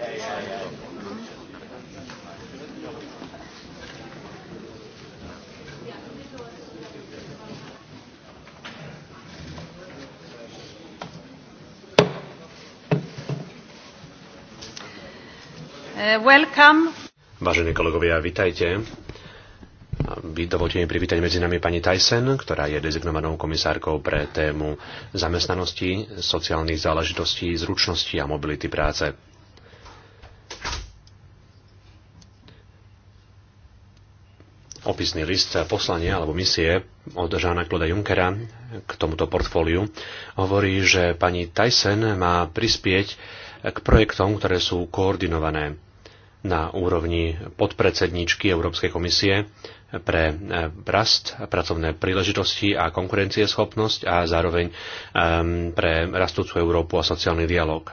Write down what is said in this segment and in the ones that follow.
Eh, welcome. Vážení kolegovia, vitajte. Dovolte mi privítať medzi nami pani Tyson, ktorá je dezignovanou komisárkou pre tému zamestnanosti, sociálnych záležitostí, zručnosti a mobility práce. opisný list poslania alebo misie od Žána Kloda Junckera k tomuto portfóliu hovorí, že pani Tyson má prispieť k projektom, ktoré sú koordinované na úrovni podpredsedníčky Európskej komisie pre eh, rast, pracovné príležitosti a konkurencieschopnosť a zároveň ehm, pre rastúcu Európu a sociálny dialog.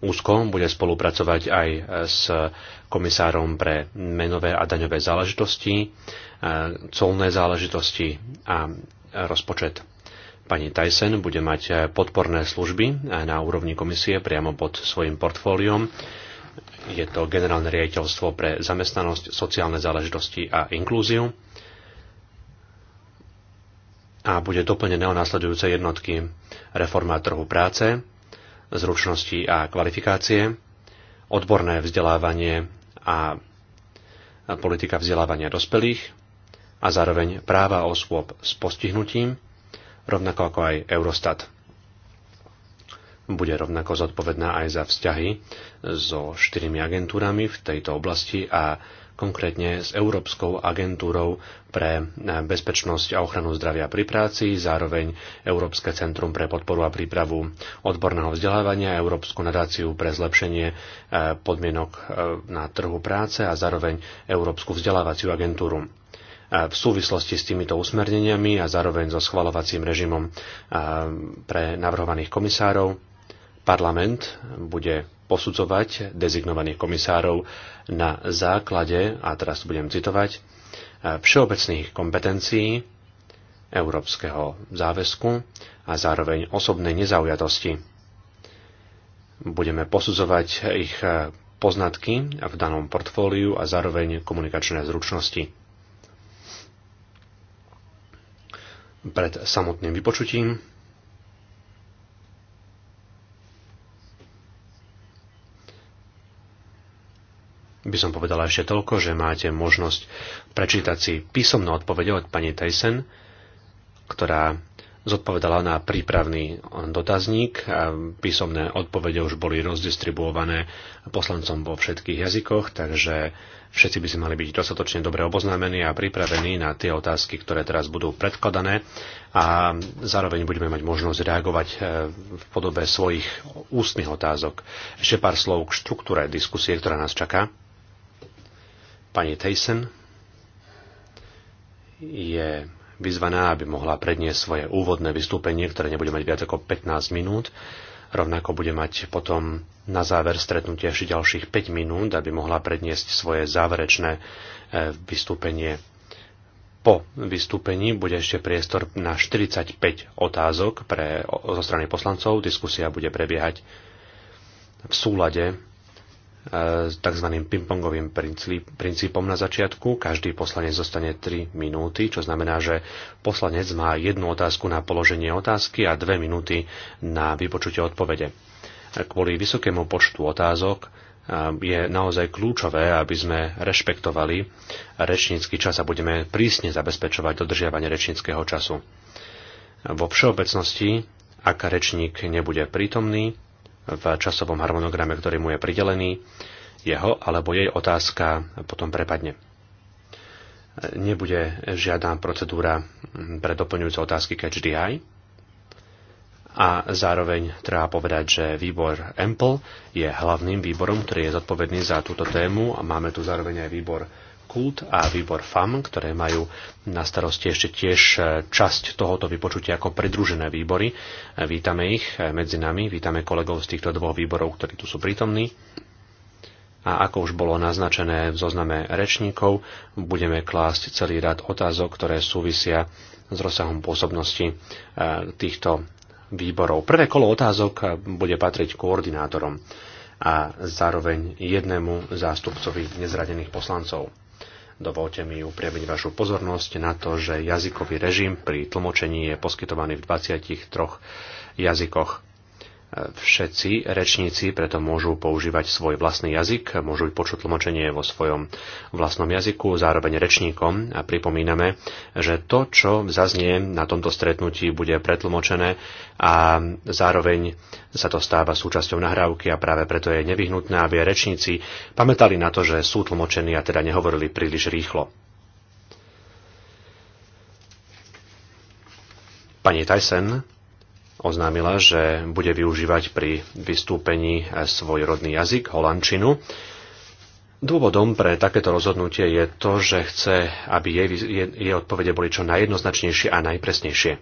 Úzko bude spolupracovať aj s komisárom pre menové a daňové záležitosti, e, colné záležitosti a rozpočet. Pani Tyson bude mať podporné služby na úrovni komisie priamo pod svojim portfóliom. Je to generálne riaditeľstvo pre zamestnanosť, sociálne záležitosti a inklúziu. A bude doplnené o následujúce jednotky reforma trhu práce, zručnosti a kvalifikácie, odborné vzdelávanie a politika vzdelávania dospelých a zároveň práva osôb s postihnutím, rovnako ako aj Eurostat. Bude rovnako zodpovedná aj za vzťahy so štyrmi agentúrami v tejto oblasti a konkrétne s Európskou agentúrou pre e, bezpečnosť a ochranu zdravia pri práci, zároveň Európske centrum pre podporu a prípravu odborného vzdelávania, Európsku nadáciu pre zlepšenie e, podmienok e, na trhu práce a zároveň Európsku vzdelávaciu agentúru v súvislosti s týmito usmerneniami a zároveň so schvalovacím režimom pre navrhovaných komisárov. Parlament bude posudzovať dezignovaných komisárov na základe, a teraz tu budem citovať, všeobecných kompetencií, európskeho záväzku a zároveň osobnej nezaujatosti. Budeme posudzovať ich poznatky v danom portfóliu a zároveň komunikačné zručnosti. Pred samotným vypočutím by som povedala ešte toľko, že máte možnosť prečítať si písomnú odpoveď od pani Tyson, ktorá zodpovedala na prípravný dotazník. a Písomné odpovede už boli rozdistribuované poslancom vo všetkých jazykoch, takže všetci by si mali byť dostatočne dobre oboznámení a pripravení na tie otázky, ktoré teraz budú predkladané a zároveň budeme mať možnosť reagovať e, v podobe svojich ústnych otázok. Ešte pár slov k štruktúre diskusie, ktorá nás čaká. Pani Tyson je vyzvaná, aby mohla predniesť svoje úvodné vystúpenie, ktoré nebude mať viac ako 15 minút. Rovnako bude mať potom na záver stretnutie ešte ďalších 5 minút, aby mohla predniesť svoje záverečné e, vystúpenie. Po vystúpení bude ešte priestor na 45 otázok pre, zo strany poslancov. Diskusia bude prebiehať v súlade s tzv. pingpongovým princípom na začiatku. Každý poslanec zostane 3 minúty, čo znamená, že poslanec má jednu otázku na položenie otázky a 2 minúty na vypočutie odpovede. Kvôli vysokému počtu otázok je naozaj kľúčové, aby sme rešpektovali rečnícky čas a budeme prísne zabezpečovať dodržiavanie rečníckého času. Vo všeobecnosti, ak rečník nebude prítomný, v časovom harmonograme, ktorý mu je pridelený, jeho alebo jej otázka potom prepadne. Nebude žiadna procedúra pre doplňujúce otázky catch the eye. A zároveň treba povedať, že výbor EMPL je hlavným výborom, ktorý je zodpovedný za túto tému a máme tu zároveň aj výbor Kult a výbor FAM, ktoré majú na starosti ešte tiež e, časť tohoto vypočutia ako pridružené výbory. E, vítame ich e, medzi nami, vítame kolegov z týchto dvoch výborov, ktorí tu sú prítomní. A ako už bolo naznačené v zozname rečníkov, budeme klásť celý rad otázok, ktoré súvisia s rozsahom pôsobnosti týchto výborov. Prvé kolo otázok bude patriť koordinátorom a zároveň jednému zástupcovi nezradených poslancov. Dovolte mi upriamiť vašu pozornosť na to, že jazykový režim pri tlmočení je poskytovaný v 23 jazykoch všetci rečníci preto môžu používať svoj vlastný jazyk, môžu počuť tlmočenie vo svojom vlastnom jazyku. Zároveň rečníkom a pripomíname, že to, čo zaznie na tomto stretnutí, bude pretlmočené a zároveň sa to stáva súčasťou nahrávky a práve preto je nevyhnutné, aby rečníci pamätali na to, že sú tlmočení a teda nehovorili príliš rýchlo. Pani Tyson, oznámila, že bude využívať pri vystúpení svoj rodný jazyk, holandčinu. Dôvodom pre takéto rozhodnutie je to, že chce, aby jej, jej odpovede boli čo najjednoznačnejšie a najpresnejšie.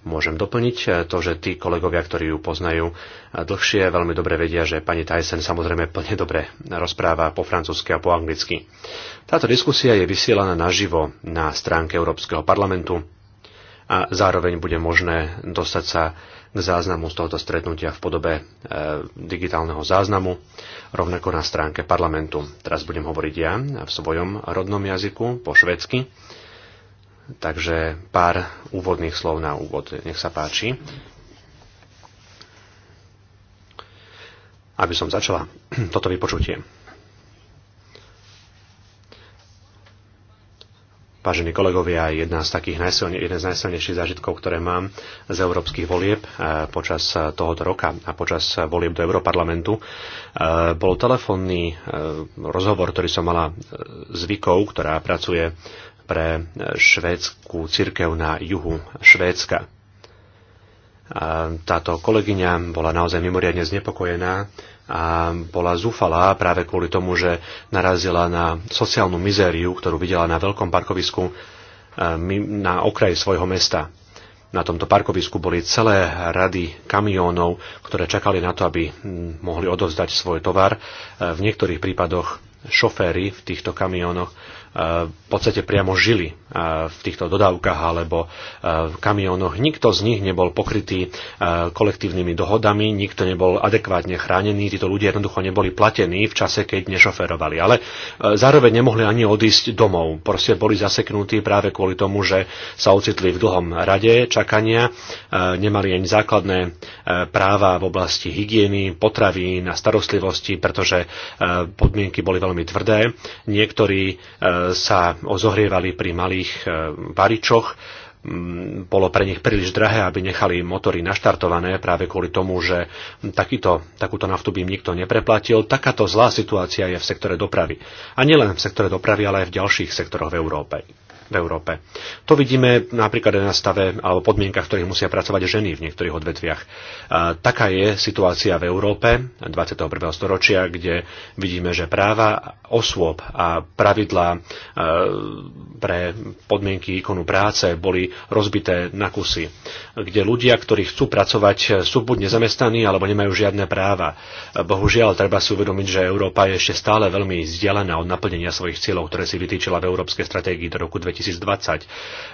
Môžem doplniť to, že tí kolegovia, ktorí ju poznajú dlhšie, veľmi dobre vedia, že pani Tyson samozrejme plne dobre rozpráva po francúzsky a po anglicky. Táto diskusia je vysielaná naživo na stránke Európskeho parlamentu a zároveň bude možné dostať sa k záznamu z tohoto stretnutia v podobe e, digitálneho záznamu, rovnako na stránke parlamentu. Teraz budem hovoriť ja v svojom rodnom jazyku po švedsky, takže pár úvodných slov na úvod. Nech sa páči. Aby som začala toto vypočutie. Vážení kolegovia, jedna z takých najsilne, jeden z najsilnejších zážitkov, ktoré mám z európskych volieb e, počas e, tohoto roka a počas e, volieb do Európarlamentu, bol telefónny rozhovor, ktorý som mala s Vikou, ktorá pracuje pre švédsku církev na juhu Švédska. Táto kolegyňa bola naozaj mimoriadne znepokojená a bola zúfalá práve kvôli tomu, že narazila na sociálnu mizériu, ktorú videla na veľkom parkovisku e, na okraji svojho mesta. Na tomto parkovisku boli celé rady kamiónov, ktoré čakali na to, aby mohli odovzdať svoj tovar. E, v niektorých prípadoch šoféry v týchto kamiónoch v podstate priamo žili e, v týchto dodávkach alebo e, v kamiónoch. Nikto z nich nebol pokrytý e, kolektívnymi dohodami, nikto nebol adekvátne chránený, títo ľudia jednoducho neboli platení v čase, keď nešoferovali. Ale zároveň nemohli ani odísť domov. Proste boli zaseknutí práve kvôli tomu, že sa ocitli v dlhom rade čakania, nemali ani základné práva v oblasti hygieny, potravín a starostlivosti, pretože podmienky boli veľmi tvrdé. Niektorí sa ozohrievali pri malých e, varičoch, mm, bolo pre nich príliš drahé, aby nechali motory naštartované práve kvôli tomu, že takýto, takúto naftu by im nikto nepreplatil. Takáto zlá situácia je v sektore dopravy. A nielen v sektore dopravy, ale aj v ďalších sektoroch v Európe v Európe. To vidíme napríklad aj na stave alebo podmienkach, v ktorých musia pracovať ženy v niektorých odvetviach. Taká je situácia v Európe 21. storočia, kde vidíme, že práva osôb a pravidlá pre podmienky ikonu práce boli rozbité na kusy, kde ľudia, ktorí chcú pracovať, sú buď nezamestnaní alebo nemajú žiadne práva. Bohužiaľ, treba si uvedomiť, že Európa je ešte stále veľmi vzdialená od naplnenia svojich cieľov, ktoré si vytýčila v Európskej stratégii do roku 2000 2020.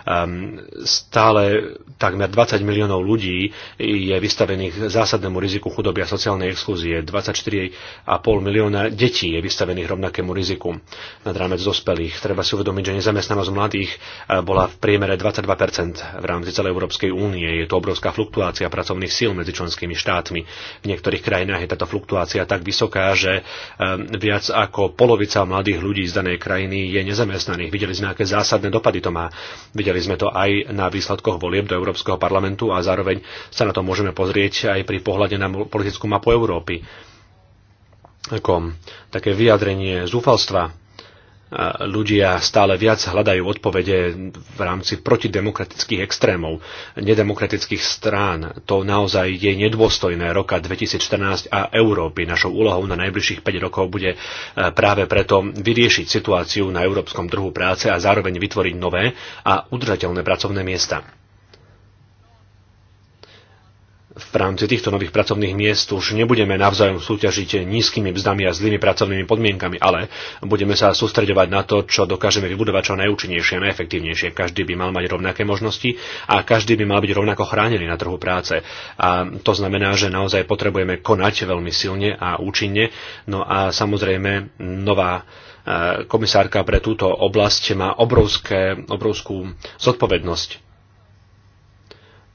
Ehm, stále takmer 20 miliónov ľudí je vystavených zásadnému riziku chudoby a sociálnej exklúzie. 24,5 milióna detí je vystavených rovnakému riziku nad rámec dospelých. Treba si uvedomiť, že nezamestnanosť mladých eh, bola v priemere 22 v rámci celej Európskej únie. Je to obrovská fluktuácia pracovných síl medzi členskými štátmi. V niektorých krajinách je táto fluktuácia tak vysoká, že eh, viac ako polovica mladých ľudí z danej krajiny je nezamestnaných. Videli sme, aké zásadné dopady to má. Videli sme to aj na výsledkoch volieb do Európskeho parlamentu a zároveň sa na to môžeme pozrieť aj pri pohľade na politickú mapu Európy. Ako také vyjadrenie zúfalstva ľudia stále viac hľadajú odpovede v rámci protidemokratických extrémov, nedemokratických strán. To naozaj je nedôstojné roka 2014 a Európy. Našou úlohou na najbližších 5 rokov bude e, práve preto vyriešiť situáciu na európskom trhu práce a zároveň vytvoriť nové a udržateľné pracovné miesta v rámci týchto nových pracovných miest už nebudeme navzájom súťažiť nízkymi mzdami a zlými pracovnými podmienkami, ale budeme sa sústredovať na to, čo dokážeme vybudovať čo najúčinnejšie a najefektívnejšie. Každý by mal mať rovnaké možnosti a každý by mal byť rovnako chránený na trhu práce. A to znamená, že naozaj potrebujeme konať veľmi silne a účinne. No a samozrejme nová e, komisárka pre túto oblasť má obrovské, obrovskú zodpovednosť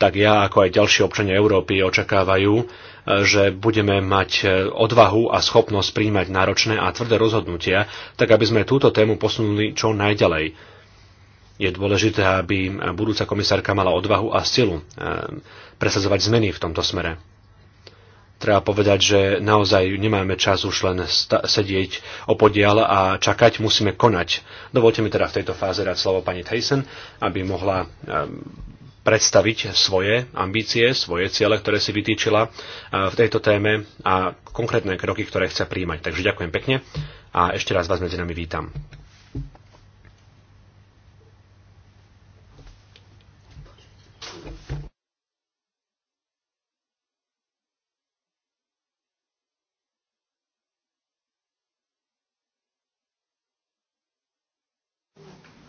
tak ja ako aj ďalší občania Európy očakávajú, e, že budeme mať e, odvahu a schopnosť príjmať náročné a tvrdé rozhodnutia, tak aby sme túto tému posunuli čo najďalej. Je dôležité, aby budúca komisárka mala odvahu a silu e, presadzovať zmeny v tomto smere treba povedať, že naozaj nemáme čas už len sedieť o podiel a čakať, musíme konať. Dovolte mi teda v tejto fáze dať slovo pani Tyson, aby mohla predstaviť svoje ambície, svoje ciele, ktoré si vytýčila e, v tejto téme a konkrétne kroky, ktoré chce príjmať. Takže ďakujem pekne a ešte raz vás medzi nami vítam.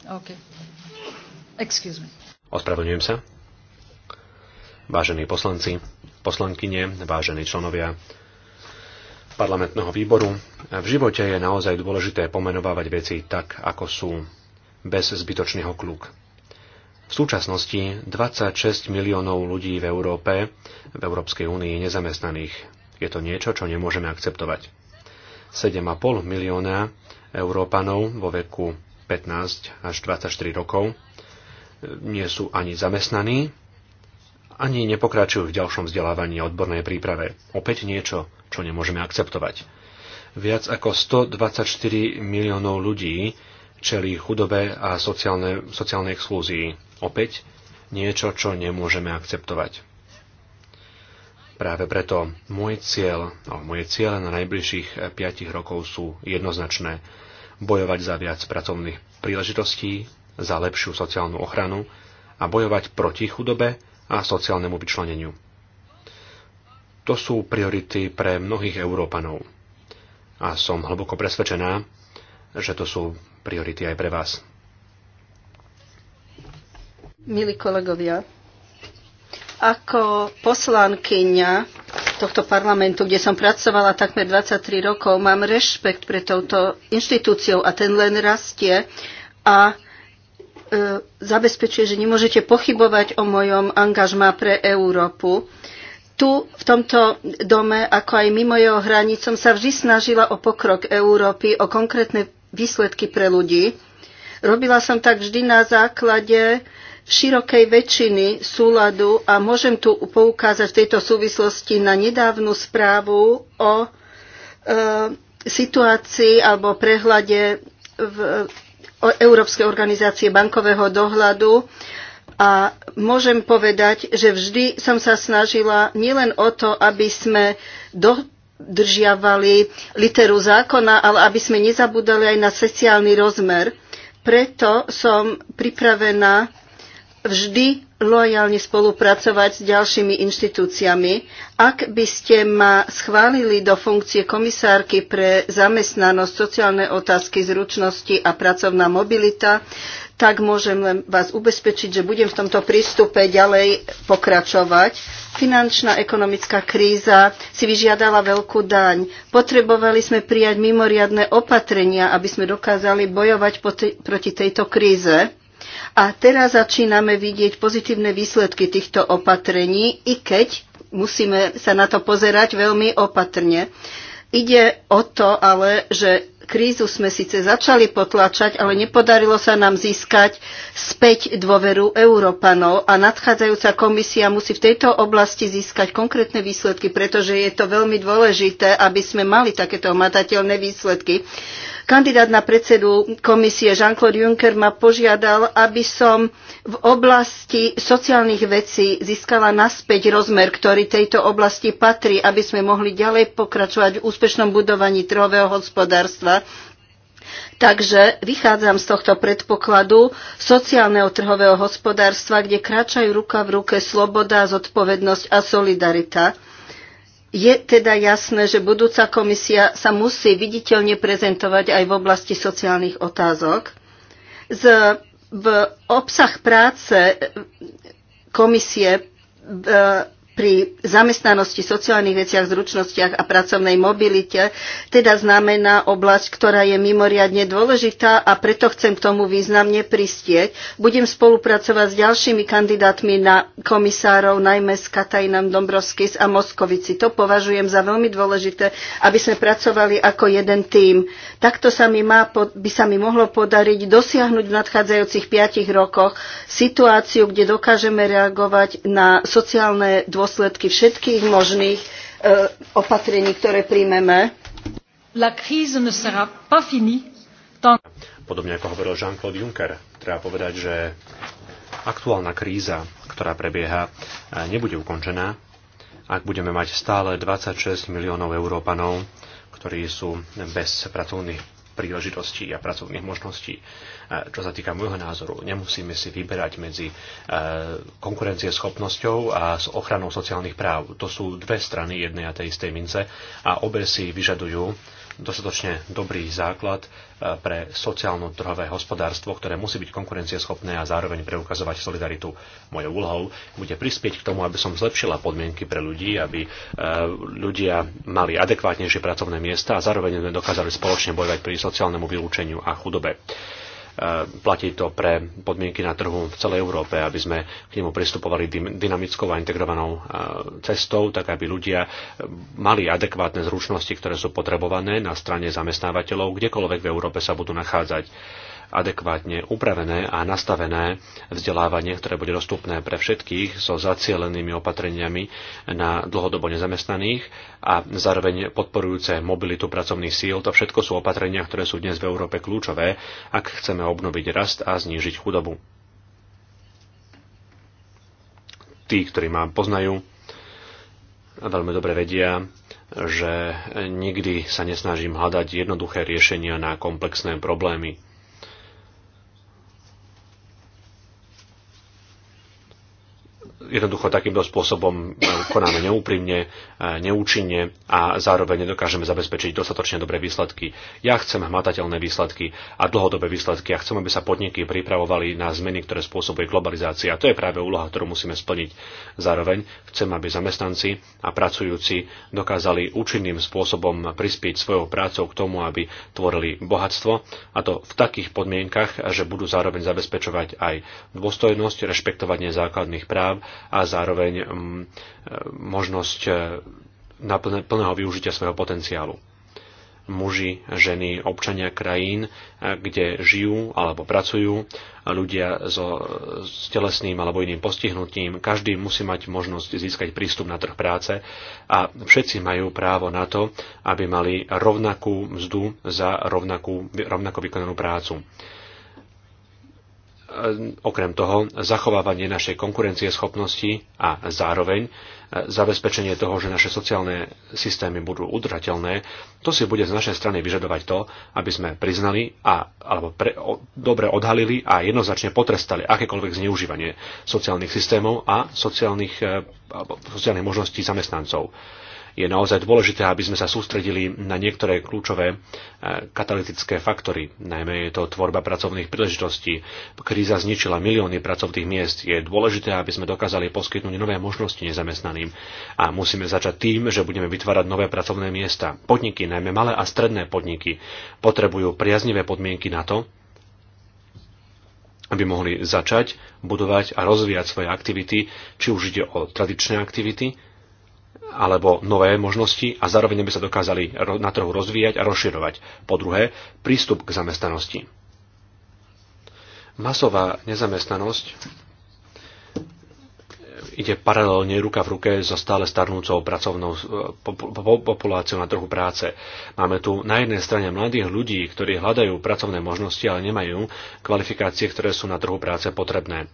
Okay. Excuse me. Ospravedlňujem sa. Vážení poslanci, poslankyne, vážení členovia parlamentného výboru, v živote je naozaj dôležité pomenovávať veci tak, ako sú, bez zbytočného kľúk. V súčasnosti 26 miliónov ľudí v Európe, v Európskej únii nezamestnaných. Je to niečo, čo nemôžeme akceptovať. 7,5 milióna Európanov vo veku 15 až 24 rokov nie sú ani zamestnaní, ani nepokračujú v ďalšom vzdelávaní a odbornej príprave. Opäť niečo, čo nemôžeme akceptovať. Viac ako 124 miliónov ľudí čelí chudobe a sociálne, sociálnej exklúzii. Opäť niečo, čo nemôžeme akceptovať. Práve preto môj cieľ, alebo no, moje ciele na najbližších 5 rokov sú jednoznačné. Bojovať za viac pracovných príležitostí, za lepšiu sociálnu ochranu a bojovať proti chudobe a sociálnemu vyčleneniu. To sú priority pre mnohých Európanov. A som hlboko presvedčená, že to sú priority aj pre vás. Milí kolegovia, ako poslankyňa tohto parlamentu, kde som pracovala takmer 23 rokov, mám rešpekt pre touto inštitúciou a ten len rastie. A E, zabezpečuje, že nemôžete pochybovať o mojom angažmá pre Európu. Tu, v tomto dome, ako aj mimo jeho hraníc, som sa vždy snažila o pokrok Európy, o konkrétne výsledky pre ľudí. Robila som tak vždy na základe širokej väčšiny súladu a môžem tu poukázať v tejto súvislosti na nedávnu správu o e, situácii alebo prehľade v Európskej organizácie bankového dohľadu a môžem povedať, že vždy som sa snažila nielen o to, aby sme dodržiavali literu zákona, ale aby sme nezabudali aj na sociálny rozmer. Preto som pripravená vždy lojálne spolupracovať s ďalšími inštitúciami. Ak by ste ma schválili do funkcie komisárky pre zamestnanosť, sociálne otázky, zručnosti a pracovná mobilita, tak môžem len vás ubezpečiť, že budem v tomto prístupe ďalej pokračovať. Finančná ekonomická kríza si vyžiadala veľkú daň. Potrebovali sme prijať mimoriadne opatrenia, aby sme dokázali bojovať proti tejto kríze a teraz začíname vidieť pozitívne výsledky týchto opatrení, i keď musíme sa na to pozerať veľmi opatrne. Ide o to ale, že krízu sme síce začali potlačať, ale nepodarilo sa nám získať späť dôveru Európanov a nadchádzajúca komisia musí v tejto oblasti získať konkrétne výsledky, pretože je to veľmi dôležité, aby sme mali takéto matateľné výsledky. Kandidát na predsedu komisie Jean-Claude Juncker ma požiadal, aby som v oblasti sociálnych vecí získala naspäť rozmer, ktorý tejto oblasti patrí, aby sme mohli ďalej pokračovať v úspešnom budovaní trhového hospodárstva Takže vychádzam z tohto predpokladu sociálneho trhového hospodárstva, kde kráčajú ruka v ruke sloboda, zodpovednosť a solidarita. Je teda jasné, že budúca komisia sa musí viditeľne prezentovať aj v oblasti sociálnych otázok. Z, v obsah práce eh, komisie v, eh, pri zamestnanosti, sociálnych veciach, zručnostiach a pracovnej mobilite, teda znamená oblasť, ktorá je mimoriadne dôležitá a preto chcem k tomu významne pristieť. Budem spolupracovať s ďalšími kandidátmi na komisárov, najmä s Katajnom Dombrovskis a Moskovici. To považujem za veľmi dôležité, aby sme pracovali ako jeden tím. Takto sa mi má, by sa mi mohlo podariť dosiahnuť v nadchádzajúcich piatich rokoch situáciu, kde dokážeme reagovať na sociálne dôležité dôsledky všetkých možných e, opatrení, ktoré príjmeme. La crise ne sera pas finie Podobne ako hovoril Jean-Claude Juncker, treba povedať, že aktuálna kríza, ktorá prebieha, e, nebude ukončená, ak budeme mať stále 26 miliónov Európanov, ktorí sú bez pracovných príležitostí a pracovných možností čo sa týka môjho názoru, nemusíme si vyberať medzi e, konkurencieschopnosťou a s ochranou sociálnych práv. To sú dve strany jednej a tej istej mince a obe si vyžadujú dostatočne dobrý základ e, pre sociálno-trhové hospodárstvo, ktoré musí byť konkurencieschopné a zároveň preukazovať solidaritu. Mojou úlohou bude prispieť k tomu, aby som zlepšila podmienky pre ľudí, aby e, ľudia mali adekvátnejšie pracovné miesta a zároveň dokázali spoločne bojovať pri sociálnemu vylúčeniu a chudobe. Eh, platí to pre podmienky na trhu v celej Európe, aby sme k nemu pristupovali dynamickou a integrovanou eh, cestou, tak aby ľudia eh, mali adekvátne zručnosti, ktoré sú potrebované na strane zamestnávateľov, kdekoľvek v Európe sa budú nachádzať adekvátne upravené a nastavené vzdelávanie, ktoré bude dostupné pre všetkých so zacielenými opatreniami na dlhodobo nezamestnaných a zároveň podporujúce mobilitu pracovných síl. To všetko sú opatrenia, ktoré sú dnes v Európe kľúčové, ak chceme obnoviť rast a znížiť chudobu. Tí, ktorí ma poznajú, veľmi dobre vedia, že nikdy sa nesnažím hľadať jednoduché riešenia na komplexné problémy. jednoducho takýmto spôsobom e, konáme neúprimne, e, neúčinne a zároveň nedokážeme zabezpečiť dostatočne dobré výsledky. Ja chcem hmatateľné výsledky a dlhodobé výsledky a chcem, aby sa podniky pripravovali na zmeny, ktoré spôsobuje globalizácia. A to je práve úloha, ktorú musíme splniť. Zároveň chcem, aby zamestnanci a pracujúci dokázali účinným spôsobom prispieť svojou prácou k tomu, aby tvorili bohatstvo a to v takých podmienkach, že budú zároveň zabezpečovať aj dôstojnosť, rešpektovanie základných práv a zároveň mm, možnosť e, na plného využitia svojho potenciálu muži, ženy, občania krajín, e, kde žijú alebo pracujú, ľudia so, s telesným alebo iným postihnutím. Každý musí mať možnosť získať prístup na trh práce a všetci majú právo na to, aby mali rovnakú mzdu za rovnakú, rovnako vykonanú prácu. E, okrem toho zachovávanie našej konkurencieschopnosti a zároveň e, zabezpečenie toho, že naše sociálne systémy budú udržateľné, to si bude z našej strany vyžadovať to, aby sme priznali a, alebo pre, o, dobre odhalili a jednoznačne potrestali akékoľvek zneužívanie sociálnych systémov a sociálnych, e, sociálnych možností zamestnancov je naozaj dôležité, aby sme sa sústredili na niektoré kľúčové e, katalytické faktory. Najmä je to tvorba pracovných príležitostí. Kríza zničila milióny pracovných miest. Je dôležité, aby sme dokázali poskytnúť nové možnosti nezamestnaným. A musíme začať tým, že budeme vytvárať nové pracovné miesta. Podniky, najmä malé a stredné podniky, potrebujú priaznivé podmienky na to, aby mohli začať budovať a rozvíjať svoje aktivity, či už ide o tradičné aktivity, alebo nové možnosti a zároveň by sa dokázali na trhu rozvíjať a rozširovať. Po druhé, prístup k zamestnanosti. Masová nezamestnanosť e, ide paralelne ruka v ruke so stále starnúcou pracovnou e, populáciou na trhu práce. Máme tu na jednej strane mladých ľudí, ktorí hľadajú pracovné možnosti, ale nemajú kvalifikácie, ktoré sú na trhu práce potrebné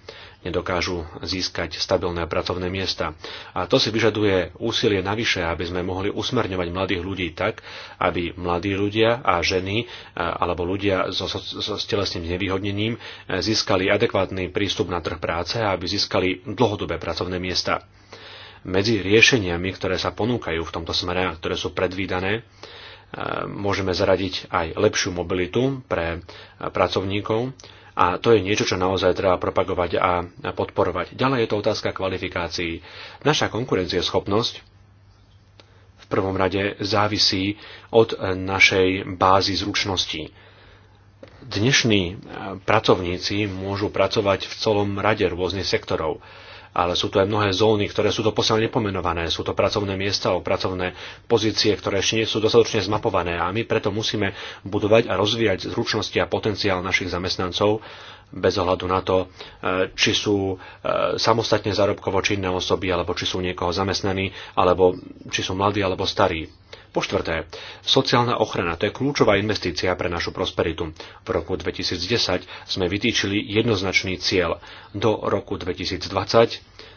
nedokážu získať stabilné pracovné miesta. A to si vyžaduje úsilie navyše, aby sme mohli usmerňovať mladých ľudí tak, aby mladí ľudia a ženy alebo ľudia so, so, so telesným nevýhodnením e, získali adekvátny prístup na trh práce a aby získali dlhodobé pracovné miesta. Medzi riešeniami, ktoré sa ponúkajú v tomto smere a ktoré sú predvídané, e, môžeme zaradiť aj lepšiu mobilitu pre pracovníkov, a to je niečo, čo naozaj treba propagovať a podporovať. Ďalej je to otázka kvalifikácií. Naša konkurencieschopnosť prvom rade závisí od našej bázy zručností. Dnešní eh, pracovníci môžu pracovať v celom rade rôznych sektorov ale sú tu aj mnohé zóny, ktoré sú doposiaľ nepomenované. Sú to pracovné miesta alebo pracovné pozície, ktoré ešte nie sú dostatočne zmapované a my preto musíme budovať a rozvíjať zručnosti a potenciál našich zamestnancov bez ohľadu na to, e, či sú e, samostatne zárobkovo činné osoby, alebo či sú niekoho zamestnaní, alebo či sú mladí alebo starí. Po štvrté, sociálna ochrana to je kľúčová investícia pre našu prosperitu. V roku 2010 sme vytýčili jednoznačný cieľ. Do roku 2020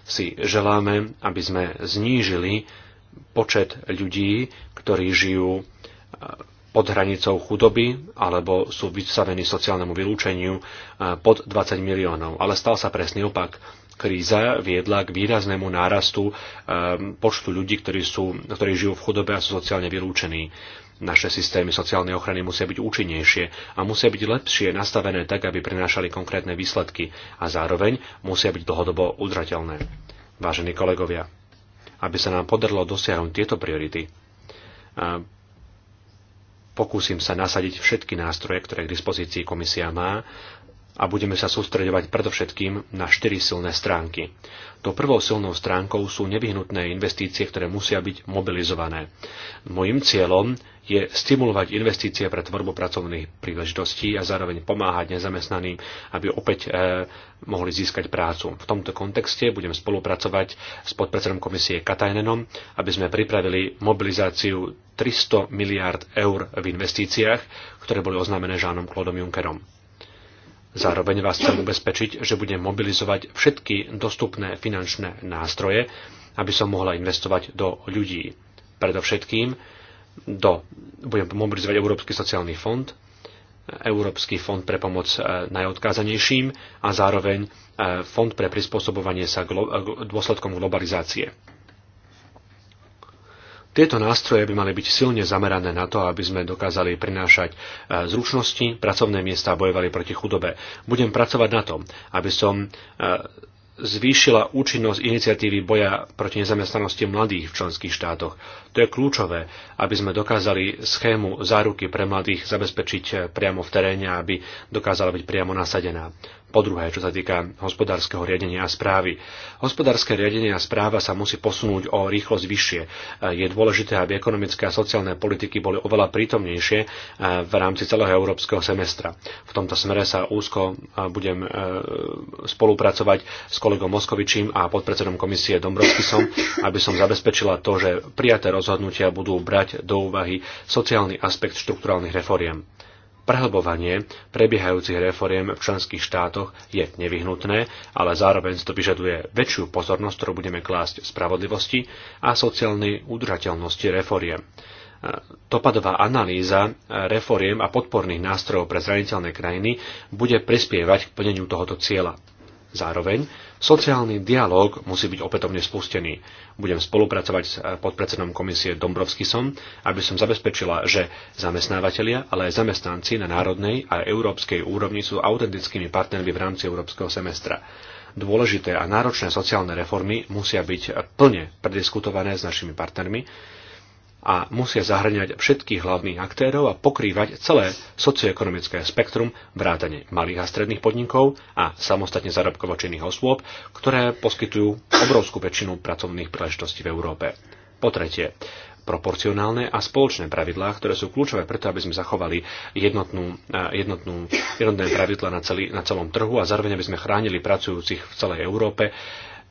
si želáme, aby sme znížili počet ľudí, ktorí žijú e, pod hranicou chudoby alebo sú vystavení sociálnemu vylúčeniu eh, pod 20 miliónov. Ale stal sa presný opak. Kríza viedla k výraznému nárastu eh, počtu ľudí, ktorí, sú, ktorí žijú v chudobe a sú sociálne vylúčení. Naše systémy sociálnej ochrany musia byť účinnejšie a musia byť lepšie nastavené tak, aby prinášali konkrétne výsledky a zároveň musia byť dlhodobo udrateľné. Vážení kolegovia, aby sa nám podarilo dosiahnuť tieto priority, eh, Pokúsim sa nasadiť všetky nástroje, ktoré k dispozícii komisia má, a budeme sa sústredovať predovšetkým na štyri silné stránky. To prvou silnou stránkou sú nevyhnutné investície, ktoré musia byť mobilizované. Mojím cieľom je stimulovať investície pre tvorbu pracovných príležitostí a zároveň pomáhať nezamestnaným, aby opäť e, mohli získať prácu. V tomto kontexte budem spolupracovať s podpredsedom komisie Katajnenom, aby sme pripravili mobilizáciu 300 miliárd eur v investíciách, ktoré boli oznámené Žánom Klodom Junckerom. Zároveň vás chcem ubezpečiť, že budem mobilizovať všetky dostupné finančné nástroje, aby som mohla investovať do ľudí. Predovšetkým do, budem mobilizovať Európsky sociálny fond, Európsky fond pre pomoc e, najodkázanejším a zároveň e, fond pre prispôsobovanie sa e, dôsledkom globalizácie. Tieto nástroje by mali byť silne zamerané na to, aby sme dokázali prinášať e, zručnosti, pracovné miesta a bojovali proti chudobe. Budem pracovať na tom, aby som e, zvýšila účinnosť iniciatívy boja proti nezamestnanosti mladých v členských štátoch. To je kľúčové, aby sme dokázali schému záruky pre mladých zabezpečiť e, priamo v teréne, aby dokázala byť priamo nasadená. Po druhé, čo sa týka hospodárskeho riadenia a správy. Hospodárske riadenie a správa sa musí posunúť o rýchlosť vyššie. E, je dôležité, aby ekonomické a sociálne politiky boli oveľa prítomnejšie e, v rámci celého európskeho semestra. V tomto smere sa úzko e, budem spolupracovať s kolegom Moskovičím a podpredsedom komisie Dombrovskisom, aby som zabezpečila to, že prijaté rozhodnutia budú brať do úvahy sociálny aspekt štrukturálnych reforiem. Prehlbovanie prebiehajúcich reforiem v členských štátoch je nevyhnutné, ale zároveň to vyžaduje väčšiu pozornosť, ktorú budeme klásť spravodlivosti a sociálnej udržateľnosti reforiem. Topadová analýza reforiem a podporných nástrojov pre zraniteľné krajiny bude prispievať k plneniu tohoto cieľa. Zároveň Sociálny dialog musí byť opätovne spustený. Budem spolupracovať s eh, podpredsedom komisie Dombrovskisom, aby som zabezpečila, že zamestnávateľia, ale aj zamestnanci na národnej a európskej úrovni sú autentickými partnermi v rámci európskeho semestra. Dôležité a náročné sociálne reformy musia byť plne prediskutované s našimi partnermi, a musia zahrňať všetkých hlavných aktérov a pokrývať celé socioekonomické spektrum vrátane malých a stredných podnikov a samostatne zarobkovočinných osôb, ktoré poskytujú obrovskú väčšinu pracovných príležitostí v Európe. Po tretie, proporcionálne a spoločné pravidlá, ktoré sú kľúčové preto, aby sme zachovali jednotnú, eh, jednotnú, jednotné pravidlá na, celý, na celom trhu a zároveň aby sme chránili pracujúcich v celej Európe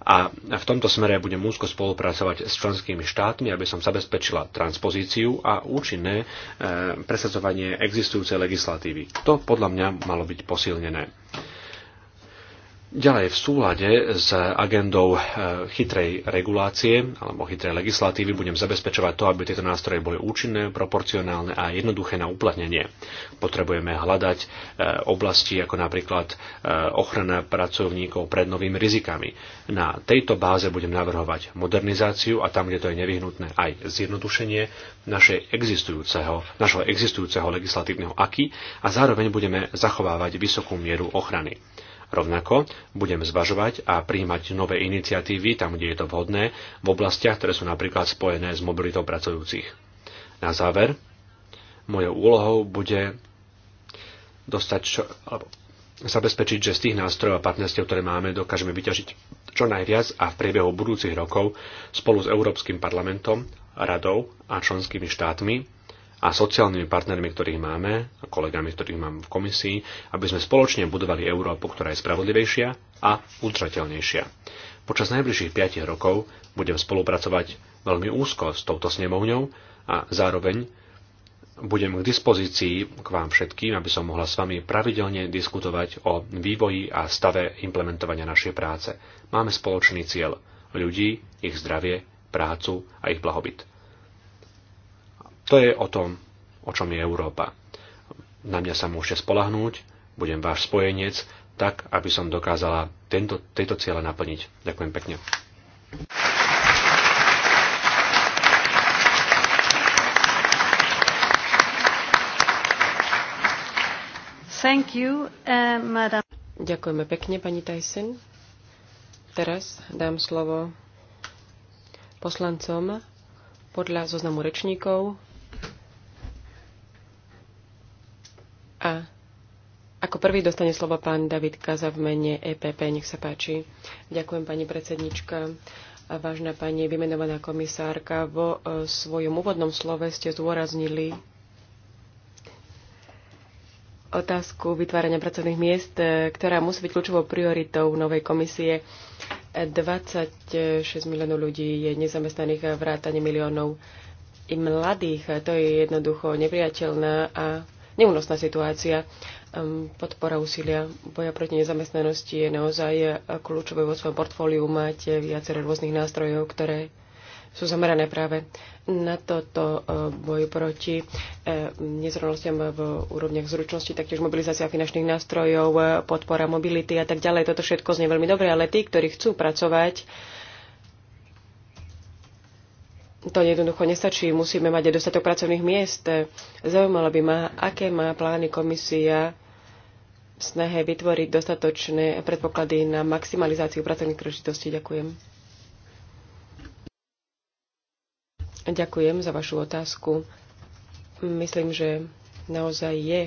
a v tomto smere budem úzko spolupracovať s členskými štátmi, aby som zabezpečila transpozíciu a účinné e, presadzovanie existujúcej legislatívy. To podľa mňa malo byť posilnené. Ďalej v súlade s agendou eh, chytrej regulácie alebo chytrej legislatívy budem zabezpečovať to, aby tieto nástroje boli účinné, proporcionálne a jednoduché na uplatnenie. Potrebujeme hľadať eh, oblasti ako napríklad eh, ochrana pracovníkov pred novými rizikami. Na tejto báze budem navrhovať modernizáciu a tam, kde to je nevyhnutné, aj zjednodušenie našej existujúceho, našho existujúceho legislatívneho aky a zároveň budeme zachovávať vysokú mieru ochrany. Rovnako budem zvažovať a príjmať nové iniciatívy tam, kde je to vhodné, v oblastiach, ktoré sú napríklad spojené s mobilitou pracujúcich. Na záver, mojou úlohou bude dostať čo, alebo zabezpečiť, že z tých nástrojov a partnerstiev, ktoré máme, dokážeme vyťažiť čo najviac a v priebehu budúcich rokov spolu s Európskym parlamentom, radou a členskými štátmi a sociálnymi partnermi, ktorých máme, a kolegami, ktorých mám v komisii, aby sme spoločne budovali Európu, ktorá je spravodlivejšia a udržateľnejšia. Počas najbližších 5 rokov budem spolupracovať veľmi úzko s touto snemovňou a zároveň budem k dispozícii k vám všetkým, aby som mohla s vami pravidelne diskutovať o vývoji a stave implementovania našej práce. Máme spoločný cieľ ľudí, ich zdravie, prácu a ich blahobyt. To je o tom, o čom je Európa. Na mňa sa môžete spolahnúť, budem váš spojenec, tak, aby som dokázala tento, tejto cieľa naplniť. Ďakujem pekne. Thank you, uh, madam. Ďakujeme pekne, pani Tyson. Teraz dám slovo poslancom podľa zoznamu rečníkov. A ako prvý dostane slovo pán David Kaza v mene EPP. Nech sa páči. Ďakujem, pani predsednička. Vážna pani vymenovaná komisárka, vo e, svojom úvodnom slove ste zdôraznili otázku vytvárania pracovných miest, e, ktorá musí byť kľúčovou prioritou novej komisie. 26 miliónov ľudí je nezamestnaných a vrátane miliónov i mladých. To je jednoducho nepriateľná a neúnosná situácia. Ehm, podpora úsilia boja proti nezamestnanosti je naozaj eh, kľúčové vo svojom portfóliu. Máte viacero rôznych nástrojov, ktoré sú zamerané práve na toto eh, boj proti ehm, nezrovnostiam v úrovniach zručnosti, taktiež mobilizácia finančných nástrojov, eh, podpora mobility a tak ďalej. Toto všetko znie veľmi dobre, ale tí, ktorí chcú pracovať, to jednoducho nestačí. Musíme mať aj dostatok pracovných miest. Zaujímalo by ma, aké má plány komisia v snahe vytvoriť dostatočné predpoklady na maximalizáciu pracovných príležitostí. Ďakujem. Ďakujem za vašu otázku. Myslím, že naozaj je.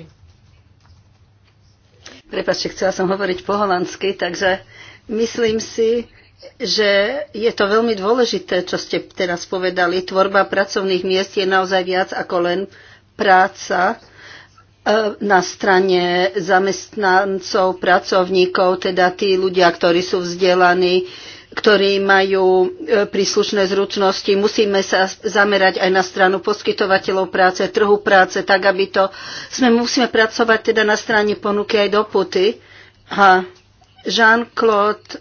Prepačte, chcela som hovoriť po holandsky, takže myslím si, že je to veľmi dôležité, čo ste teraz povedali. Tvorba pracovných miest je naozaj viac ako len práca e, na strane zamestnancov, pracovníkov, teda tí ľudia, ktorí sú vzdelaní, ktorí majú e, príslušné zručnosti. Musíme sa zamerať aj na stranu poskytovateľov práce, trhu práce, tak aby to... Sme, musíme pracovať teda na strane ponuky aj doputy. A Jean-Claude e,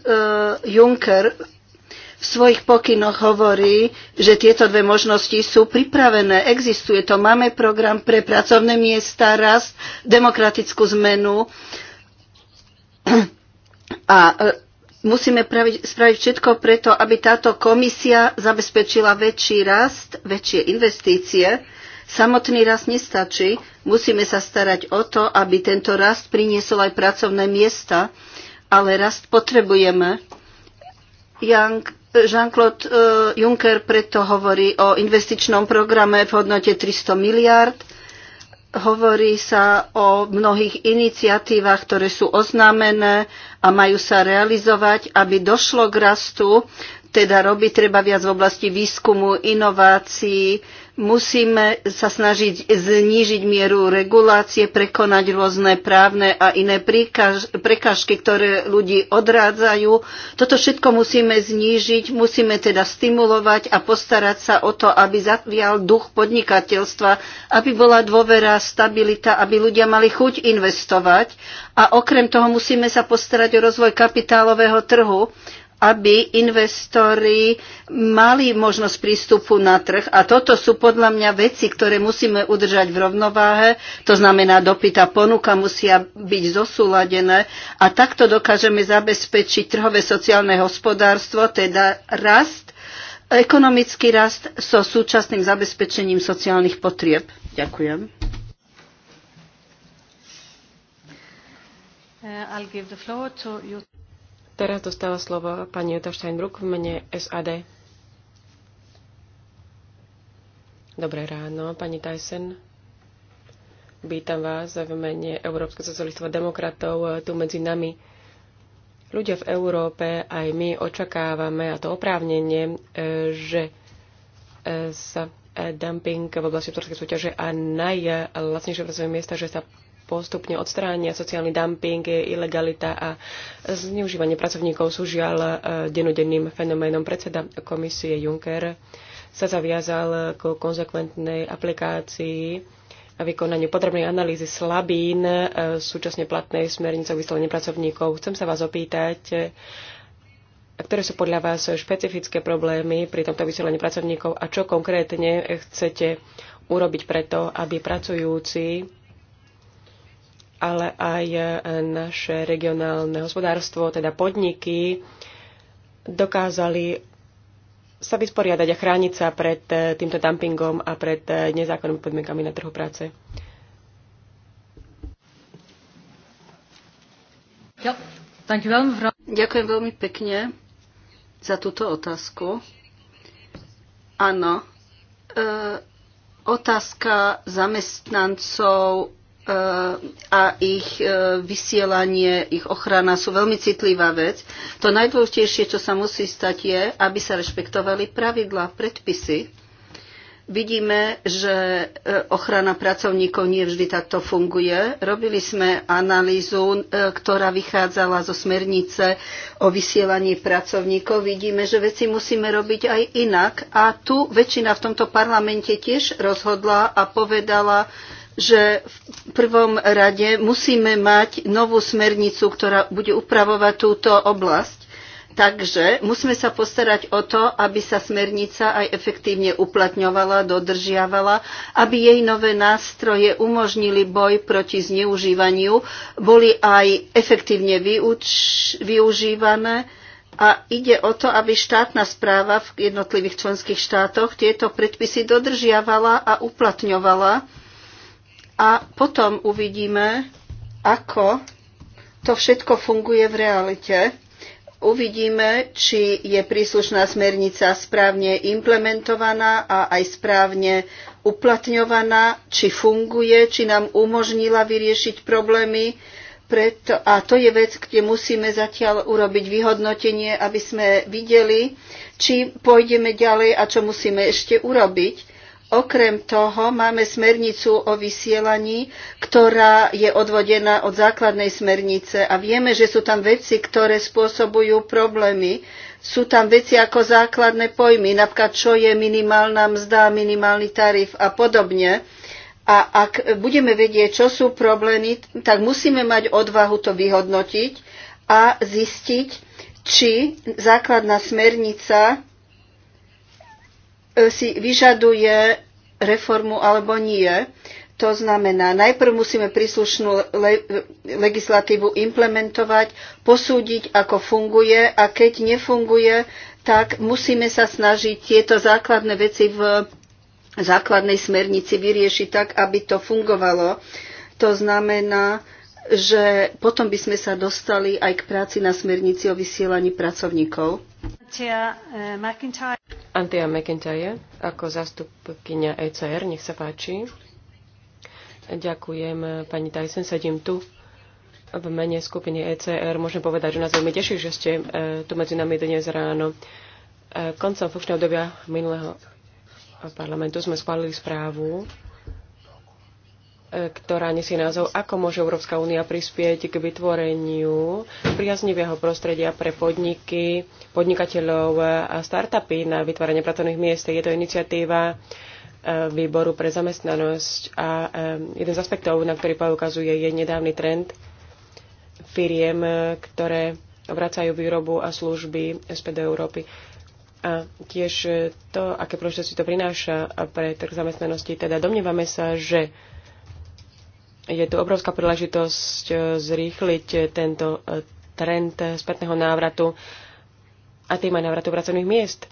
Juncker v svojich pokynoch hovorí, že tieto dve možnosti sú pripravené, existuje to, máme program pre pracovné miesta, rast, demokratickú zmenu a e, musíme praviť, spraviť všetko preto, aby táto komisia zabezpečila väčší rast, väčšie investície. Samotný rast nestačí, musíme sa starať o to, aby tento rast priniesol aj pracovné miesta ale rast potrebujeme. Jean-Claude e, Juncker preto hovorí o investičnom programe v hodnote 300 miliárd. Hovorí sa o mnohých iniciatívach, ktoré sú oznámené a majú sa realizovať, aby došlo k rastu. Teda robiť treba viac v oblasti výskumu, inovácií, Musíme sa snažiť znížiť mieru regulácie, prekonať rôzne právne a iné prekažky, ktoré ľudí odrádzajú. Toto všetko musíme znížiť, musíme teda stimulovať a postarať sa o to, aby zavial duch podnikateľstva, aby bola dôvera, stabilita, aby ľudia mali chuť investovať. A okrem toho musíme sa postarať o rozvoj kapitálového trhu, aby investori mali možnosť prístupu na trh. A toto sú podľa mňa veci, ktoré musíme udržať v rovnováhe. To znamená, dopyt a ponuka musia byť zosúladené. A takto dokážeme zabezpečiť trhové sociálne hospodárstvo, teda rast, ekonomický rast so súčasným zabezpečením sociálnych potrieb. Ďakujem. Uh, I'll give the floor to you. Teraz dostáva slovo pani Jutta Steinbruck v mene SAD. Dobré ráno, pani Tyson. Vítam vás v mene Európskeho socialistov a demokratov eh, tu medzi nami. Ľudia v Európe aj my očakávame, a to oprávnenie, eh, že eh, sa dumping v oblasti súťaže a najlacnejšie pracovné miesta, že sa postupne odstránia sociálny dumping, ilegalita a zneužívanie pracovníkov sú žiaľ e, denodenným fenoménom. Predseda komisie Juncker sa zaviazal k konzekventnej aplikácii a vykonaniu potrebnej analýzy slabín e, súčasne platnej smernice o vyslovení pracovníkov. Chcem sa vás opýtať, e, ktoré sú podľa vás špecifické problémy pri tomto vysielaní pracovníkov a čo konkrétne chcete urobiť preto, aby pracujúci ale aj e, naše regionálne hospodárstvo, teda podniky, dokázali sa vysporiadať a chrániť sa pred e, týmto dumpingom a pred e, nezákonnými podmienkami na trhu práce. Ďakujem veľmi pekne za túto otázku. Áno, e, otázka zamestnancov a ich e, vysielanie, ich ochrana sú veľmi citlivá vec. To najdôležitejšie, čo sa musí stať, je, aby sa rešpektovali pravidlá, predpisy. Vidíme, že e, ochrana pracovníkov nie vždy takto funguje. Robili sme analýzu, e, ktorá vychádzala zo smernice o vysielaní pracovníkov. Vidíme, že veci musíme robiť aj inak. A tu väčšina v tomto parlamente tiež rozhodla a povedala, že v prvom rade musíme mať novú smernicu, ktorá bude upravovať túto oblasť. Takže musíme sa postarať o to, aby sa smernica aj efektívne uplatňovala, dodržiavala, aby jej nové nástroje umožnili boj proti zneužívaniu, boli aj efektívne vyuč- využívané a ide o to, aby štátna správa v jednotlivých členských štátoch tieto predpisy dodržiavala a uplatňovala a potom uvidíme, ako to všetko funguje v realite. Uvidíme, či je príslušná smernica správne implementovaná a aj správne uplatňovaná, či funguje, či nám umožnila vyriešiť problémy. Preto, a to je vec, kde musíme zatiaľ urobiť vyhodnotenie, aby sme videli, či pôjdeme ďalej a čo musíme ešte urobiť. Okrem toho máme smernicu o vysielaní, ktorá je odvodená od základnej smernice a vieme, že sú tam veci, ktoré spôsobujú problémy. Sú tam veci ako základné pojmy, napríklad čo je minimálna mzda, minimálny tarif a podobne. A ak budeme vedieť, čo sú problémy, tak musíme mať odvahu to vyhodnotiť a zistiť, či základná smernica E, si vyžaduje reformu alebo nie. To znamená, najprv musíme príslušnú le- legislatívu implementovať, posúdiť, ako funguje a keď nefunguje, tak musíme sa snažiť tieto základné veci v základnej smernici vyriešiť tak, aby to fungovalo. To znamená, že potom by sme sa dostali aj k práci na smernici o vysielaní pracovníkov. Antia eh, McIntyre. ako zastupkynia ECR, nech sa páči. Ďakujem, pani Tyson, sedím tu v mene skupiny ECR. Môžem povedať, že nás veľmi teší, že ste eh, tu medzi nami dnes ráno. Eh, koncom funkčného obdobia minulého parlamentu sme schválili správu ktorá nesie názov Ako môže Európska únia prispieť k vytvoreniu priaznivého prostredia pre podniky, podnikateľov a startupy na vytváranie pracovných miest. Je to iniciatíva e, výboru pre zamestnanosť a e, jeden z aspektov, na ktorý poukazuje, je nedávny trend firiem, e, ktoré vracajú výrobu a služby späť do Európy. A tiež to, aké si to prináša pre trh zamestnanosti. Teda domnievame sa, že je tu obrovská príležitosť e, zrýchliť e, tento e, trend spätného návratu a tým aj návratu pracovných miest.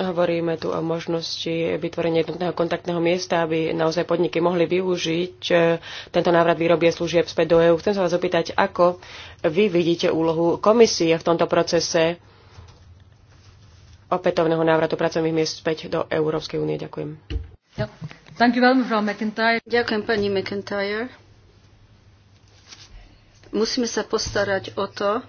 Hovoríme tu o možnosti vytvorenia jednotného kontaktného miesta, aby naozaj podniky mohli využiť tento návrat výrobie služieb späť do EÚ. Chcem sa vás opýtať, ako vy vidíte úlohu komisie v tomto procese opätovného návratu pracovných miest späť do Európskej únie. Ďakujem. Ďakujem pani McIntyre. Musíme sa postarať o to,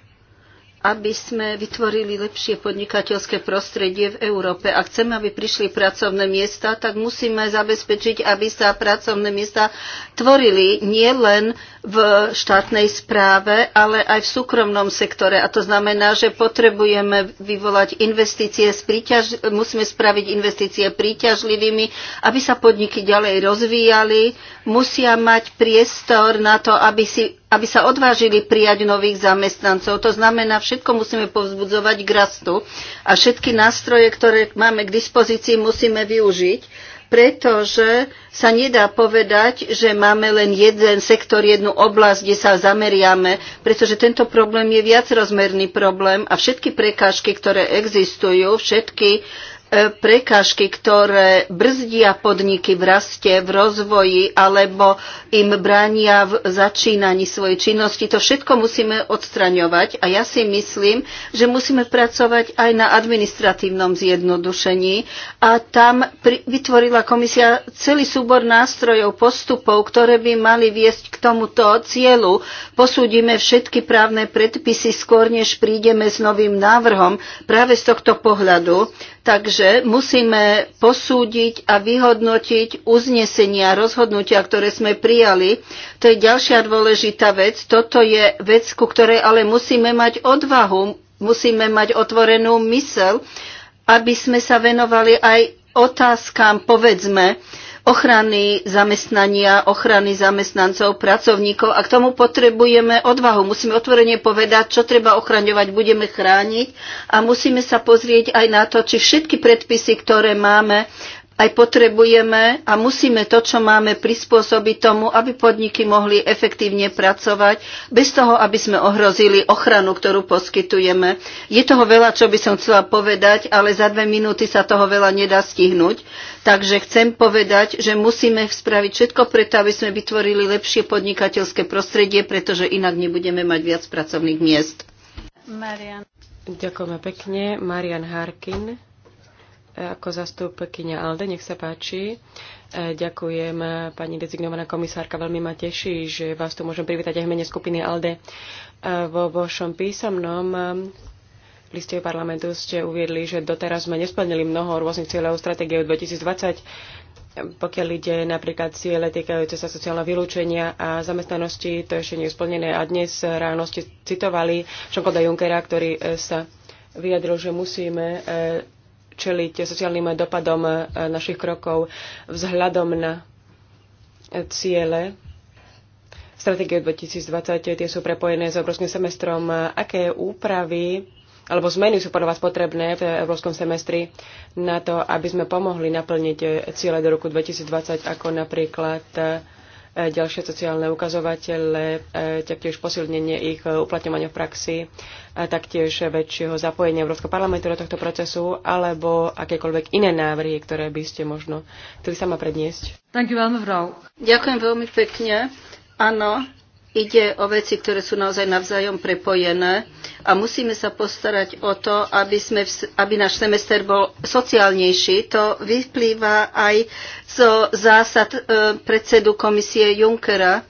aby sme vytvorili lepšie podnikateľské prostredie v Európe. Ak chceme, aby prišli pracovné miesta, tak musíme zabezpečiť, aby sa pracovné miesta tvorili nielen v štátnej správe, ale aj v súkromnom sektore. A to znamená, že potrebujeme vyvolať investície, príťaž... musíme spraviť investície príťažlivými, aby sa podniky ďalej rozvíjali, musia mať priestor na to, aby si aby sa odvážili prijať nových zamestnancov. To znamená, všetko musíme povzbudzovať k rastu a všetky nástroje, ktoré máme k dispozícii, musíme využiť pretože sa nedá povedať, že máme len jeden sektor, jednu oblasť, kde sa zameriame, pretože tento problém je viacrozmerný problém a všetky prekážky, ktoré existujú, všetky E, prekážky, ktoré brzdia podniky v raste, v rozvoji alebo im bránia v začínaní svojej činnosti. To všetko musíme odstraňovať a ja si myslím, že musíme pracovať aj na administratívnom zjednodušení a tam vytvorila komisia celý súbor nástrojov, postupov, ktoré by mali viesť k tomuto cieľu. Posúdime všetky právne predpisy skôr, než prídeme s novým návrhom práve z tohto pohľadu. Takže musíme posúdiť a vyhodnotiť uznesenia, rozhodnutia, ktoré sme prijali. To je ďalšia dôležitá vec. Toto je vec, ku ktorej ale musíme mať odvahu, musíme mať otvorenú mysel, aby sme sa venovali aj otázkam, povedzme, ochrany zamestnania, ochrany zamestnancov, pracovníkov a k tomu potrebujeme odvahu. Musíme otvorene povedať, čo treba ochraňovať, budeme chrániť a musíme sa pozrieť aj na to, či všetky predpisy, ktoré máme, aj potrebujeme a musíme to, čo máme, prispôsobiť tomu, aby podniky mohli efektívne pracovať, bez toho, aby sme ohrozili ochranu, ktorú poskytujeme. Je toho veľa, čo by som chcela povedať, ale za dve minúty sa toho veľa nedá stihnúť. Takže chcem povedať, že musíme spraviť všetko preto, aby sme vytvorili lepšie podnikateľské prostredie, pretože inak nebudeme mať viac pracovných miest. Marian. Ďakujeme pekne. Marian Harkin ako zastupkynia Alde. Nech sa páči. E, ďakujem, pani dezignovaná komisárka. Veľmi ma teší, že vás tu môžem privítať aj v mene skupiny Alde. E, vo vašom písomnom liste parlamentu ste uviedli, že doteraz sme nesplnili mnoho rôznych cieľov stratégie 2020, pokiaľ ide napríklad ciele týkajúce sa sociálneho vylúčenia a zamestnanosti, to ešte nie je splnené. A dnes ráno ste citovali jean Junkera, Junckera, ktorý e, sa vyjadril, že musíme čeliť sociálnym dopadom e, našich krokov vzhľadom na ciele stratégie 2020, tie sú prepojené s európskym semestrom. Aké úpravy alebo zmeny sú podľa vás potrebné v európskom semestri na to, aby sme pomohli naplniť ciele do roku 2020, ako napríklad E, ďalšie sociálne ukazovatele, e, taktiež posilnenie ich e, uplatňovania v praxi, taktiež väčšieho zapojenia Európskeho parlamentu do tohto procesu, alebo akékoľvek iné návrhy, ktoré by ste možno chceli sama predniesť. Ďakujem veľmi pekne. Áno, Ide o veci, ktoré sú naozaj navzájom prepojené a musíme sa postarať o to, aby, sme, aby náš semester bol sociálnejší. To vyplýva aj zo zásad e, predsedu komisie Junckera,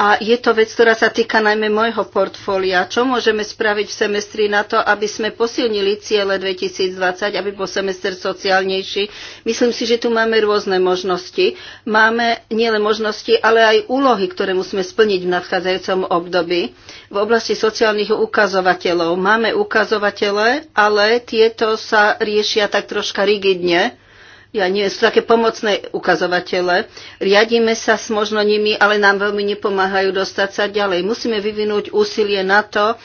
a je to vec, ktorá sa týka najmä môjho portfólia. Čo môžeme spraviť v semestri na to, aby sme posilnili ciele 2020, aby bol semester sociálnejší? Myslím si, že tu máme rôzne možnosti. Máme nielen možnosti, ale aj úlohy, ktoré musíme splniť v nadchádzajúcom období. V oblasti sociálnych ukazovateľov máme ukazovatele, ale tieto sa riešia tak troška rigidne ja nie, sú také pomocné ukazovatele. Riadíme sa s možno nimi, ale nám veľmi nepomáhajú dostať sa ďalej. Musíme vyvinúť úsilie na to,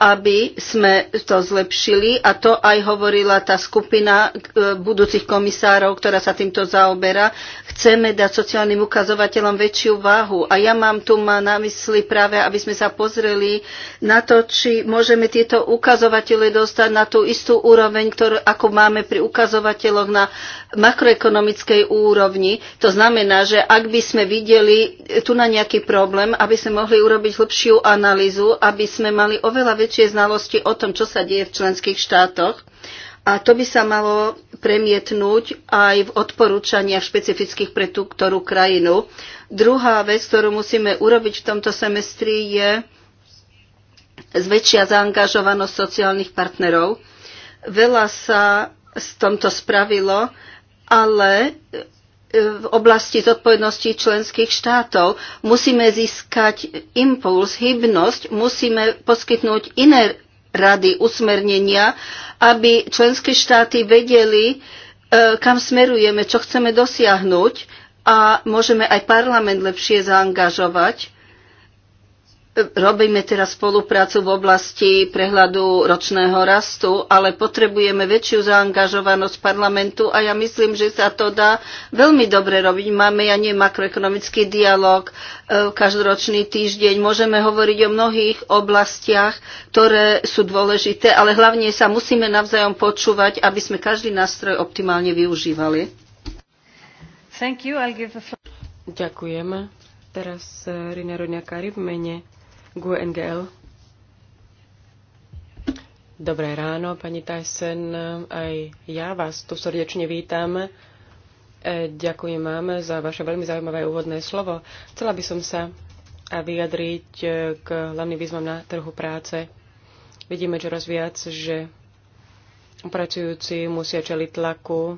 aby sme to zlepšili a to aj hovorila tá skupina e, budúcich komisárov, ktorá sa týmto zaoberá. Chceme dať sociálnym ukazovateľom väčšiu váhu a ja mám tu má na mysli práve, aby sme sa pozreli na to, či môžeme tieto ukazovatele dostať na tú istú úroveň, ktorú, ako máme pri ukazovateľoch na makroekonomickej úrovni. To znamená, že ak by sme videli tu na nejaký problém, aby sme mohli urobiť hĺbšiu analýzu, aby sme mali oveľa väčšie znalosti o tom, čo sa deje v členských štátoch. A to by sa malo premietnúť aj v odporúčaniach špecifických pre tú ktorú krajinu. Druhá vec, ktorú musíme urobiť v tomto semestri, je zväčšia zaangažovanosť sociálnych partnerov. Veľa sa z tomto spravilo, ale e, v oblasti zodpovednosti členských štátov. Musíme získať impuls, hybnosť, musíme poskytnúť iné rady, usmernenia, aby členské štáty vedeli, e, kam smerujeme, čo chceme dosiahnuť a môžeme aj parlament lepšie zaangažovať Robíme teraz spoluprácu v oblasti prehľadu ročného rastu, ale potrebujeme väčšiu zaangažovanosť parlamentu a ja myslím, že sa to dá veľmi dobre robiť. Máme ja nie makroekonomický dialog, e, každoročný týždeň. Môžeme hovoriť o mnohých oblastiach, ktoré sú dôležité, ale hlavne sa musíme navzájom počúvať, aby sme každý nástroj optimálne využívali. Thank you. I'll give the floor. Ďakujem. Teraz e, Rina Roňakári v mene GUNGL. Dobré ráno, pani Tyson. Aj ja vás tu srdečne vítam. E, ďakujem vám za vaše veľmi zaujímavé úvodné slovo. Chcela by som sa vyjadriť e, k hlavným výzvam na trhu práce. Vidíme čoraz viac, že pracujúci musia čeliť tlaku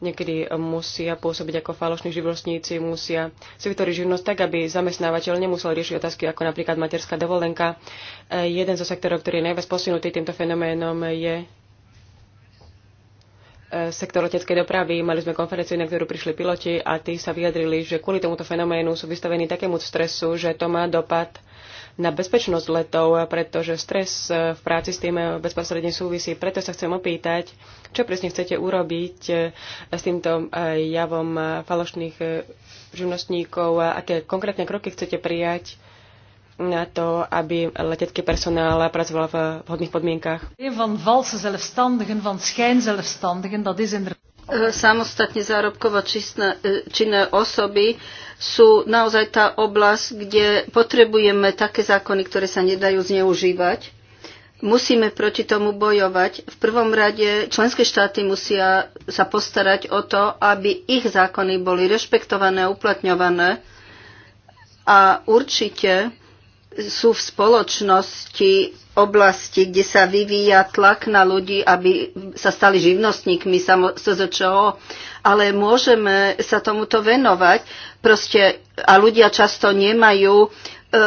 niekedy musia pôsobiť ako falošní živnostníci, musia si vytvoriť živnosť tak, aby zamestnávateľ nemusel riešiť otázky ako napríklad materská dovolenka. Jeden zo sektorov, ktorý je najviac posunutý týmto fenoménom, je e, sektor leteckej dopravy. Mali sme konferenciu, na ktorú prišli piloti a tí sa vyjadrili, že kvôli tomuto fenoménu sú vystavení takému stresu, že to má dopad na bezpečnosť letov, pretože stres eh, v práci s tým eh, bezprostredne súvisí. Preto sa chcem opýtať, čo presne chcete urobiť eh, s týmto javom falošných živnostníkov, aké konkrétne kroky chcete prijať na to, aby letecký personál pracoval v vhodných podmienkach. samostatne zárobkovo činné osoby sú naozaj tá oblasť, kde potrebujeme také zákony, ktoré sa nedajú zneužívať. Musíme proti tomu bojovať. V prvom rade členské štáty musia sa postarať o to, aby ich zákony boli rešpektované a uplatňované. A určite sú v spoločnosti oblasti, kde sa vyvíja tlak na ľudí, aby sa stali živnostníkmi SZČO ale môžeme sa tomuto venovať. Proste, a ľudia často nemajú e, e,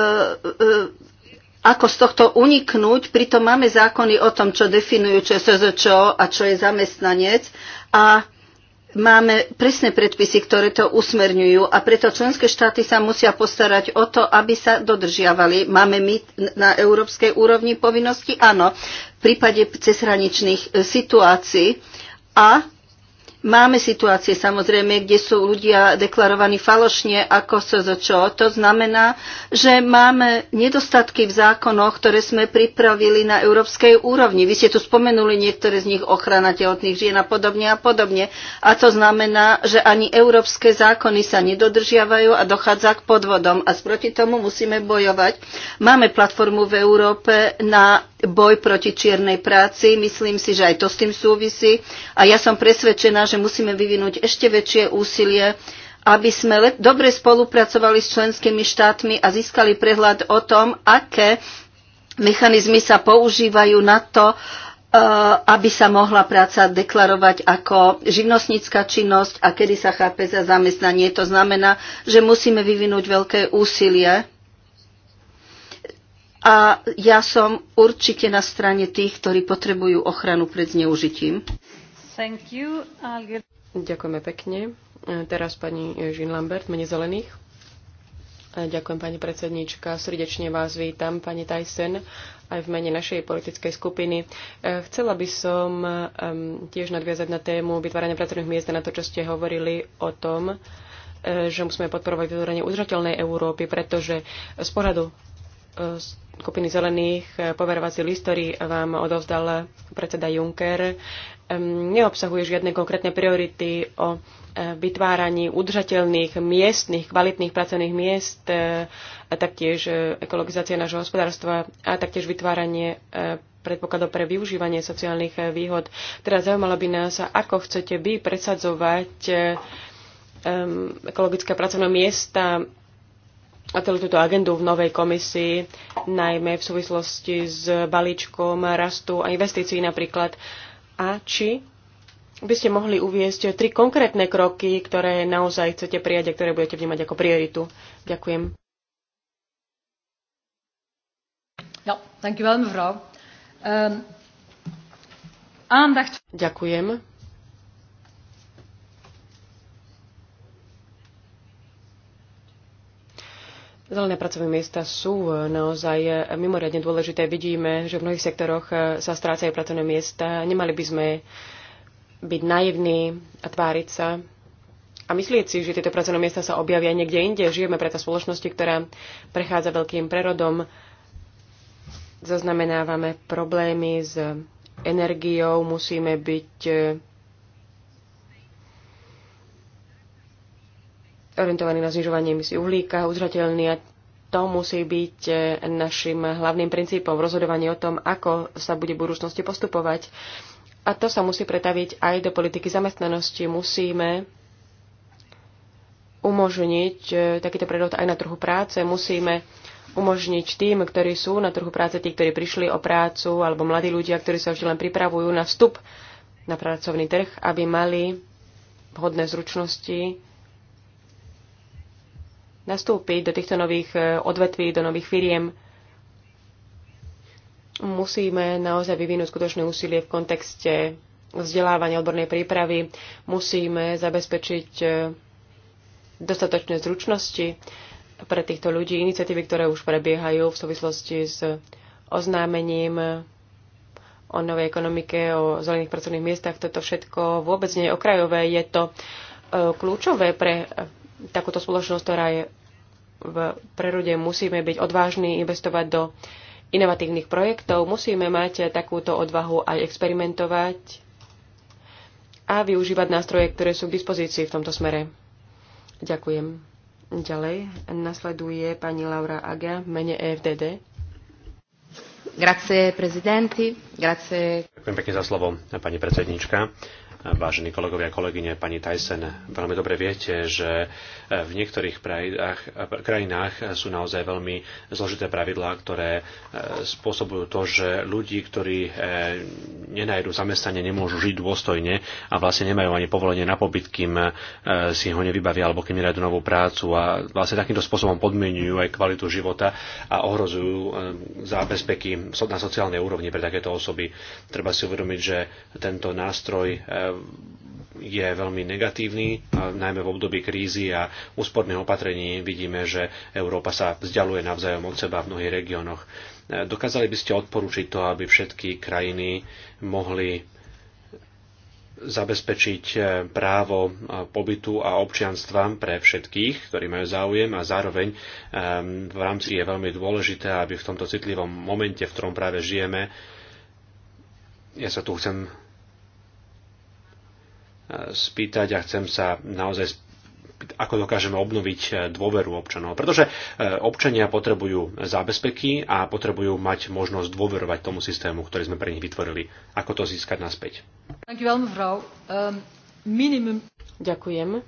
ako z tohto uniknúť, pritom máme zákony o tom, čo definujú, čo je SZČO a čo je zamestnanec a máme presné predpisy, ktoré to usmerňujú a preto členské štáty sa musia postarať o to, aby sa dodržiavali. Máme my na európskej úrovni povinnosti? Áno, v prípade cezhraničných e, situácií a Máme situácie samozrejme, kde sú ľudia deklarovaní falošne ako SZČO. To znamená, že máme nedostatky v zákonoch, ktoré sme pripravili na európskej úrovni. Vy ste tu spomenuli niektoré z nich, ochrana tehotných žien a podobne a podobne. A to znamená, že ani európske zákony sa nedodržiavajú a dochádza k podvodom. A sproti tomu musíme bojovať. Máme platformu v Európe na boj proti čiernej práci. Myslím si, že aj to s tým súvisí. A ja som presvedčená, že musíme vyvinúť ešte väčšie úsilie, aby sme dobre spolupracovali s členskými štátmi a získali prehľad o tom, aké mechanizmy sa používajú na to, e, aby sa mohla práca deklarovať ako živnostnícka činnosť a kedy sa chápe za zamestnanie. To znamená, že musíme vyvinúť veľké úsilie a ja som určite na strane tých, ktorí potrebujú ochranu pred zneužitím. Get... Ďakujeme pekne. E, teraz pani Jean Lambert, mene zelených. E, ďakujem, pani predsednička. Srdečne vás vítam, pani Tyson, aj v mene našej politickej skupiny. E, chcela by som tiež nadviazať na tému vytvárania pracovných miest na to, čo ste hovorili o tom, že musíme podporovať vytvorenie udržateľnej Európy, pretože z pohľadu z skupiny zelených e, poverovací list, ktorý vám odovzdal predseda Juncker, neobsahuje žiadne konkrétne priority o e, vytváraní udržateľných miestnych, kvalitných pracovných miest, e, a taktiež ekologizácia nášho hospodárstva a taktiež vytváranie predpokladov pre využívanie sociálnych výhod. Teda zaujímalo by nás, ako chcete vy presadzovať ekologické pracovné miesta a celú túto agendu v novej komisii, najmä v súvislosti s balíčkom rastu a investícií napríklad. A či by ste mohli uviesť tri konkrétne kroky, ktoré naozaj chcete prijať a ktoré budete vnímať ako prioritu. Ďakujem. Ja, dankjewel mevrouw. Um, Ďakujem. Zelené pracovné miesta sú e, naozaj e, mimoriadne dôležité. Vidíme, že v mnohých sektoroch e, sa strácajú pracovné miesta. Nemali by sme byť naivní a tváriť sa a myslieť si, že tieto pracovné miesta sa objavia niekde inde. Žijeme pre tá spoločnosti, ktorá prechádza veľkým prerodom. Zaznamenávame problémy s energiou, musíme byť orientovaný na znižovanie emisí uhlíka, udržateľný a to musí byť e, našim hlavným princípom rozhodovanie o tom, ako sa bude v budúcnosti postupovať. A to sa musí pretaviť aj do politiky zamestnanosti. Musíme umožniť e, takýto prerod aj na trhu práce. Musíme umožniť tým, ktorí sú na trhu práce, tí, ktorí prišli o prácu, alebo mladí ľudia, ktorí sa ešte len pripravujú na vstup na pracovný trh, aby mali vhodné zručnosti, nastúpiť do týchto nových e, odvetví, do nových firiem, musíme naozaj vyvinúť skutočné úsilie v kontexte vzdelávania odbornej prípravy, musíme zabezpečiť e, dostatočné zručnosti pre týchto ľudí, iniciatívy, ktoré už prebiehajú v súvislosti s oznámením o novej ekonomike, o zelených pracovných miestach. Toto všetko vôbec nie je okrajové, je to e, kľúčové pre takúto spoločnosť, ktorá je v prerode, musíme byť odvážni investovať do inovatívnych projektov, musíme mať takúto odvahu aj experimentovať a využívať nástroje, ktoré sú k dispozícii v tomto smere. Ďakujem. Ďalej nasleduje pani Laura Aga, mene EFDD. Grazie, prezidenti. Grazie. Ďakujem pekne za slovo, pani predsednička vážení kolegovia a kolegyne, pani Tyson, veľmi dobre viete, že e, v niektorých e, krajinách sú naozaj veľmi zložité pravidlá, ktoré e, spôsobujú to, že ľudí, ktorí nenajdu zamestnanie, nemôžu žiť dôstojne a vlastne nemajú ani povolenie na pobyt, kým si ho nevybavia alebo kým nenajdu novú prácu a vlastne takýmto spôsobom podmienujú aj kvalitu života a ohrozujú zábezpeky na sociálnej úrovni pre takéto osoby. Treba si uvedomiť, že tento nástroj je veľmi negatívny, najmä v období krízy a úsporných opatrení vidíme, že Európa sa vzdialuje navzájom od seba v mnohých regiónoch. Dokázali by ste odporučiť to, aby všetky krajiny mohli zabezpečiť eh, právo eh, pobytu a občianstva pre všetkých, ktorí majú záujem a zároveň eh, v rámci je veľmi dôležité, aby v tomto citlivom momente, v ktorom práve žijeme, ja sa tu chcem spýtať a chcem sa naozaj ako dokážeme obnoviť eh, dôveru občanov. Pretože eh, občania potrebujú zábezpeky a potrebujú mať možnosť dôverovať tomu systému, ktorý sme pre nich vytvorili. Ako to získať naspäť? Um, Ďakujem.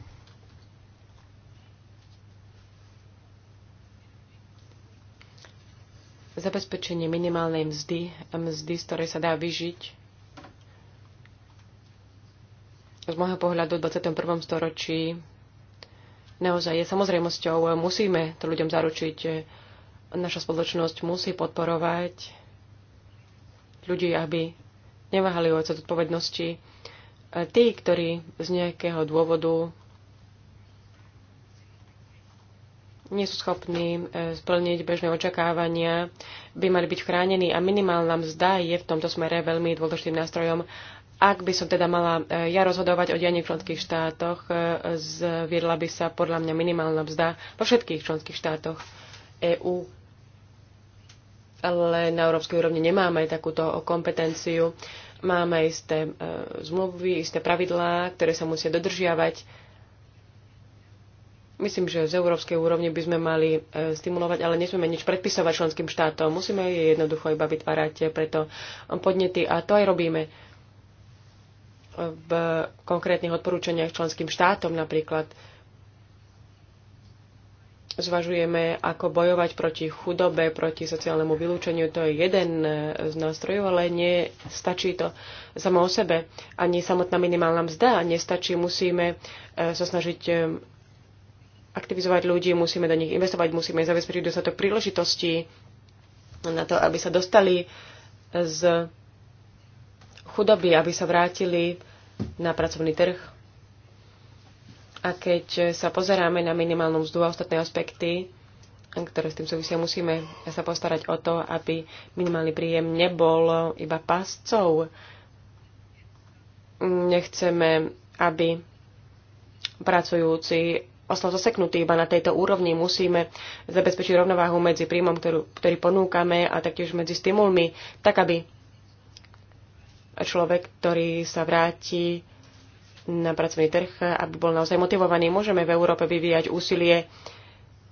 Zabezpečenie minimálnej mzdy, mzdy, z ktorej sa dá vyžiť, z môjho pohľadu v 21. storočí naozaj je samozrejmosťou. Musíme to ľuďom zaručiť. Naša spoločnosť musí podporovať ľudí, aby neváhali o odpovednosti. Tí, ktorí z nejakého dôvodu nie sú schopní e, splniť bežné očakávania, by mali byť chránení a minimálna mzda je v tomto smere veľmi dôležitým nástrojom ak by som teda mala e, ja rozhodovať o dianí v členských štátoch, e, zviedla by sa podľa mňa minimálna mzda vo všetkých členských štátoch EÚ. Ale na európskej úrovni nemáme takúto kompetenciu. Máme isté e, zmluvy, isté pravidlá, ktoré sa musia dodržiavať. Myslím, že z európskej úrovne by sme mali stimulovať, ale nesmieme nič predpisovať členským štátom. Musíme jednoducho iba vytvárať preto podnety a to aj robíme v konkrétnych odporúčaniach členským štátom napríklad. Zvažujeme, ako bojovať proti chudobe, proti sociálnemu vylúčeniu. To je jeden z nástrojov, ale nestačí to samo o sebe. Ani samotná minimálna mzda nestačí. Musíme e, sa snažiť e, aktivizovať ľudí, musíme do nich investovať, musíme zabezpečiť dostatok príležitostí na to, aby sa dostali z chudoby, aby sa vrátili na pracovný trh. A keď sa pozeráme na minimálnu mzdu a ostatné aspekty, ktoré s tým súvisia, musíme sa postarať o to, aby minimálny príjem nebol iba pascov. Nechceme, aby pracujúci ostal zaseknutý iba na tejto úrovni. Musíme zabezpečiť rovnováhu medzi príjmom, ktorú, ktorý ponúkame a taktiež medzi stimulmi, tak aby človek, ktorý sa vráti na pracovný trh, aby bol naozaj motivovaný. Môžeme v Európe vyvíjať úsilie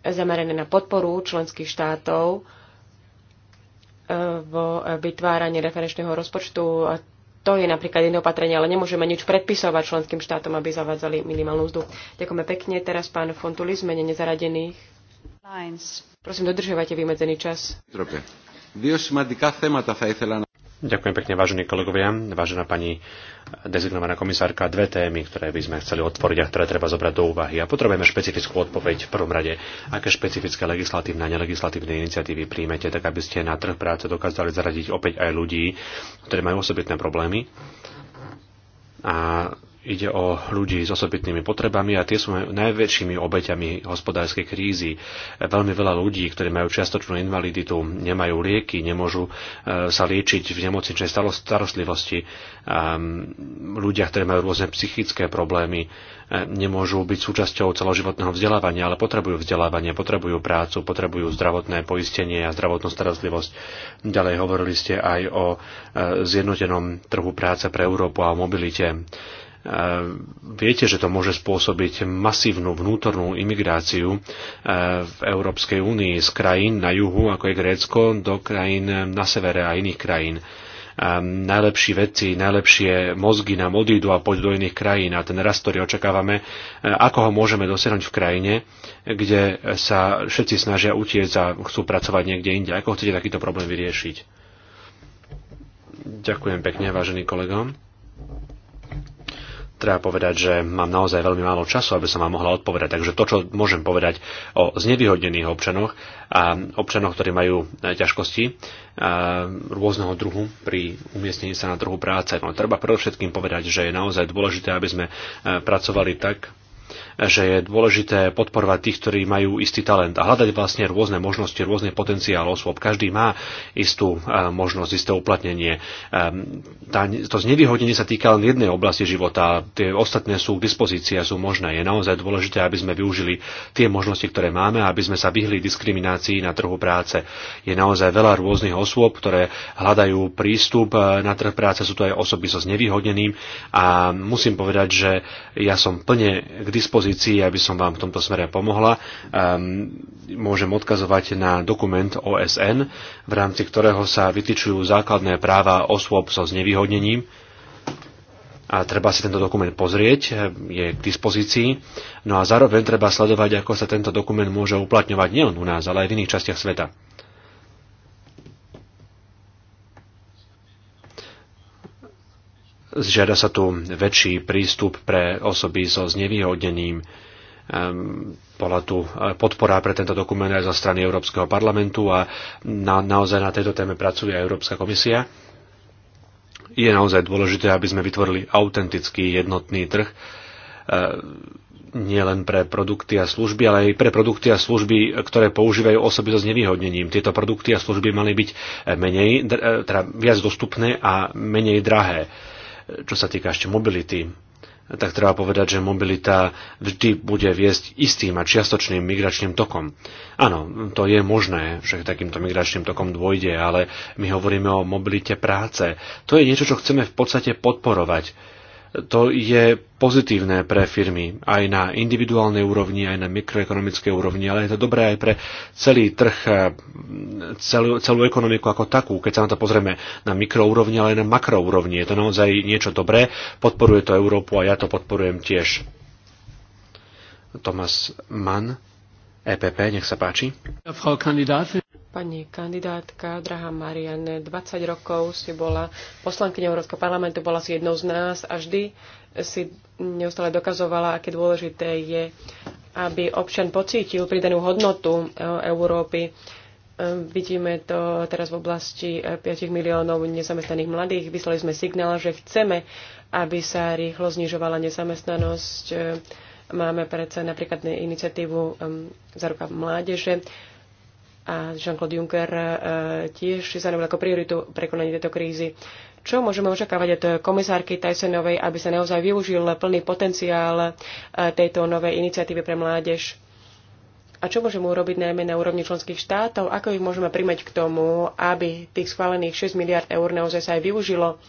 zamerané na podporu členských štátov e, vo vytváraní referenčného rozpočtu. A to je napríklad jedno opatrenie, ale nemôžeme nič predpisovať členským štátom, aby zavádzali minimálnu mzdu. Ďakujeme pekne. Teraz pán Fontuli, zmene nezaradených. Lines. Prosím, dodržujete vymedzený čas. Dobre. Δύο σημαντικά θέματα θα Ďakujem pekne, vážení kolegovia, vážená pani dezignovaná komisárka, dve témy, ktoré by sme chceli otvoriť a ktoré treba zobrať do úvahy. A potrebujeme špecifickú odpoveď v prvom rade, aké špecifické legislatívne a nelegislatívne iniciatívy príjmete, tak aby ste na trh práce dokázali zaradiť opäť aj ľudí, ktorí majú osobitné problémy a ide o ľudí s osobitnými potrebami a tie sú najväčšími obeťami hospodárskej krízy. Veľmi veľa ľudí, ktorí majú čiastočnú invaliditu, nemajú lieky, nemôžu e, sa liečiť v nemocničnej starostlivosti. Ľudia, ktorí majú rôzne psychické problémy, e, nemôžu byť súčasťou celoživotného vzdelávania, ale potrebujú vzdelávanie, potrebujú prácu, potrebujú zdravotné poistenie a zdravotnú starostlivosť. Ďalej hovorili ste aj o e, zjednotenom trhu práce pre Európu a o mobilite Eh, viete, že to môže spôsobiť masívnu vnútornú imigráciu eh, v Európskej únii z krajín na juhu, ako je Grécko, do krajín na severe a iných krajín eh, najlepší vedci, najlepšie mozgy nám odídu a poď do iných krajín a ten rast, ktorý očakávame, ako ho môžeme dosiahnuť v krajine, kde sa všetci snažia utiecť a chcú pracovať niekde inde. Ako chcete takýto problém vyriešiť? Ďakujem pekne, vážený kolega treba povedať, že mám naozaj veľmi málo času, aby som vám mohla odpovedať. Takže to, čo môžem povedať o znevýhodnených občanoch a občanoch, ktorí majú e, ťažkosti e, rôzneho druhu pri umiestnení sa na trhu práce. No, treba predovšetkým povedať, že je naozaj dôležité, aby sme e, pracovali tak, že je dôležité podporovať tých, ktorí majú istý talent a hľadať vlastne rôzne možnosti, rôzne potenciál osôb. Každý má istú e, možnosť, isté uplatnenie. E, to znevýhodnenie sa týka len jednej oblasti života. Tie ostatné sú k dispozícii a sú možné. Je naozaj dôležité, aby sme využili tie možnosti, ktoré máme, aby sme sa vyhli diskriminácii na trhu práce. Je naozaj veľa rôznych osôb, ktoré hľadajú prístup e, na trh práce. Sú to aj osoby so znevýhodneným a musím povedať, že ja som plne k dispozícii, aby som vám v tomto smere pomohla. Ehm, môžem odkazovať na dokument OSN, v rámci ktorého sa vytýčujú základné práva osôb so znevýhodnením, a treba si tento dokument pozrieť, je k dispozícii. No a zároveň treba sledovať, ako sa tento dokument môže uplatňovať nielen u nás, ale aj v iných častiach sveta. Žiada sa tu väčší prístup pre osoby so znevýhodnením. Ehm, bola tu e, podpora pre tento dokument aj zo strany Európskeho parlamentu a na, naozaj na tejto téme pracuje aj Európska komisia. Je naozaj dôležité, aby sme vytvorili autentický jednotný trh, e, nielen pre produkty a služby, ale aj pre produkty a služby, ktoré používajú osoby so znevýhodnením. Tieto produkty a služby mali byť menej, e, teda viac dostupné a menej drahé čo sa týka ešte mobility, tak treba povedať, že mobilita vždy bude viesť istým a čiastočným migračným tokom. Áno, to je možné, že takýmto migračným tokom dôjde, ale my hovoríme o mobilite práce. To je niečo, čo chceme v podstate podporovať to je pozitívne pre firmy aj na individuálnej úrovni, aj na mikroekonomickej úrovni, ale je to dobré aj pre celý trh, eh, celú, celú ekonomiku ako takú, keď sa na to pozrieme na mikroúrovni, ale aj na makroúrovni. Je to naozaj niečo dobré, podporuje to Európu a ja to podporujem tiež. Thomas Mann, EPP, nech sa páči. Pani kandidátka, drahá Marianne, 20 rokov si bola poslankyňou Európskeho parlamentu, bola si jednou z nás a vždy si neustále dokazovala, aké dôležité je, aby občan pocítil pridanú hodnotu e, Európy. E, vidíme to teraz v oblasti 5 e, miliónov nezamestnaných mladých. Vyslali sme signál, že chceme, aby sa rýchlo znižovala nezamestnanosť. Máme predsa napríklad iniciatívu za ruka mládeže a Jean-Claude Juncker e, tiež si zanúbil ako prioritu prekonanie tejto krízy. Čo môžeme očakávať od komisárky Tysonovej, aby sa naozaj využil plný potenciál e, tejto novej iniciatívy pre mládež? A čo môžeme urobiť najmä na úrovni členských štátov? Ako ich môžeme primať k tomu, aby tých schválených 6 miliard eur naozaj sa aj využilo?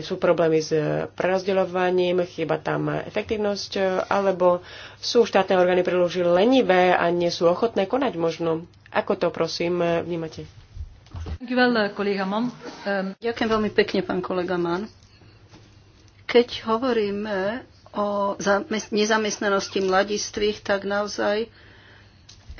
sú problémy s prerozdeľovaním, chyba tam efektívnosť, alebo sú štátne orgány príliš lenivé a nie sú ochotné konať možno. Ako to prosím vnímate? Uh, um, Ďakujem veľmi pekne, pán kolega Mann. Keď hovoríme o nezamestnanosti mladistvých, tak naozaj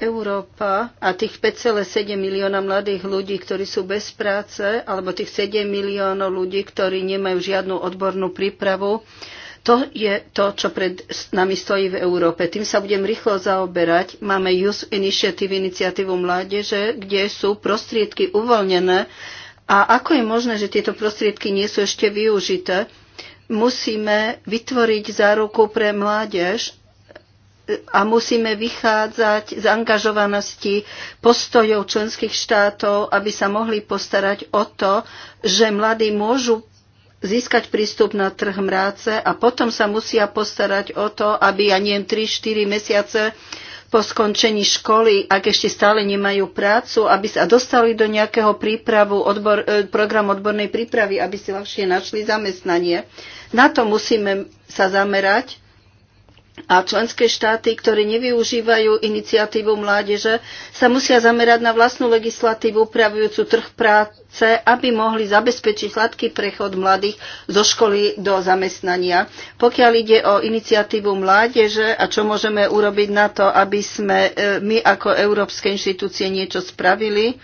Európa a tých 5,7 milióna mladých ľudí, ktorí sú bez práce, alebo tých 7 miliónov ľudí, ktorí nemajú žiadnu odbornú prípravu, to je to, čo pred nami stojí v Európe. Tým sa budem rýchlo zaoberať. Máme Youth Initiative, iniciatívu mládeže, kde sú prostriedky uvoľnené. A ako je možné, že tieto prostriedky nie sú ešte využité? Musíme vytvoriť záruku pre mládež, a musíme vychádzať z angažovanosti postojov členských štátov, aby sa mohli postarať o to, že mladí môžu získať prístup na trh mráce a potom sa musia postarať o to, aby, ja neviem, 3-4 mesiace po skončení školy, ak ešte stále nemajú prácu, aby sa dostali do nejakého prípravu, odbor, e, program odbornej prípravy, aby si ľahšie našli zamestnanie. Na to musíme sa zamerať a členské štáty, ktoré nevyužívajú iniciatívu mládeže, sa musia zamerať na vlastnú legislatívu upravujúcu trh práce, aby mohli zabezpečiť hladký prechod mladých zo školy do zamestnania. Pokiaľ ide o iniciatívu mládeže a čo môžeme urobiť na to, aby sme e, my ako európske inštitúcie niečo spravili,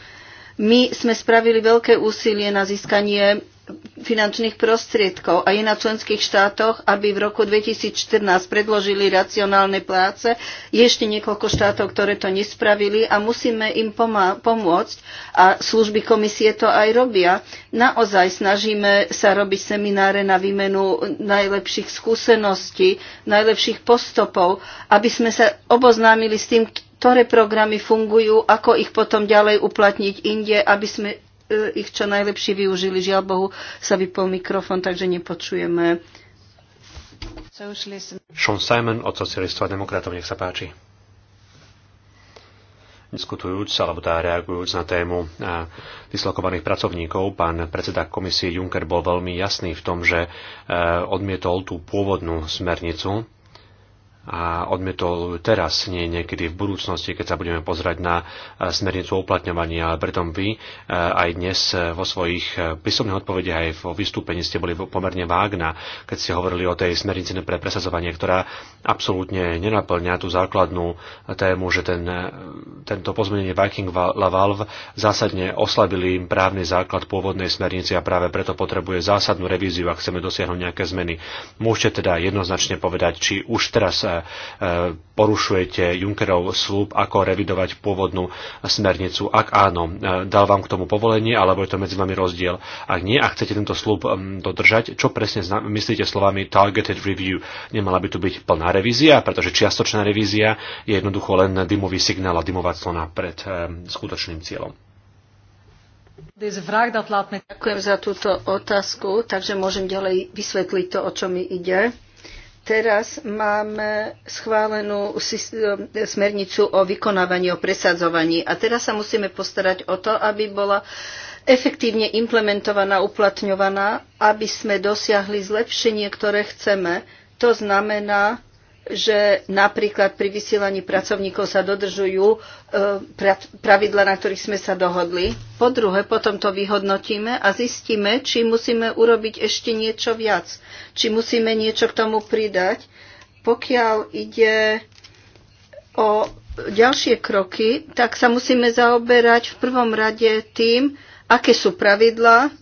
my sme spravili veľké úsilie na získanie finančných prostriedkov a je na členských štátoch, aby v roku 2014 predložili racionálne pláce. Je ešte niekoľko štátov, ktoré to nespravili a musíme im pomôcť a služby komisie to aj robia. Naozaj snažíme sa robiť semináre na výmenu najlepších skúseností, najlepších postupov, aby sme sa oboznámili s tým, ktoré programy fungujú, ako ich potom ďalej uplatniť inde, aby sme E, ich čo najlepšie využili. Žiaľ Bohu, sa vypol mikrofon, takže nepočujeme. Sean Simon od socialistov a demokratov, nech sa páči. Diskutujúc alebo tá teda reagujúc na tému vyslokovaných e, pracovníkov, pán predseda komisie Juncker bol veľmi jasný v tom, že e, odmietol tú pôvodnú smernicu, a odmietol teraz, nie niekedy v budúcnosti, keď sa budeme pozrať na e, smernicu uplatňovania, ale pritom vy e, aj dnes e, vo svojich písomných odpovediach aj vo vystúpení ste boli pomerne vágna, keď ste hovorili o tej smernici pre presazovanie, ktorá absolútne nenaplňa tú základnú tému, že ten, tento pozmenenie Viking La Valve zásadne oslabili im právny základ pôvodnej smernice a práve preto potrebuje zásadnú revíziu, ak chceme dosiahnuť nejaké zmeny. Môžete teda jednoznačne povedať, či už teraz E, porušujete Junckerov slúb, ako revidovať pôvodnú smernicu. Ak áno, e, dal vám k tomu povolenie, alebo je to medzi vami rozdiel. Ak nie, a chcete tento slúb dodržať, čo presne myslíte slovami targeted review? Nemala by tu byť plná revízia, pretože čiastočná revízia je jednoducho len dymový signál a dymová clona pred e, skutočným cieľom. Ďakujem za túto otázku, takže môžem ďalej vysvetliť to, o čo mi ide. Teraz máme schválenú e, smernicu o vykonávaní, o presadzovaní a teraz sa musíme postarať o to, aby bola efektívne implementovaná, uplatňovaná, aby sme dosiahli zlepšenie, ktoré chceme. To znamená že napríklad pri vysielaní pracovníkov sa dodržujú e, pravidla, na ktorých sme sa dohodli. Po druhé, potom to vyhodnotíme a zistíme, či musíme urobiť ešte niečo viac, či musíme niečo k tomu pridať. Pokiaľ ide o ďalšie kroky, tak sa musíme zaoberať v prvom rade tým, aké sú pravidlá,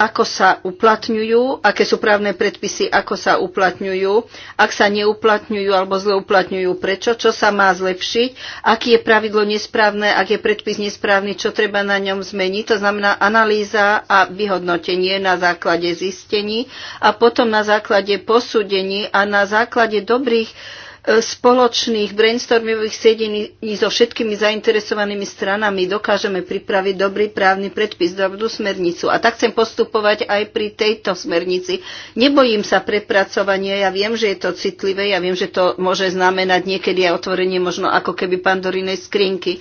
ako sa uplatňujú, aké sú právne predpisy, ako sa uplatňujú, ak sa neuplatňujú alebo zle uplatňujú, prečo, čo sa má zlepšiť, aký je pravidlo nesprávne, ak je predpis nesprávny, čo treba na ňom zmeniť. To znamená analýza a vyhodnotenie na základe zistení a potom na základe posúdení a na základe dobrých spoločných brainstormových sedení so všetkými zainteresovanými stranami dokážeme pripraviť dobrý právny predpis, dobrú smernicu. A tak chcem postupovať aj pri tejto smernici. Nebojím sa prepracovania, ja viem, že je to citlivé, ja viem, že to môže znamenať niekedy aj otvorenie možno ako keby pandorinej skrinky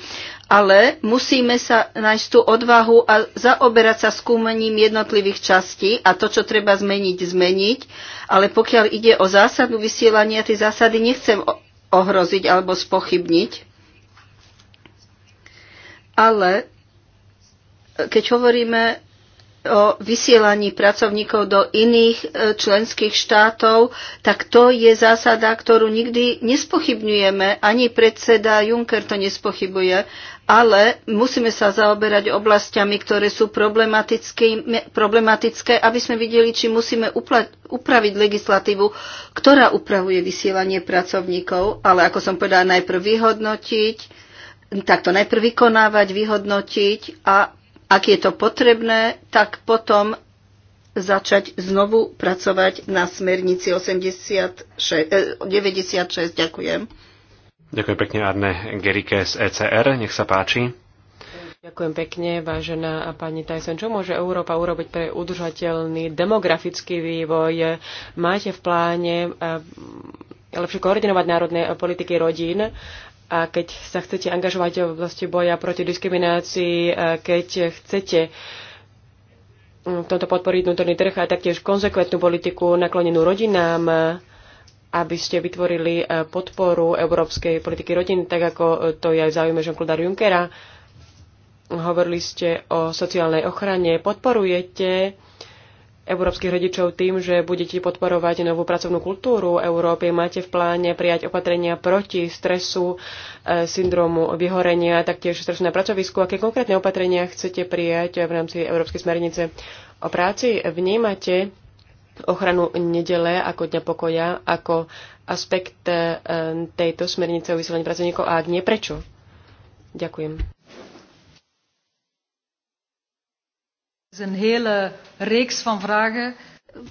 ale musíme sa nájsť tú odvahu a zaoberať sa skúmením jednotlivých častí a to, čo treba zmeniť, zmeniť. Ale pokiaľ ide o zásadu vysielania, tie zásady nechcem ohroziť alebo spochybniť. Ale e, keď hovoríme o vysielaní pracovníkov do iných e, členských štátov, tak to je zásada, ktorú nikdy nespochybňujeme. Ani predseda Juncker to nespochybuje ale musíme sa zaoberať oblastiami, ktoré sú problematické, aby sme videli, či musíme upraviť legislatívu, ktorá upravuje vysielanie pracovníkov, ale ako som povedala, najprv vyhodnotiť, takto najprv vykonávať, vyhodnotiť a ak je to potrebné, tak potom začať znovu pracovať na smernici 86, 96. Eh, Ďakujem. Ďakujem pekne Arne Gerike z ECR, nech sa páči. Ďakujem pekne, vážená pani Tyson. Čo môže Európa urobiť pre udržateľný demografický vývoj? Máte v pláne eh, lepšie koordinovať národné politiky rodín a keď sa chcete angažovať v oblasti boja proti diskriminácii, keď chcete mm, v tomto podporiť vnútorný trh a taktiež konzekventnú politiku naklonenú rodinám, aby ste vytvorili e, podporu európskej politiky rodiny, tak ako e, to je aj v záujme Jean-Claude Junckera. Hovorili ste o sociálnej ochrane. Podporujete európskych rodičov tým, že budete podporovať novú pracovnú kultúru Európy. Máte v pláne prijať opatrenia proti stresu, e, syndromu vyhorenia, taktiež stresu na pracovisku. Aké konkrétne opatrenia chcete prijať v rámci Európskej smernice o práci? Vnímate ochranu nedele ako dňa pokoja, ako aspekt e, tejto smernice o vysielaní pracovníkov a ak nie, prečo? Ďakujem.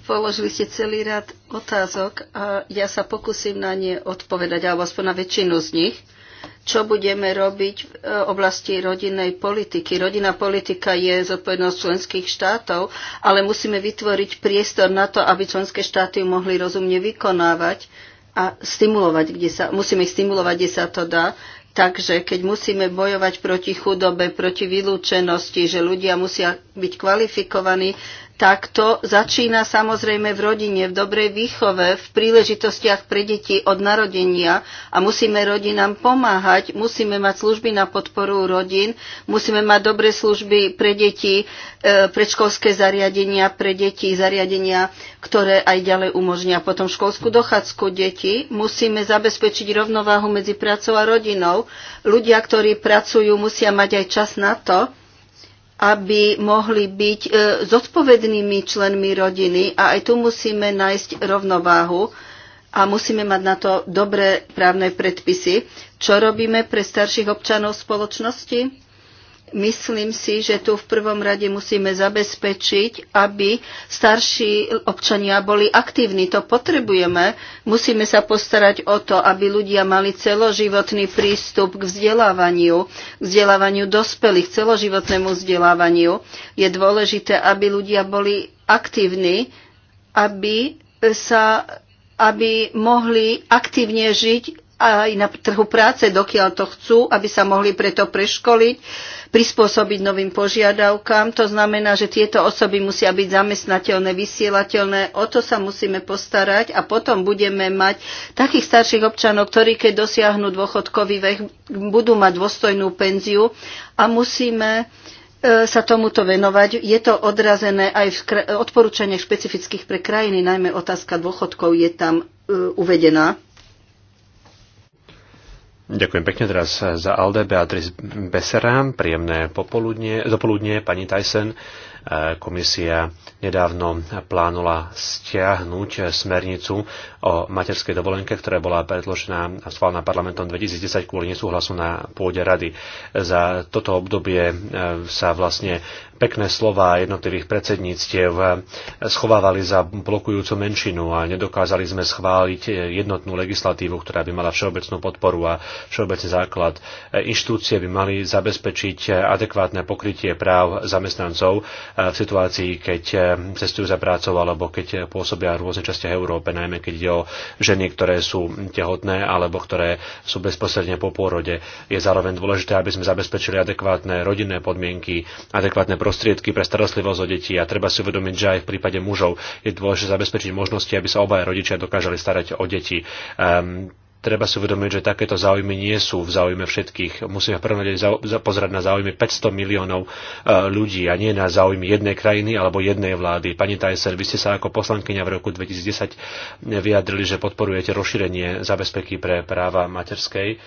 Položili ste celý rad otázok a ja sa pokúsim na ne odpovedať, alebo aspoň na väčšinu z nich čo budeme robiť v e, oblasti rodinnej politiky. Rodinná politika je zodpovednosť členských štátov, ale musíme vytvoriť priestor na to, aby členské štáty mohli rozumne vykonávať a stimulovať, kde sa, musíme ich stimulovať, kde sa to dá. Takže keď musíme bojovať proti chudobe, proti vylúčenosti, že ľudia musia byť kvalifikovaní takto začína samozrejme v rodine, v dobrej výchove, v príležitostiach pre deti od narodenia a musíme rodinám pomáhať, musíme mať služby na podporu rodín, musíme mať dobré služby pre deti, e, predškolské zariadenia pre deti, zariadenia, ktoré aj ďalej umožnia potom školskú dochádzku detí. Musíme zabezpečiť rovnováhu medzi prácou a rodinou. Ľudia, ktorí pracujú, musia mať aj čas na to, aby mohli byť e, zodpovednými členmi rodiny a aj tu musíme nájsť rovnováhu a musíme mať na to dobré právne predpisy. Čo robíme pre starších občanov spoločnosti? Myslím si, že tu v prvom rade musíme zabezpečiť, aby starší občania boli aktívni. To potrebujeme. Musíme sa postarať o to, aby ľudia mali celoživotný prístup k vzdelávaniu, k vzdelávaniu dospelých, celoživotnému vzdelávaniu. Je dôležité, aby ľudia boli aktívni, aby sa aby mohli aktívne žiť aj na trhu práce, dokiaľ to chcú, aby sa mohli preto preškoliť, prispôsobiť novým požiadavkám. To znamená, že tieto osoby musia byť zamestnateľné, vysielateľné. O to sa musíme postarať a potom budeme mať takých starších občanov, ktorí keď dosiahnu dôchodkový vek, budú mať dôstojnú penziu a musíme e, sa tomuto venovať. Je to odrazené aj v odporúčaniach špecifických pre krajiny, najmä otázka dôchodkov je tam e, uvedená. Ďakujem pekne teraz za Alde, Beatrice Beserám, príjemné popoludnie, dopoludne, pani Tyson. E, komisia nedávno plánula stiahnuť smernicu o materskej dovolenke, ktorá bola predložená a schválená parlamentom 2010 kvôli nesúhlasu na pôde rady. Za toto obdobie e, sa vlastne pekné slova jednotlivých predsedníctiev schovávali za blokujúcu menšinu a nedokázali sme schváliť jednotnú legislatívu, ktorá by mala všeobecnú podporu a všeobecný základ. Inštitúcie by mali zabezpečiť adekvátne pokrytie práv zamestnancov v situácii, keď cestujú za prácou alebo keď pôsobia v rôznych častiach Európe, najmä keď ide o ženy, ktoré sú tehotné alebo ktoré sú bezposredne po pôrode. Je zároveň dôležité, aby sme zabezpečili adekvátne rodinné podmienky, adekvátne prostriedky pre starostlivosť o deti a treba si uvedomiť, že aj v prípade mužov je dôležité zabezpečiť možnosti, aby sa obaja rodičia dokážali starať o deti. Um, treba si uvedomiť, že takéto záujmy nie sú v záujme všetkých. Musíme v prvom rade pozerať na záujmy 500 miliónov e, ľudí a nie na záujmy jednej krajiny alebo jednej vlády. Pani Tajser, vy ste sa ako poslankyňa v roku 2010 vyjadrili, že podporujete rozšírenie zabezpeky pre práva materskej.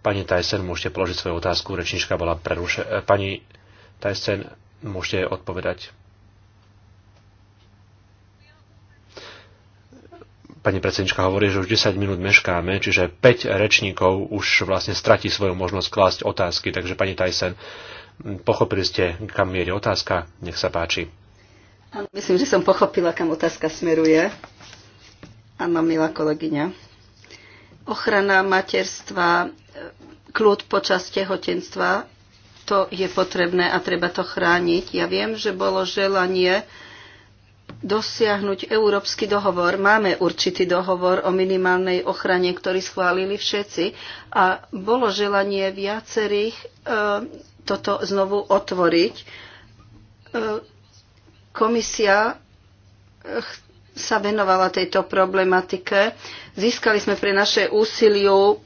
Pani Tajser, môžete položiť svoju otázku. Rečnička bola prerušená. E, pani Tajsen. Môžete odpovedať. Pani predsednička hovorí, že už 10 minút meškáme, čiže 5 rečníkov už vlastne stratí svoju možnosť klásť otázky. Takže pani Tyson, pochopili ste, kam mierie otázka. Nech sa páči. Myslím, že som pochopila, kam otázka smeruje. Áno, milá kolegyňa. Ochrana materstva, kľud počas tehotenstva to je potrebné a treba to chrániť. Ja viem, že bolo želanie dosiahnuť európsky dohovor. Máme určitý dohovor o minimálnej ochrane, ktorý schválili všetci a bolo želanie viacerých e, toto znovu otvoriť. E, komisia e, sa venovala tejto problematike. Získali sme pre naše úsiliu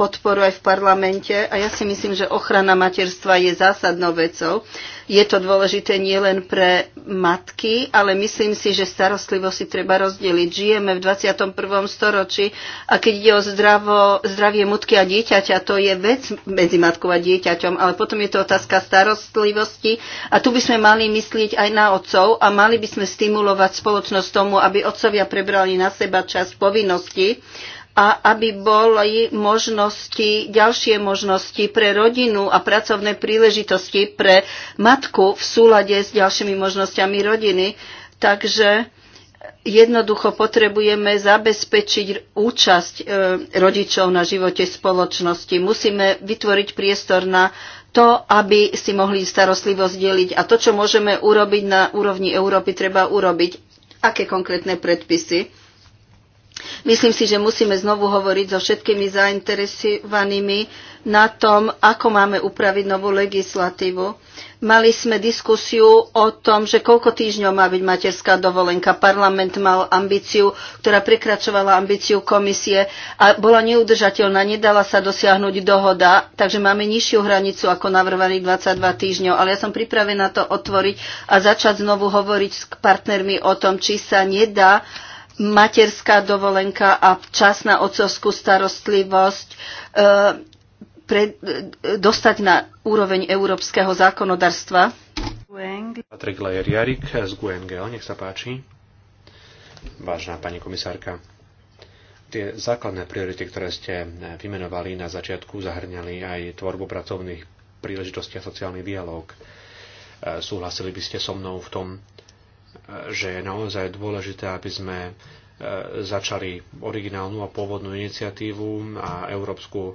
podporu aj v parlamente a ja si myslím, že ochrana materstva je zásadnou vecou. Je to dôležité nielen pre matky, ale myslím si, že starostlivosť si treba rozdeliť. Žijeme v 21. storočí a keď ide o zdravo, zdravie matky a dieťaťa, to je vec medzi matkou a dieťaťom, ale potom je to otázka starostlivosti a tu by sme mali myslieť aj na otcov a mali by sme stimulovať spoločnosť tomu, aby otcovia prebrali na seba časť povinností a aby boli možnosti, ďalšie možnosti pre rodinu a pracovné príležitosti pre matku v súlade s ďalšími možnosťami rodiny. Takže jednoducho potrebujeme zabezpečiť účasť e, rodičov na živote spoločnosti. Musíme vytvoriť priestor na to, aby si mohli starostlivosť deliť. A to, čo môžeme urobiť na úrovni Európy, treba urobiť. Aké konkrétne predpisy? Myslím si, že musíme znovu hovoriť so všetkými zainteresovanými na tom, ako máme upraviť novú legislatívu. Mali sme diskusiu o tom, že koľko týždňov má byť materská dovolenka. Parlament mal ambíciu, ktorá prekračovala ambíciu komisie a bola neudržateľná, nedala sa dosiahnuť dohoda, takže máme nižšiu hranicu ako navrhovaných 22 týždňov. Ale ja som pripravená to otvoriť a začať znovu hovoriť s partnermi o tom, či sa nedá uh, materská dovolenka a časná otcovskú starostlivosť e, pre, e, dostať na úroveň európskeho zákonodarstva? Patrik lajer jarik z GUNGL, nech sa páči. Vážená pani komisárka, tie základné priority, ktoré ste vymenovali na začiatku, zahrňali aj tvorbu pracovných príležitostí a sociálny dialog. E, súhlasili by ste so mnou v tom, že je naozaj dôležité, aby sme e, začali originálnu a pôvodnú iniciatívu a Európsku e,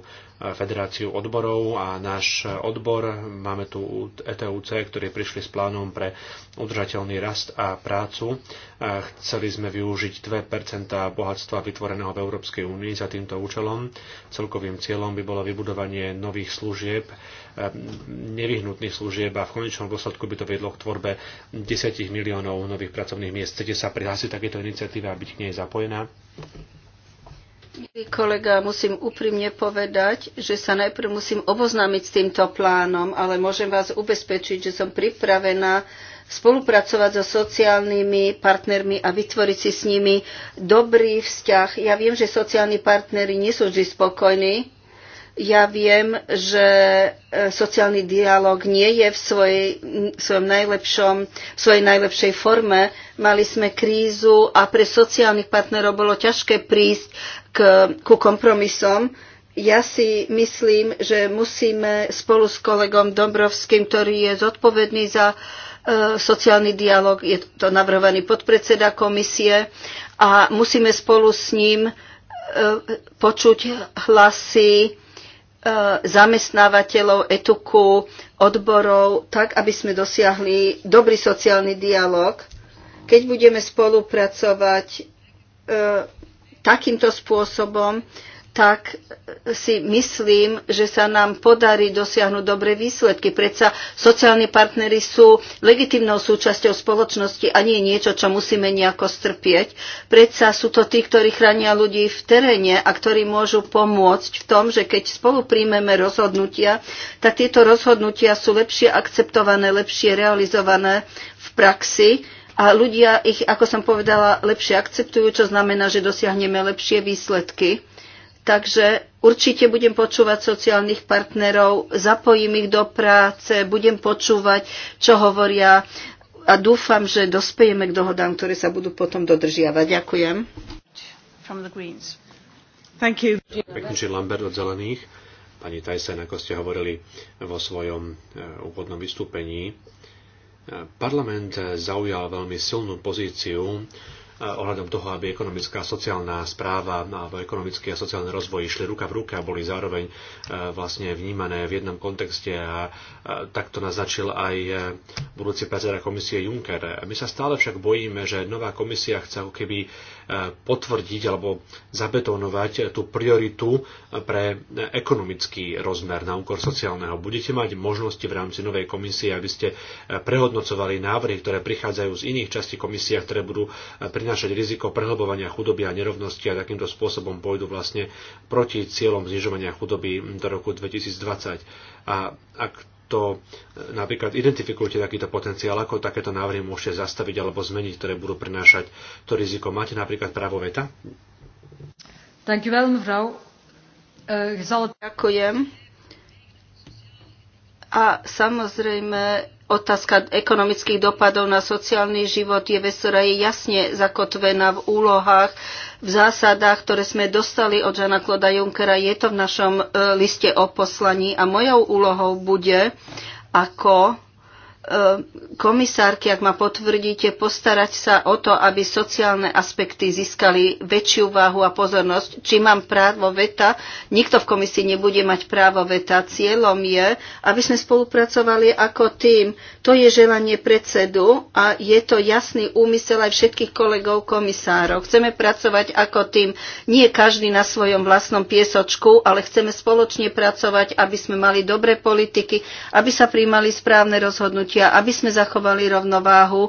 federáciu odborov a náš odbor, máme tu ETUC, ktorí prišli s plánom pre udržateľný rast a prácu. E, chceli sme využiť 2% bohatstva vytvoreného v Európskej únii za týmto účelom. Celkovým cieľom by bolo vybudovanie nových služieb nevyhnutných služieb a v konečnom dôsledku by to vedlo k tvorbe 10 miliónov nových pracovných miest. Chcete sa prihlásiť takéto iniciatíve a byť k nej zapojená? Milý kolega, musím úprimne povedať, že sa najprv musím oboznámiť s týmto plánom, ale môžem vás ubezpečiť, že som pripravená spolupracovať so sociálnymi partnermi a vytvoriť si s nimi dobrý vzťah. Ja viem, že sociálni partnery nie sú vždy spokojní, ja viem, že e, sociálny dialog nie je v svojej, svojom najlepšom, svojej najlepšej forme. Mali sme krízu a pre sociálnych partnerov bolo ťažké prísť k, ku kompromisom. Ja si myslím, že musíme spolu s kolegom Dombrovským, ktorý je zodpovedný za e, sociálny dialog, je to navrhovaný podpredseda komisie a musíme spolu s ním e, počuť hlasy E, zamestnávateľov, etuku, odborov, tak, aby sme dosiahli dobrý sociálny dialog. Keď budeme spolupracovať e, takýmto spôsobom, tak si myslím, že sa nám podarí dosiahnuť dobré výsledky. Predsa sociálni partnery sú legitimnou súčasťou spoločnosti a nie niečo, čo musíme nejako strpieť. Predsa sú to tí, ktorí chránia ľudí v teréne a ktorí môžu pomôcť v tom, že keď spolu príjmeme rozhodnutia, tak tieto rozhodnutia sú lepšie akceptované, lepšie realizované v praxi a ľudia ich, ako som povedala, lepšie akceptujú, čo znamená, že dosiahneme lepšie výsledky. Takže určite budem počúvať sociálnych partnerov, zapojím ich do práce, budem počúvať, čo hovoria a dúfam, že dospejeme k dohodám, ktoré sa budú potom dodržiavať. Ďakujem. From the Greens. Thank you. Pekný Lambert od Zelených. Pani Tyson, ako ste hovorili vo svojom e, úvodnom vystúpení, e, parlament e, zaujal veľmi silnú pozíciu ohľadom toho, aby ekonomická a sociálna správa no, alebo ekonomický a sociálny rozvoj išli ruka v ruka, a boli zároveň e, vlastne vnímané v jednom kontexte a takto naznačil aj e, budúci predseda komisie Juncker. My sa stále však bojíme, že nová komisia chce ako keby potvrdiť alebo zabetonovať tú prioritu pre ekonomický rozmer na úkor sociálneho. Budete mať možnosti v rámci novej komisie, aby ste prehodnocovali návrhy, ktoré prichádzajú z iných častí komisia, ktoré budú prinášať riziko prehlbovania chudoby a nerovnosti a takýmto spôsobom pôjdu vlastne proti cieľom znižovania chudoby do roku 2020. A ak to e, napríklad identifikujete takýto potenciál, ako takéto návrhy môžete zastaviť alebo zmeniť, ktoré budú prinášať to riziko. Máte napríklad právo veta? E, Ďakujem. A samozrejme Otázka ekonomických dopadov na sociálny život je vec, ktorá je jasne zakotvená v úlohách, v zásadách, ktoré sme dostali od Žana Kloda Junckera. Je to v našom e, liste o poslaní a mojou úlohou bude, ako E, komisárky, ak ma potvrdíte, postarať sa o to, aby sociálne aspekty získali väčšiu váhu a pozornosť. Či mám právo veta? Nikto v komisii nebude mať právo veta. Cieľom je, aby sme spolupracovali ako tým. To je želanie predsedu a je to jasný úmysel aj všetkých kolegov komisárov. Chceme pracovať ako tým. Nie každý na svojom vlastnom piesočku, ale chceme spoločne pracovať, aby sme mali dobré politiky, aby sa príjmali správne rozhodnutia rozhodnutia, aby sme zachovali rovnováhu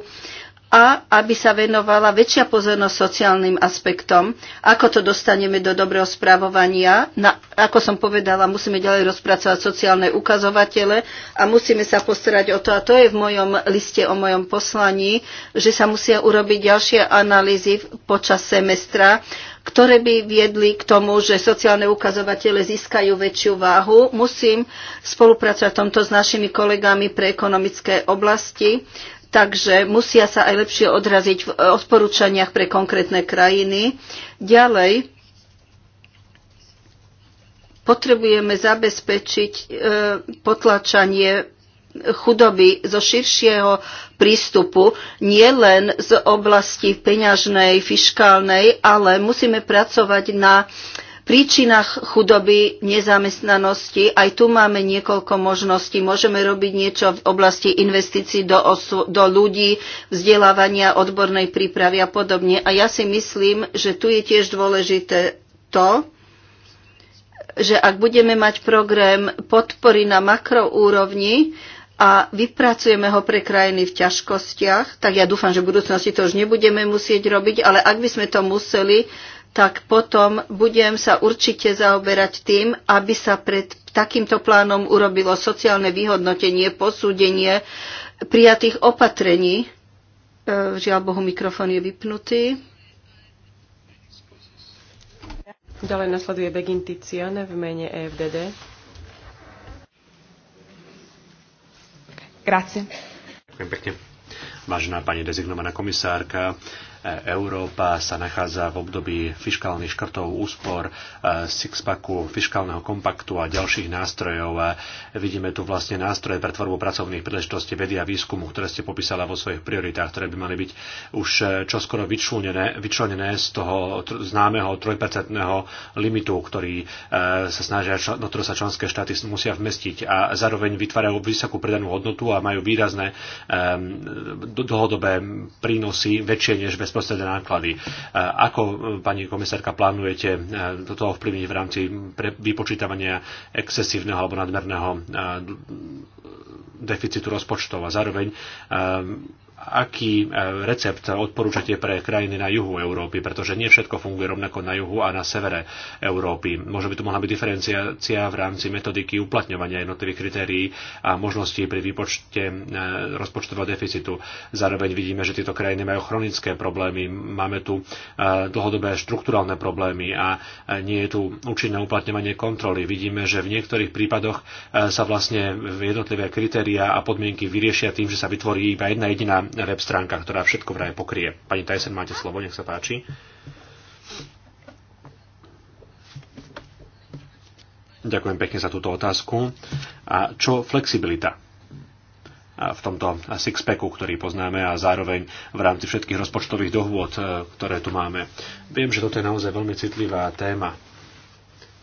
a aby sa venovala väčšia pozornosť sociálnym aspektom. Ako to dostaneme do dobrého správovania? Na, ako som povedala, musíme ďalej rozpracovať sociálne ukazovatele a musíme sa postarať o to, a to je v mojom liste o mojom poslaní, že sa musia urobiť ďalšie analýzy počas semestra ktoré by viedli k tomu, že sociálne ukazovatele získajú väčšiu váhu. Musím spolupracovať v tomto s našimi kolegami pre ekonomické oblasti, takže musia sa aj lepšie odraziť v odporúčaniach pre konkrétne krajiny. Ďalej, potrebujeme zabezpečiť e, potlačanie chudoby zo širšieho prístupu, nie len z oblasti peňažnej, fiškálnej, ale musíme pracovať na príčinách chudoby, nezamestnanosti. Aj tu máme niekoľko možností. Môžeme robiť niečo v oblasti investícií do, osu, do ľudí, vzdelávania, odbornej prípravy a podobne. A ja si myslím, že tu je tiež dôležité to, že ak budeme mať program podpory na makroúrovni, a vypracujeme ho pre krajiny v ťažkostiach, tak ja dúfam, že v budúcnosti to už nebudeme musieť robiť, ale ak by sme to museli, tak potom budem sa určite zaoberať tým, aby sa pred takýmto plánom urobilo sociálne vyhodnotenie, posúdenie prijatých opatrení. E, žiaľ Bohu, mikrofón je vypnutý. Ďalej nasleduje Begin Tiziane v mene EFDD. Grazie. Ďakujem pekne. Vážená pani dezignovaná komisárka, Európa sa nachádza v období fiskálnych škrtov, úspor, e, sixpacku, fiskálneho kompaktu a ďalších nástrojov. A vidíme tu vlastne nástroje pre tvorbu pracovných príležitostí vedy a výskumu, ktoré ste popísala vo svojich prioritách, ktoré by mali byť už e, čoskoro vyčlenené, vyčlenené z toho známeho trojpercentného limitu, ktorý e, sa snažia, na ktoré sa členské štáty musia vmestiť a zároveň vytvárajú vysokú pridanú hodnotu a majú výrazné dlhodobé prínosy väčšie než bez bezprostredné náklady. E, ako, e, pani komisárka, plánujete e, toto ovplyvniť v rámci vypočítavania excesívneho alebo nadmerného deficitu rozpočtov a zároveň aký e, recept odporúčate pre krajiny na juhu Európy, pretože nie všetko funguje rovnako na juhu a na severe Európy. Možno by tu mohla byť diferenciácia v rámci metodiky uplatňovania jednotlivých kritérií a možností pri výpočte e, rozpočtového deficitu. Zároveň vidíme, že tieto krajiny majú chronické problémy, máme tu e, dlhodobé štruktúralne problémy a nie je tu účinné uplatňovanie kontroly. Vidíme, že v niektorých prípadoch sa vlastne jednotlivé kritéria a podmienky vyriešia tým, že sa vytvorí iba jedna jediná web stránka, ktorá všetko vraj pokrie. Pani Tyson, máte slovo, nech sa páči. Ďakujem pekne za túto otázku. A čo flexibilita? v tomto sixpacku, ktorý poznáme a zároveň v rámci všetkých rozpočtových dohôd, e, ktoré tu máme. Viem, že toto je naozaj veľmi citlivá téma.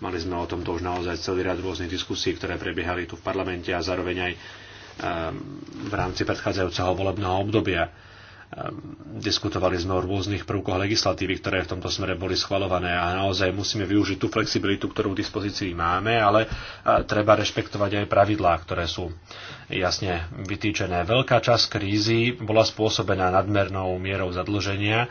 Mali sme o tomto už naozaj celý rad rôznych diskusí, ktoré prebiehali tu v parlamente a zároveň aj v rámci predchádzajúceho volebného obdobia. Ehm, diskutovali sme o rôznych prvkoch legislatívy, ktoré v tomto smere boli schvalované a naozaj musíme využiť tú flexibilitu, ktorú v dispozícii máme, ale e, treba rešpektovať aj pravidlá, ktoré sú jasne vytýčené. Veľká časť krízy bola spôsobená nadmernou mierou zadlženia, e,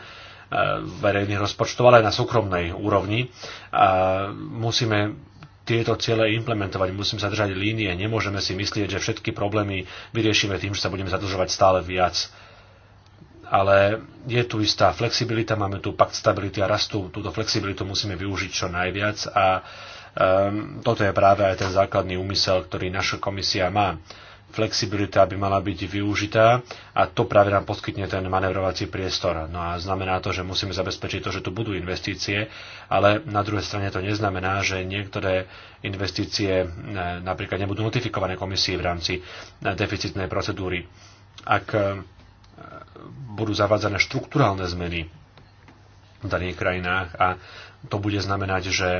verejných rozpočtov, ale aj na súkromnej úrovni. A musíme tieto ciele implementovať. musíme sa držať línie. Nemôžeme si myslieť, že všetky problémy vyriešime tým, že sa budeme zadržovať stále viac. Ale je tu istá flexibilita, máme tu pakt stability a rastu. Túto flexibilitu musíme využiť čo najviac a um, toto je práve aj ten základný úmysel, ktorý naša komisia má. Uh, flexibilita by mala byť využitá a to práve nám poskytne ten manevrovací priestor. No a znamená to, že musíme zabezpečiť to, že tu budú investície, ale na druhej strane to neznamená, že niektoré investície e, napríklad nebudú notifikované komisii v rámci e, deficitnej procedúry. Ak e, budú zavádzané štruktúralne zmeny v daných krajinách a to bude znamenať, že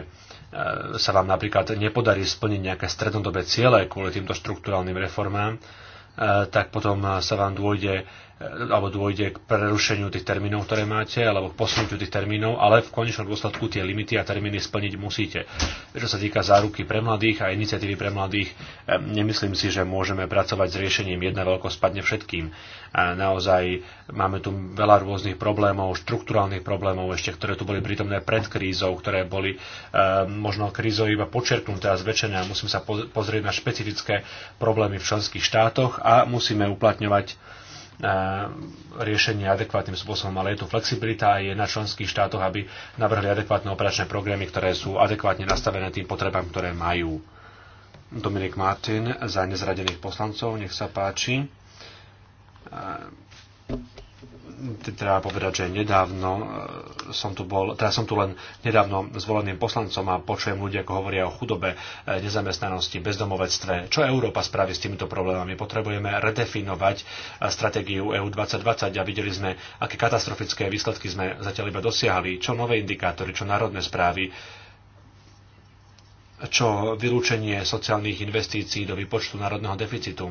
E, sa vám napríklad nepodarí splniť nejaké strednodobé ciele kvôli týmto štruktúralným reformám, e, tak potom sa vám dôjde E, alebo dôjde k prerušeniu tých termínov, ktoré máte, alebo k posunutiu tých termínov, ale v konečnom dôsledku tie limity a termíny splniť musíte. Čo sa týka záruky pre mladých a iniciatívy pre mladých, e, nemyslím si, že môžeme pracovať s riešením jedna veľkosť spadne všetkým. A naozaj máme tu veľa rôznych problémov, štruktúrálnych problémov ešte, ktoré tu boli prítomné pred krízou, ktoré boli e, možno krízou iba počerknuté a zväčšené a musíme sa pozrieť na špecifické problémy v členských štátoch a musíme uplatňovať riešenie adekvátnym spôsobom, ale je tu flexibilita a je na členských štátoch, aby navrhli adekvátne operačné programy, ktoré sú adekvátne nastavené tým potrebám, ktoré majú. Dominik Martin za nezradených poslancov, nech sa páči treba povedať, že nedávno e, som tu bol, teda som tu len nedávno zvoleným poslancom a počujem ľudia, ako hovoria o chudobe, e, nezamestnanosti, bezdomovectve. Čo Európa spraví s týmito problémami? Potrebujeme redefinovať e, stratégiu EU 2020 a videli sme, aké katastrofické výsledky sme zatiaľ iba dosiahli, čo nové indikátory, čo národné správy čo vylúčenie sociálnych investícií do výpočtu národného deficitu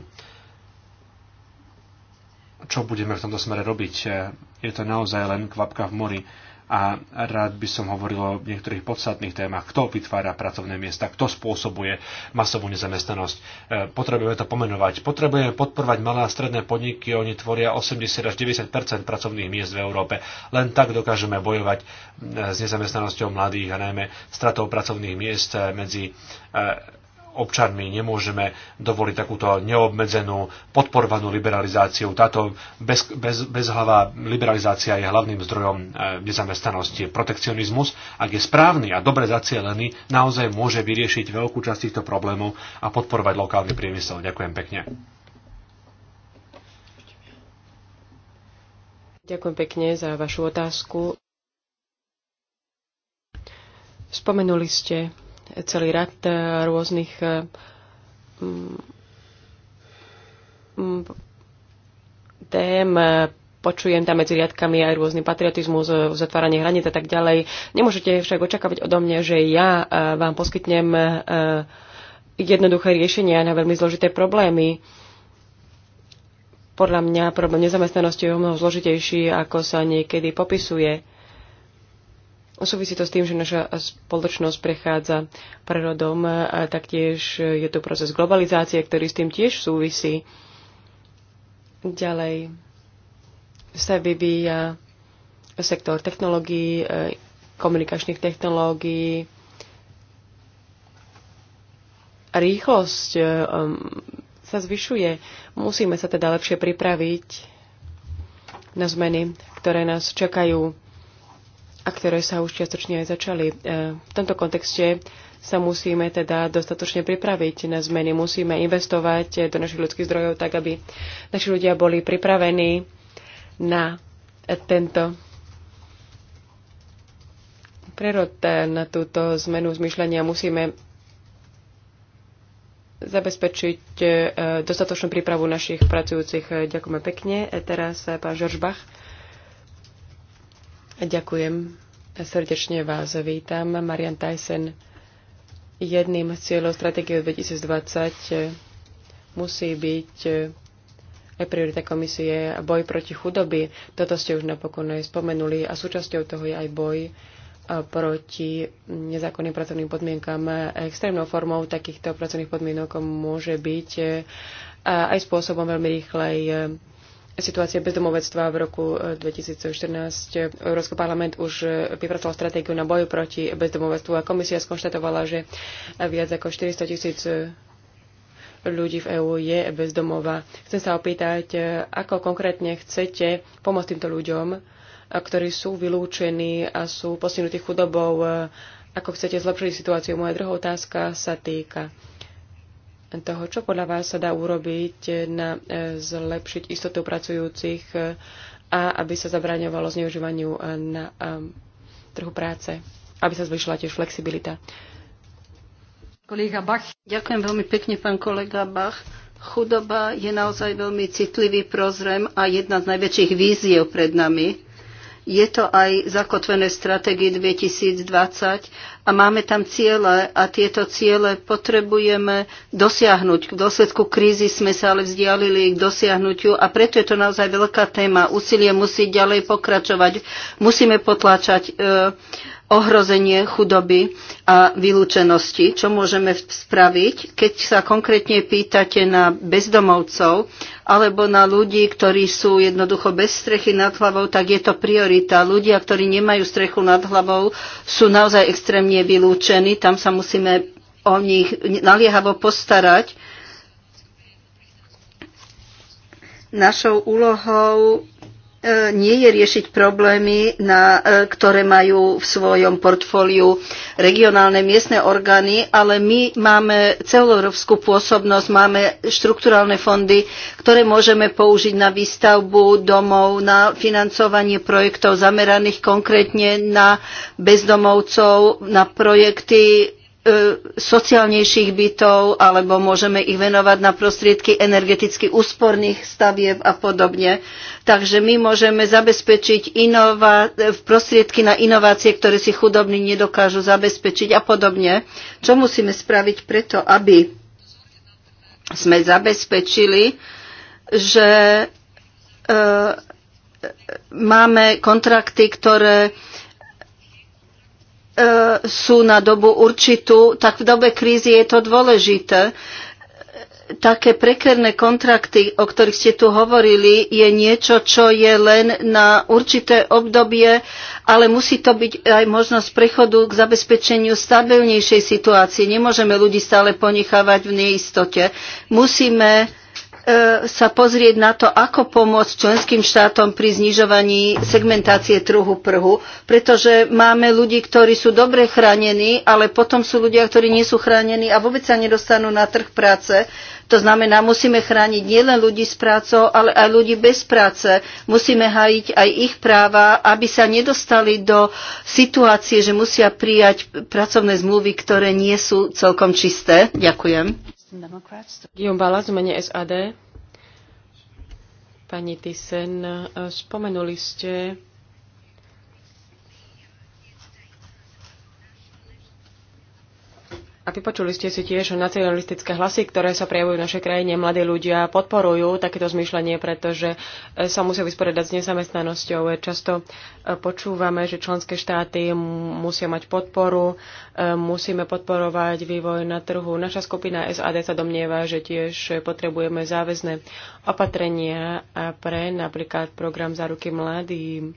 čo budeme v tomto smere robiť. E, je to naozaj len kvapka v mori a rád by som hovoril o niektorých podstatných témach. Kto vytvára pracovné miesta, kto spôsobuje masovú nezamestnanosť. E, potrebujeme to pomenovať. Potrebujeme podporovať malé a stredné podniky, oni tvoria 80 až 90 pracovných miest v Európe. Len tak dokážeme bojovať e, s nezamestnanosťou mladých a najmä stratou pracovných miest medzi občanmi. Nemôžeme dovoliť takúto neobmedzenú podporovanú liberalizáciu. Táto bez, bez, bezhlavá liberalizácia je hlavným zdrojom e, nezamestnanosti. Protekcionizmus, ak je správny a dobre zacielený, naozaj môže vyriešiť veľkú časť týchto problémov a podporovať lokálny priemysel. Ďakujem pekne. Ďakujem pekne za vašu otázku. Spomenuli ste celý rad e, rôznych e, tém. E, počujem tam medzi riadkami aj rôzny patriotizmus, zatváranie hraníc a tak ďalej. Nemôžete však očakávať odo mňa, že ja vám poskytnem jednoduché riešenia na veľmi zložité problémy. Podľa mňa problém nezamestnanosti je o mnoho zložitejší, ako sa niekedy popisuje Súvisí to s tým, že naša spoločnosť prechádza prírodom a taktiež je to proces globalizácie, ktorý s tým tiež súvisí. Ďalej sa vyvíja sektor technológií, e, komunikačných technológií, rýchlosť e, sa zvyšuje. Musíme sa teda lepšie pripraviť na zmeny, ktoré nás čakajú a ktoré sa už čiastočne aj začali. E, v tomto kontexte sa musíme teda dostatočne pripraviť na zmeny. Musíme investovať do našich ľudských zdrojov tak, aby naši ľudia boli pripravení na tento prerod, e, na túto zmenu zmyšľania. Musíme zabezpečiť e, dostatočnú prípravu našich pracujúcich. Ďakujeme pekne. Teraz pán Žoržbach. Bach. Ďakujem. Srdečne vás vítam. Marian Tyson, jedným z cieľov stratégie 2020 musí byť eh, aj priorita komisie a boj proti chudoby. Toto ste už napokon aj spomenuli a súčasťou toho je aj boj eh, proti nezákonným pracovným podmienkam. Extrémnou formou takýchto pracovných podmienok môže byť eh, aj spôsobom veľmi rýchlej situácia bezdomovectva v roku 2014. E, Európsky parlament už e, vypracoval stratégiu na boju proti bezdomovectvu a komisia skonštatovala, že viac ako 400 tisíc e, ľudí v EÚ je bezdomova. Chcem sa opýtať, ako konkrétne chcete pomôcť týmto ľuďom, ktorí sú vylúčení a sú postihnutí chudobou, ako chcete zlepšiť situáciu. Moja druhá otázka sa týka toho, čo podľa vás sa dá urobiť na e, zlepšiť istotu pracujúcich e, a aby sa zabraňovalo zneužívaniu e, na trhu práce, aby sa zvyšila tiež flexibilita. Kolega Bach. Ďakujem veľmi pekne, pán kolega Bach. Chudoba je naozaj veľmi citlivý prozrem a jedna z najväčších víziev pred nami je to aj zakotvené v stratégii 2020 a máme tam ciele a tieto ciele potrebujeme dosiahnuť. V dôsledku krízy sme sa ale vzdialili k dosiahnutiu a preto je to naozaj veľká téma. Úsilie musí ďalej pokračovať. Musíme potláčať e, ohrozenie chudoby a vylúčenosti. Čo môžeme spraviť, keď sa konkrétne pýtate na bezdomovcov alebo na ľudí, ktorí sú jednoducho bez strechy nad hlavou, tak je to priorita. Ľudia, ktorí nemajú strechu nad hlavou, sú naozaj extrémne vylúčení. Tam sa musíme o nich naliehavo postarať. Našou úlohou E, nie je riešiť problémy, na, e, ktoré majú v svojom portfóliu regionálne miestne orgány, ale my máme celoeurópsku pôsobnosť, máme štrukturálne fondy, ktoré môžeme použiť na výstavbu domov, na financovanie projektov zameraných konkrétne na bezdomovcov, na projekty E, sociálnejších bytov, alebo môžeme ich venovať na prostriedky energeticky úsporných stavieb a podobne. Takže my môžeme zabezpečiť inova- e, prostriedky na inovácie, ktoré si chudobní nedokážu zabezpečiť a podobne. Čo musíme spraviť preto, aby sme zabezpečili, že e, e máme kontrakty, ktoré e, E, sú na dobu určitú, tak v dobe krízy je to dôležité. Také prekerné kontrakty, o ktorých ste tu hovorili, je niečo, čo je len na určité obdobie, ale musí to byť aj možnosť prechodu k zabezpečeniu stabilnejšej situácie. Nemôžeme ľudí stále ponechávať v neistote. Musíme E, sa pozrieť na to, ako pomôcť členským štátom pri znižovaní segmentácie trhu prhu, pretože máme ľudí, ktorí sú dobre chránení, ale potom sú ľudia, ktorí nie sú chránení a vôbec sa nedostanú na trh práce. To znamená, musíme chrániť nielen ľudí s prácou, ale aj ľudí bez práce. Musíme hájiť aj ich práva, aby sa nedostali do situácie, že musia prijať pracovné zmluvy, ktoré nie sú celkom čisté. Ďakujem. Guillaume Balas v mene SAD. Pani Thyssen, eh, spomenuli ste A vypočuli ste si tiež nacionalistické hlasy, ktoré sa prejavujú v našej krajine. Mladí ľudia podporujú takéto zmýšľanie, pretože e, sa musia vysporiadať s nezamestnanosťou. E, často e, počúvame, že členské štáty musia mať podporu, musíme podporovať vývoj na trhu. Naša skupina SAD sa domnieva, že tiež potrebujeme záväzné opatrenia pre napríklad program za ruky mladým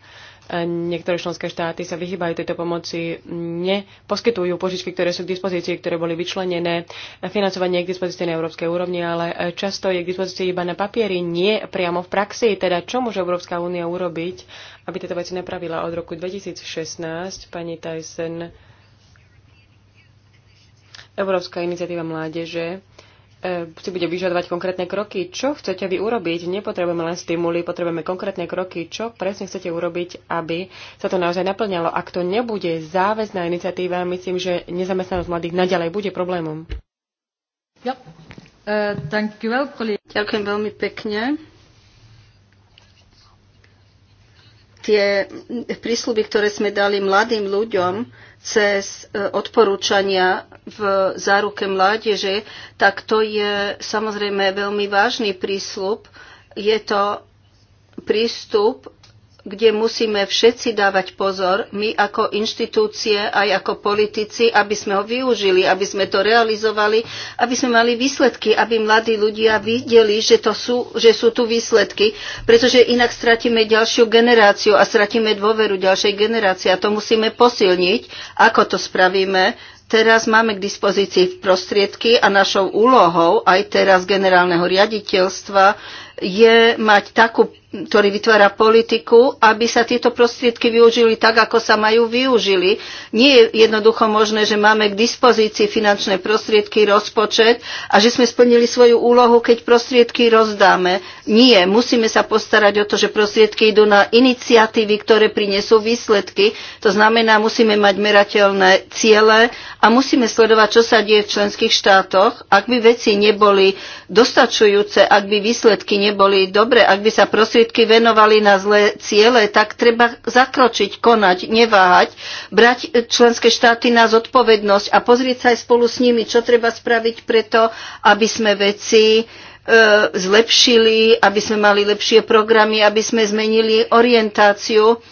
Niektoré členské štáty sa vyhýbajú tejto pomoci, neposkytujú požičky, ktoré sú k dispozícii, ktoré boli vyčlenené. Financovanie je k dispozícii na európskej úrovni, ale často je k dispozícii iba na papieri, nie priamo v praxi. Teda čo môže Európska únia urobiť, aby tieto veci napravila? Od roku 2016 pani Tyson Európska iniciatíva mládeže E, si bude vyžadovať konkrétne kroky. Čo chcete vy urobiť? Nepotrebujeme len stimuly, potrebujeme konkrétne kroky. Čo presne chcete urobiť, aby sa to naozaj naplňalo? Ak to nebude záväzná iniciatíva, myslím, že nezamestnanosť mladých naďalej bude problémom. Uh, Ďakujem veľmi pekne. Tie prísľuby, ktoré sme dali mladým ľuďom cez e, odporúčania v záruke mládeže, tak to je samozrejme veľmi vážny prísľub. Je to prístup, kde musíme všetci dávať pozor, my ako inštitúcie, aj ako politici, aby sme ho využili, aby sme to realizovali, aby sme mali výsledky, aby mladí ľudia videli, že, to sú, že sú tu výsledky, pretože inak stratíme ďalšiu generáciu a stratíme dôveru ďalšej generácie a to musíme posilniť. Ako to spravíme? Teraz máme k dispozícii prostriedky a našou úlohou aj teraz generálneho riaditeľstva je mať takú ktorý vytvára politiku, aby sa tieto prostriedky využili tak, ako sa majú využili. Nie je jednoducho možné, že máme k dispozícii finančné prostriedky, rozpočet a že sme splnili svoju úlohu, keď prostriedky rozdáme. Nie, musíme sa postarať o to, že prostriedky idú na iniciatívy, ktoré prinesú výsledky. To znamená, musíme mať merateľné ciele a musíme sledovať, čo sa deje v členských štátoch. Ak by veci neboli dostačujúce, ak by výsledky neboli dobre, ak by sa prostriedky prostriedky venovali na zlé ciele, tak treba zakročiť, konať, neváhať, brať e, členské štáty na zodpovednosť a pozrieť sa aj spolu s nimi, čo treba spraviť preto, aby sme veci e, zlepšili, aby sme mali lepšie programy, aby sme zmenili orientáciu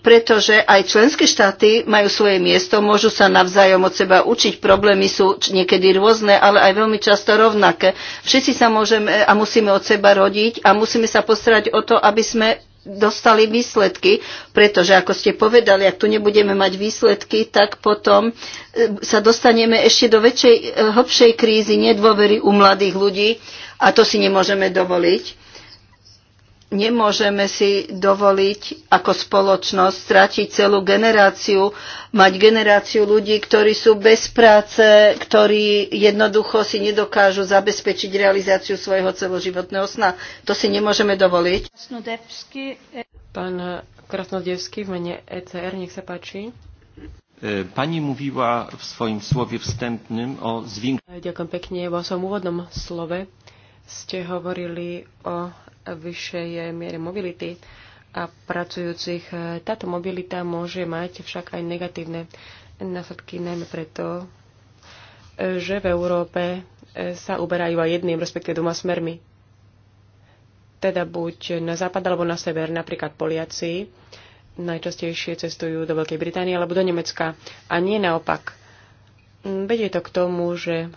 pretože aj členské štáty majú svoje miesto, môžu sa navzájom od seba učiť, problémy sú niekedy rôzne, ale aj veľmi často rovnaké. Všetci sa môžeme a musíme od seba rodiť a musíme sa postarať o to, aby sme dostali výsledky, pretože ako ste povedali, ak tu nebudeme mať výsledky, tak potom e, sa dostaneme ešte do väčšej, e, hlbšej krízy nedôvery u mladých ľudí a to si nemôžeme dovoliť. Nemôžeme si dovoliť ako spoločnosť stratiť celú generáciu, mať generáciu ľudí, ktorí sú bez práce, ktorí jednoducho si nedokážu zabezpečiť realizáciu svojho celoživotného sna. To si nemôžeme dovoliť. E- Pán Krasnodevský v mene ECR, nech sa páči. E, pani mówiła w swoim słowie wstępnym o zwiększeniu... Ďakujem pekne. Vo svojom úvodnom slove ste hovorili o vyššej miere mobility a pracujúcich. Táto mobilita môže mať však aj negatívne následky, najmä preto, že v Európe sa uberajú aj jedným, respektíve dvoma smermi. Teda buď na západ alebo na sever, napríklad Poliaci najčastejšie cestujú do Veľkej Británie alebo do Nemecka a nie naopak. Vedie to k tomu, že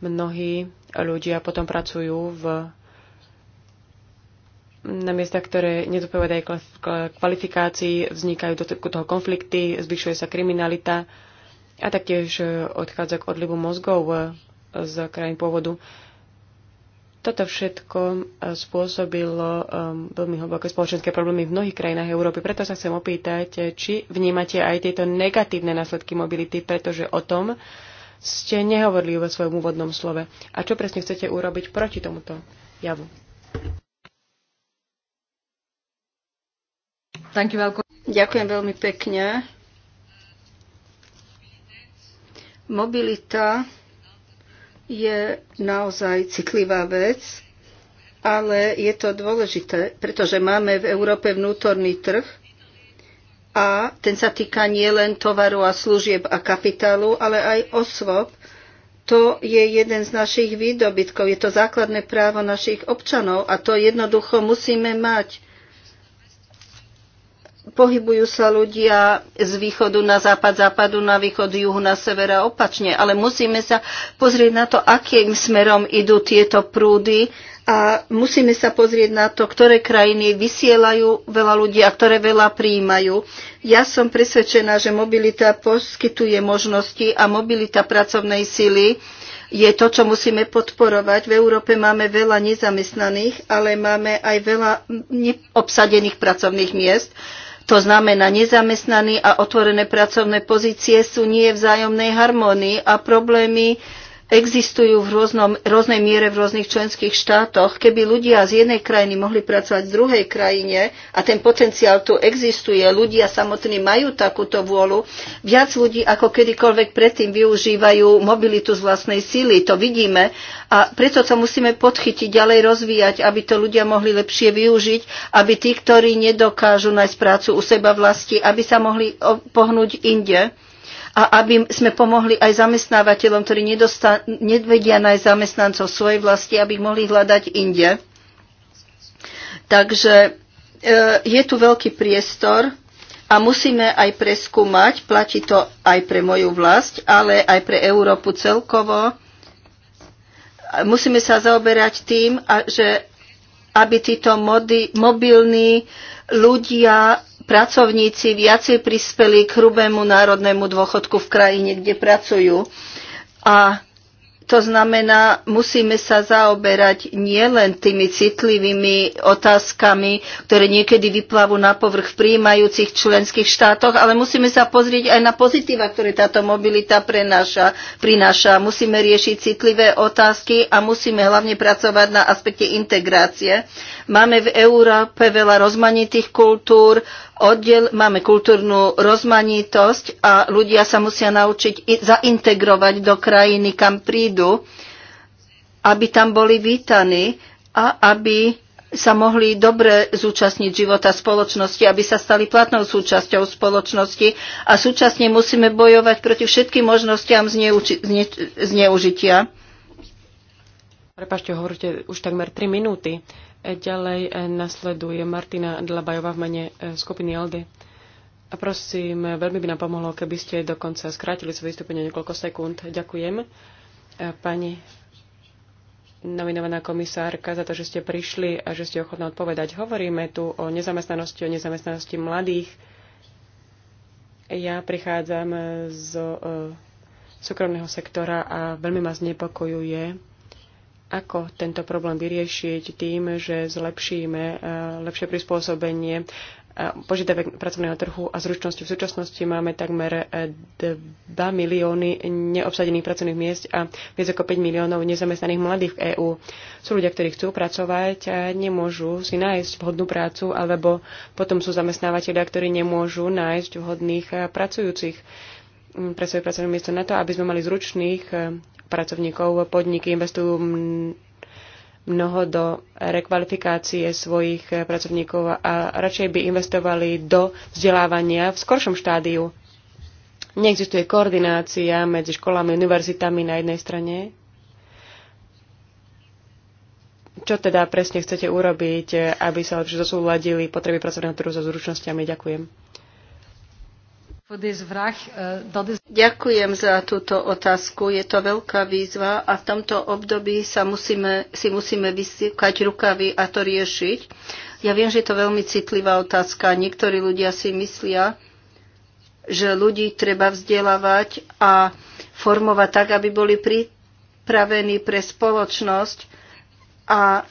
mnohí ľudia potom pracujú v na miestach, ktoré nedopovedajú kvalifikácii, vznikajú do toho konflikty, zvyšuje sa kriminalita a taktiež e, odchádza k odlivu mozgov e, z krajín pôvodu. Toto všetko e, spôsobilo veľmi hlboké spoločenské problémy v mnohých krajinách Európy. Preto sa chcem opýtať, či vnímate aj tieto negatívne následky mobility, pretože o tom, ste nehovorili vo svojom úvodnom slove. A čo presne chcete urobiť proti tomuto javu? Ďakujem veľmi pekne. Mobilita je naozaj citlivá vec, ale je to dôležité, pretože máme v Európe vnútorný trh a ten sa týka nielen tovaru a služieb a kapitálu, ale aj osôb. To je jeden z našich výdobytkov, je to základné právo našich občanov a to jednoducho musíme mať. Pohybujú sa ľudia z východu na západ, západu na východ, juhu na sever a opačne, ale musíme sa pozrieť na to, akým smerom idú tieto prúdy a musíme sa pozrieť na to, ktoré krajiny vysielajú veľa ľudí a ktoré veľa prijímajú. Ja som presvedčená, že mobilita poskytuje možnosti a mobilita pracovnej sily je to, čo musíme podporovať. V Európe máme veľa nezamestnaných, ale máme aj veľa neobsadených pracovných miest. To znamená, nezamestnaní a otvorené pracovné pozície sú nie vzájomnej harmónii a problémy existujú v rôznom, rôznej miere v rôznych členských štátoch. Keby ľudia z jednej krajiny mohli pracovať v druhej krajine a ten potenciál tu existuje, ľudia samotní majú takúto vôľu, viac ľudí ako kedykoľvek predtým využívajú mobilitu z vlastnej síly, to vidíme a preto sa musíme podchytiť, ďalej rozvíjať, aby to ľudia mohli lepšie využiť, aby tí, ktorí nedokážu nájsť prácu u seba vlasti, aby sa mohli pohnúť inde a aby sme pomohli aj zamestnávateľom, ktorí nedvedia nájsť zamestnancov svojej vlasti, aby mohli hľadať inde. Takže e, je tu veľký priestor a musíme aj preskúmať, platí to aj pre moju vlast, ale aj pre Európu celkovo. Musíme sa zaoberať tým, že aby títo mobilní ľudia pracovníci viacej prispeli k hrubému národnému dôchodku v krajine, kde pracujú. A to znamená, musíme sa zaoberať nielen tými citlivými otázkami, ktoré niekedy vyplavú na povrch v príjmajúcich členských štátoch, ale musíme sa pozrieť aj na pozitíva, ktoré táto mobilita prenáša, prináša. Musíme riešiť citlivé otázky a musíme hlavne pracovať na aspekte integrácie. Máme v Európe veľa rozmanitých kultúr, Oddiel máme kultúrnu rozmanitosť a ľudia sa musia naučiť zaintegrovať do krajiny, kam prídu, aby tam boli vítaní a aby sa mohli dobre zúčastniť života spoločnosti, aby sa stali platnou súčasťou spoločnosti a súčasne musíme bojovať proti všetkým možnostiam zneuči- zne- zneužitia. Prepašte, hovoríte už takmer 3 minúty. Ďalej eh, nasleduje Martina Dlabajová v mene eh, skupiny LD. A prosím, eh, veľmi by nám pomohlo, keby ste dokonca skrátili svoje vystúpenie niekoľko sekúnd. Ďakujem. Pani nominovaná komisárka za to, že ste prišli a že ste ochotná odpovedať. Hovoríme tu o nezamestnanosti, o nezamestnanosti mladých. Ja prichádzam z súkromného sektora a veľmi ma znepokojuje ako tento problém vyriešiť tým, že zlepšíme e, lepšie prispôsobenie e, požiadavek pracovného trhu a zručnosti. V súčasnosti máme takmer 2 e, milióny neobsadených pracovných miest a viac ako 5 miliónov nezamestnaných mladých v EÚ. Sú ľudia, ktorí chcú pracovať a nemôžu si nájsť vhodnú prácu, alebo potom sú zamestnávateľia, ktorí nemôžu nájsť vhodných pracujúcich pre svoje pracovné miesto na to, aby sme mali zručných pracovníkov. Podniky investujú mnoho do rekvalifikácie svojich pracovníkov a radšej by investovali do vzdelávania v skoršom štádiu. Neexistuje koordinácia medzi školami a univerzitami na jednej strane čo teda presne chcete urobiť, aby sa lepšie zosúladili potreby pracovného trhu so zručnosťami? Ďakujem. Eh, Ďakujem za túto otázku. Je to veľká výzva a v tomto období sa musíme, si musíme vysýkať rukavy a to riešiť. Ja viem, že je to veľmi citlivá otázka. Niektorí ľudia si myslia, že ľudí treba vzdelávať a formovať tak, aby boli pripravení pre spoločnosť. A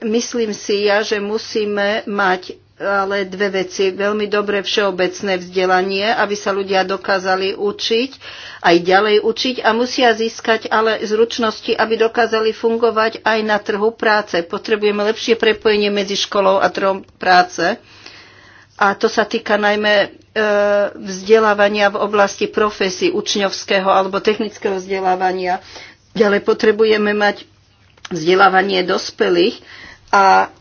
myslím si ja, že musíme mať ale dve veci. Veľmi dobre všeobecné vzdelanie, aby sa ľudia dokázali učiť, aj ďalej učiť a musia získať ale zručnosti, aby dokázali fungovať aj na trhu práce. Potrebujeme lepšie prepojenie medzi školou a trhom práce. A to sa týka najmä e, vzdelávania v oblasti profesí učňovského alebo technického vzdelávania. Ďalej potrebujeme mať vzdelávanie dospelých a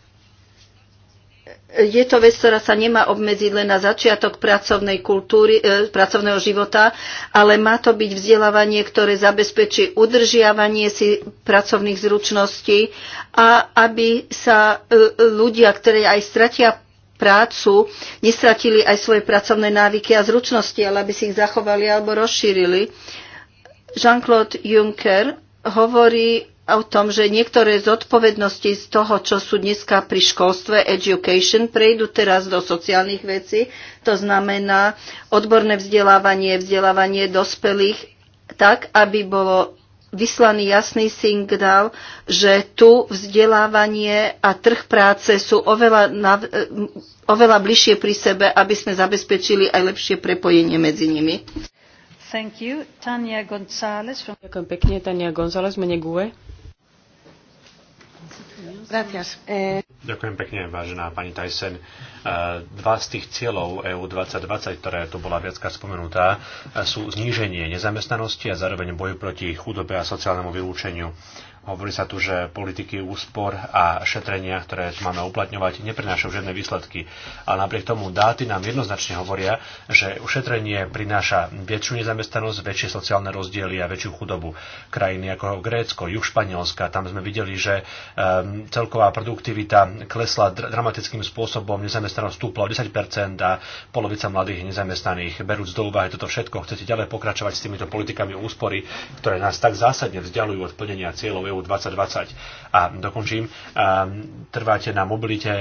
je to vec, ktorá sa nemá obmedziť len na začiatok pracovnej kultúry, e, pracovného života, ale má to byť vzdelávanie, ktoré zabezpečí udržiavanie si pracovných zručností a aby sa e, ľudia, ktorí aj stratia prácu, nestratili aj svoje pracovné návyky a zručnosti, ale aby si ich zachovali alebo rozšírili. Jean-Claude Juncker hovorí o tom, že niektoré zodpovednosti z toho, čo sú dneska pri školstve, education, prejdú teraz do sociálnych vecí. To znamená odborné vzdelávanie, vzdelávanie dospelých tak, aby bolo vyslaný jasný signál, že tu vzdelávanie a trh práce sú oveľa, na, oveľa bližšie pri sebe, aby sme zabezpečili aj lepšie prepojenie medzi nimi. Thank you. Tania González. From... Ďakujem pekne, Tania González, mene GUE. Gracias. Eh, Ďakujem pekne, vážená pani Tyson. Eh, dva z tých cieľov EU 2020, ktoré tu bola viacka spomenutá, eh, sú zníženie nezamestnanosti a zároveň boj proti chudobe a sociálnemu vylúčeniu. Hovorí sa tu, že politiky úspor a šetrenia, ktoré máme uplatňovať, neprinášajú žiadne výsledky. Ale napriek tomu dáty nám jednoznačne hovoria, že ušetrenie prináša väčšiu nezamestnanosť, väčšie sociálne rozdiely a väčšiu chudobu. Krajiny ako Grécko, juh Španielska, tam sme videli, že um, celková produktivita klesla dr- dramatickým spôsobom, nezamestnanosť stúpla o 10% a polovica mladých je nezamestnaných. Berúc do úvahy toto všetko, chcete ďalej pokračovať s týmito politikami úspory, ktoré nás tak zásadne vzdialujú od plnenia cieľov EU 2020. A dokončím, trváte na mobilite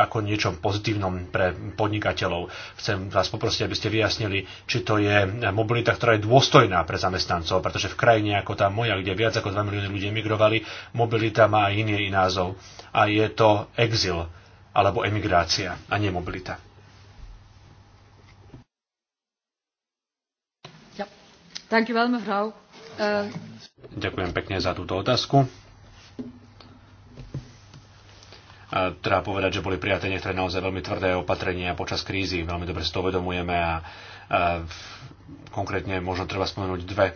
ako niečom pozitívnom pre podnikateľov. Chcem vás poprosiť, aby ste vyjasnili, či to je mobilita, ktorá je dôstojná pre zamestnancov, pretože v krajine ako tá moja, kde viac ako 2 milióny ľudí emigrovali, mobilita má aj iný názov. A je to exil alebo emigrácia a nie mobilita. Dank u wel, mevrouw. Uh, Ďakujem pekne za túto otázku. A treba povedať, že boli prijaté niektoré naozaj veľmi tvrdé opatrenia počas krízy. Veľmi dobre si to uvedomujeme a, a v, konkrétne možno treba spomenúť dve.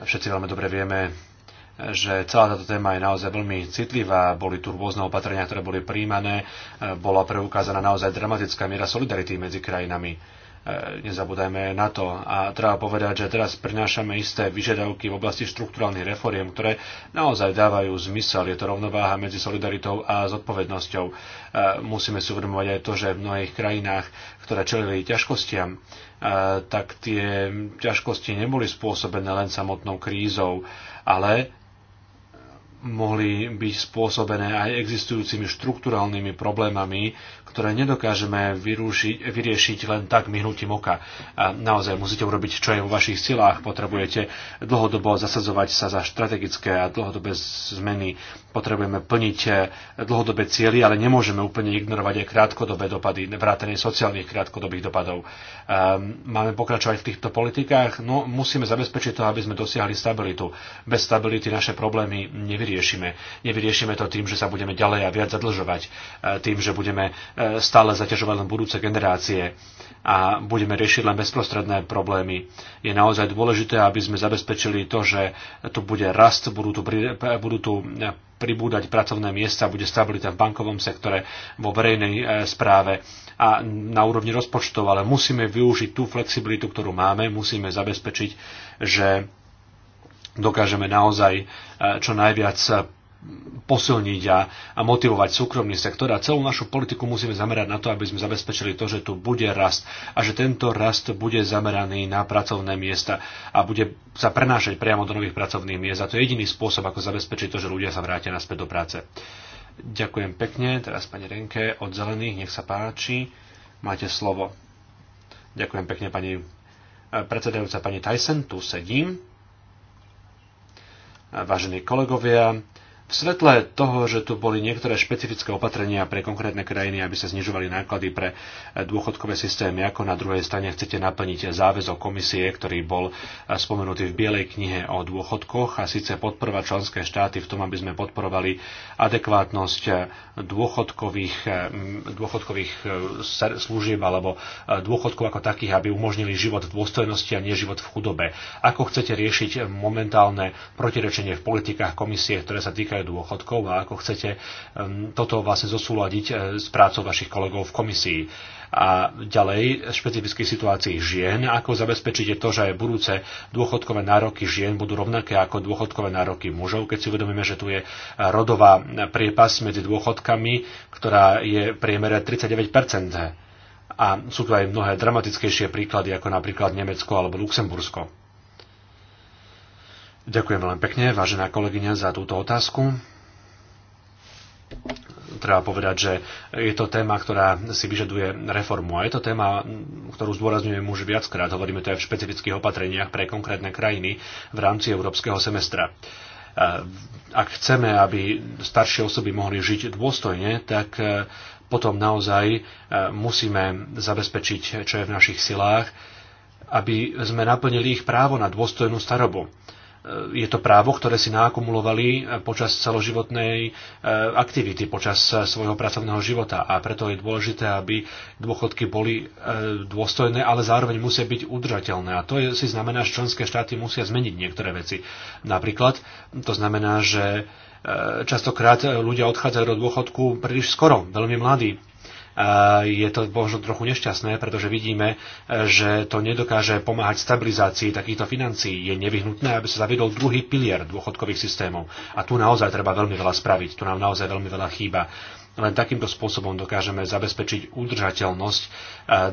Všetci veľmi dobre vieme, že celá táto téma je naozaj veľmi citlivá, boli tu rôzne opatrenia, ktoré boli príjmané, bola preukázaná naozaj dramatická miera solidarity medzi krajinami E, nezabúdajme na to. A treba povedať, že teraz prinášame isté vyžiadavky v oblasti štruktúrálnych refóriem, ktoré naozaj dávajú zmysel. Je to rovnováha medzi solidaritou a zodpovednosťou. E, musíme si uvedomovať aj to, že v mnohých krajinách, ktoré čelili ťažkostiam, e, tak tie ťažkosti neboli spôsobené len samotnou krízou, ale mohli byť spôsobené aj existujúcimi štruktúralnými problémami, ktoré nedokážeme vyrúšiť, vyriešiť len tak myhnutím oka. A naozaj musíte urobiť, čo je vo vašich silách. Potrebujete dlhodobo zasadzovať sa za strategické a dlhodobé zmeny Potrebujeme plniť eh, dlhodobé cieľy, ale nemôžeme úplne ignorovať aj krátkodobé dopady, vrátanie sociálnych krátkodobých dopadov. Ehm, máme pokračovať v týchto politikách? No, musíme zabezpečiť to, aby sme dosiahli stabilitu. Bez stability naše problémy nevyriešime. Nevyriešime to tým, že sa budeme ďalej a viac zadlžovať, eh, tým, že budeme eh, stále zaťažovať len budúce generácie a budeme riešiť len bezprostredné problémy. Je naozaj dôležité, aby sme zabezpečili to, že tu bude rast, budú tu, budú tu e, pribúdať pracovné miesta, bude stabilita v bankovom sektore, vo verejnej e, správe a na úrovni rozpočtov, ale musíme využiť tú flexibilitu, ktorú máme, musíme zabezpečiť, že dokážeme naozaj e, čo najviac posilniť a, a motivovať súkromný sektor a celú našu politiku musíme zamerať na to, aby sme zabezpečili to, že tu bude rast a že tento rast bude zameraný na pracovné miesta a bude sa prenášať priamo do nových pracovných miest a to je jediný spôsob, ako zabezpečiť to, že ľudia sa vrátia naspäť do práce. Ďakujem pekne, teraz pani Renke od Zelených, nech sa páči, máte slovo. Ďakujem pekne pani eh, predsedajúca pani Tyson, tu sedím. Vážení kolegovia, v svetle toho, že tu boli niektoré špecifické opatrenia pre konkrétne krajiny, aby sa znižovali náklady pre eh, dôchodkové systémy, ako na druhej strane chcete naplniť záväzok komisie, ktorý bol eh, spomenutý v Bielej knihe o dôchodkoch a síce podporovať členské štáty v tom, aby sme podporovali adekvátnosť eh, dôchodkových, dôchodkových služieb alebo dôchodkov ako takých, aby umožnili život v dôstojnosti a nie život v chudobe. Ako chcete riešiť momentálne protirečenie v politikách komisie, ktoré sa týkajú dôchodkov a ako chcete um, toto vlastne zosúľadiť eh, s prácou vašich kolegov v komisii. A ďalej, špecifických situácií žien, ako zabezpečíte to, že aj budúce dôchodkové nároky žien budú rovnaké ako dôchodkové nároky mužov, keď si uvedomíme, že tu je eh, rodová priepas medzi dôchodkami, ktorá je v priemere 39%. A sú tu aj mnohé dramatickejšie príklady, ako napríklad Nemecko alebo Luxembursko. Ďakujem veľmi pekne, vážená kolegyňa, za túto otázku treba povedať, že je to téma, ktorá si vyžaduje reformu. A je to téma, ktorú zdôrazňujem už viackrát. Hovoríme to aj v špecifických opatreniach pre konkrétne krajiny v rámci európskeho semestra. Ak chceme, aby staršie osoby mohli žiť dôstojne, tak e, potom naozaj e, musíme zabezpečiť, čo je v našich silách, aby sme naplnili ich právo na dôstojnú starobu. E, je to právo, ktoré si naakumulovali počas celoživotnej e, aktivity, počas e, svojho pracovného života a preto je dôležité, aby dôchodky boli dôstojné, ale zároveň musia byť udržateľné. A to si znamená, že členské štáty musia zmeniť niektoré veci. Napríklad to znamená, že častokrát ľudia odchádzajú do dôchodku príliš skoro, veľmi mladí je to možno trochu nešťastné, pretože vidíme, že to nedokáže pomáhať stabilizácii takýchto financií. Je nevyhnutné, aby sa zaviedol druhý pilier dôchodkových systémov. A tu naozaj treba veľmi veľa spraviť, tu nám naozaj veľmi veľa chýba. Len takýmto spôsobom dokážeme zabezpečiť udržateľnosť,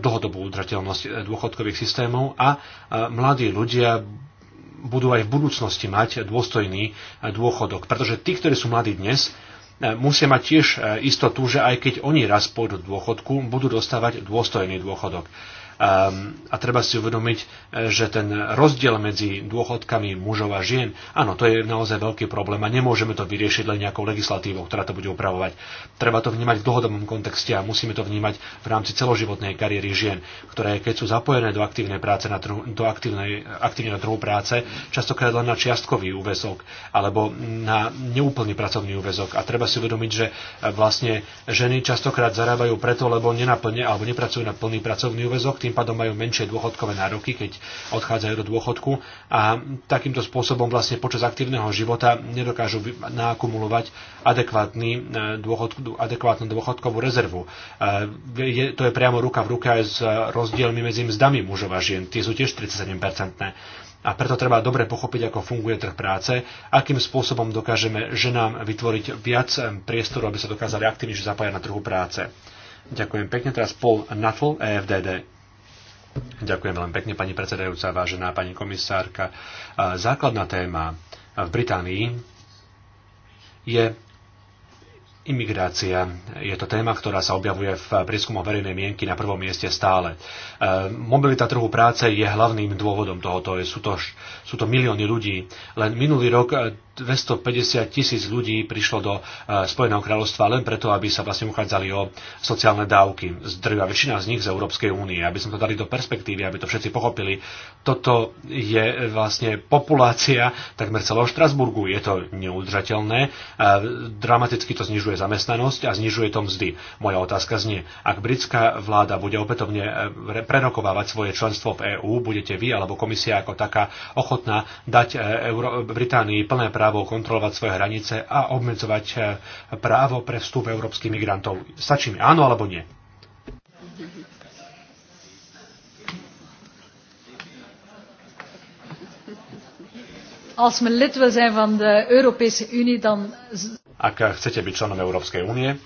dlhodobú udržateľnosť e, dôchodkových systémov a e, mladí ľudia budú aj v budúcnosti mať dôstojný e, dôchodok. Pretože tí, ktorí sú mladí dnes, E, musia mať tiež e, istotu, že aj keď oni raz pôjdu do dôchodku, budú dostávať dôstojný dôchodok. Ehm, a treba si uvedomiť, e, že ten rozdiel medzi dôchodkami mužov a žien, áno, to je naozaj veľký problém a nemôžeme to vyriešiť len nejakou legislatívou, ktorá to bude upravovať. Treba to vnímať v dlhodobom kontexte a musíme to vnímať v rámci celoživotnej kariéry žien, ktoré keď sú zapojené do aktívnej práce na trhu, do aktívnej, aktívne na trhu práce, častokrát len na čiastkový úvezok alebo na neúplný pracovný úvezok. A treba si uvedomiť, že e, vlastne ženy častokrát zarábajú preto, lebo nenaplne alebo nepracujú na plný pracovný úvezok, tým tým pádom majú menšie dôchodkové nároky, keď odchádzajú do dôchodku a takýmto spôsobom vlastne počas aktívneho života nedokážu naakumulovať adekvátny e, adekvátnu dôchodkovú rezervu. E, je, to je priamo ruka v ruke aj s rozdielmi medzi mzdami mužov a žien. Tie sú tiež 37-percentné. A preto treba dobre pochopiť, ako funguje trh práce, akým spôsobom dokážeme ženám vytvoriť viac e, priestoru, aby sa dokázali aktívnejšie zapájať na trhu práce. Ďakujem pekne. Teraz Paul Nuttall, EFDD. Ďakujem veľmi pekne, pani predsedajúca, vážená pani komisárka. Základná téma v Británii je Imigrácia je to téma, ktorá sa objavuje v prieskumoch verejnej mienky na prvom mieste stále. E, mobilita trhu práce je hlavným dôvodom tohoto. Sú to, sú to milióny ľudí. Len minulý rok 250 tisíc ľudí prišlo do e, Spojeného kráľovstva len preto, aby sa vlastne uchádzali o sociálne dávky. Zdrvia väčšina z nich z Európskej únie. Aby sme to dali do perspektívy, aby to všetci pochopili. Toto je vlastne populácia takmer celého Štrasburgu. Je to neudržateľné. E, dramaticky to znižuje zamestnanosť a znižuje to mzdy. Moja otázka znie, ak britská vláda bude opätovne e, prerokovávať svoje členstvo v EÚ, budete vy alebo komisia ako taká ochotná dať Euró- Británii plné právo právo kontrolovať svoje hranice a obmedzovať e, právo pre vstup európskych migrantov. Stačí mi áno alebo nie? Als men lid wil zijn van de Europese Unie, dan... Ak chcete byť členom Európskej únie,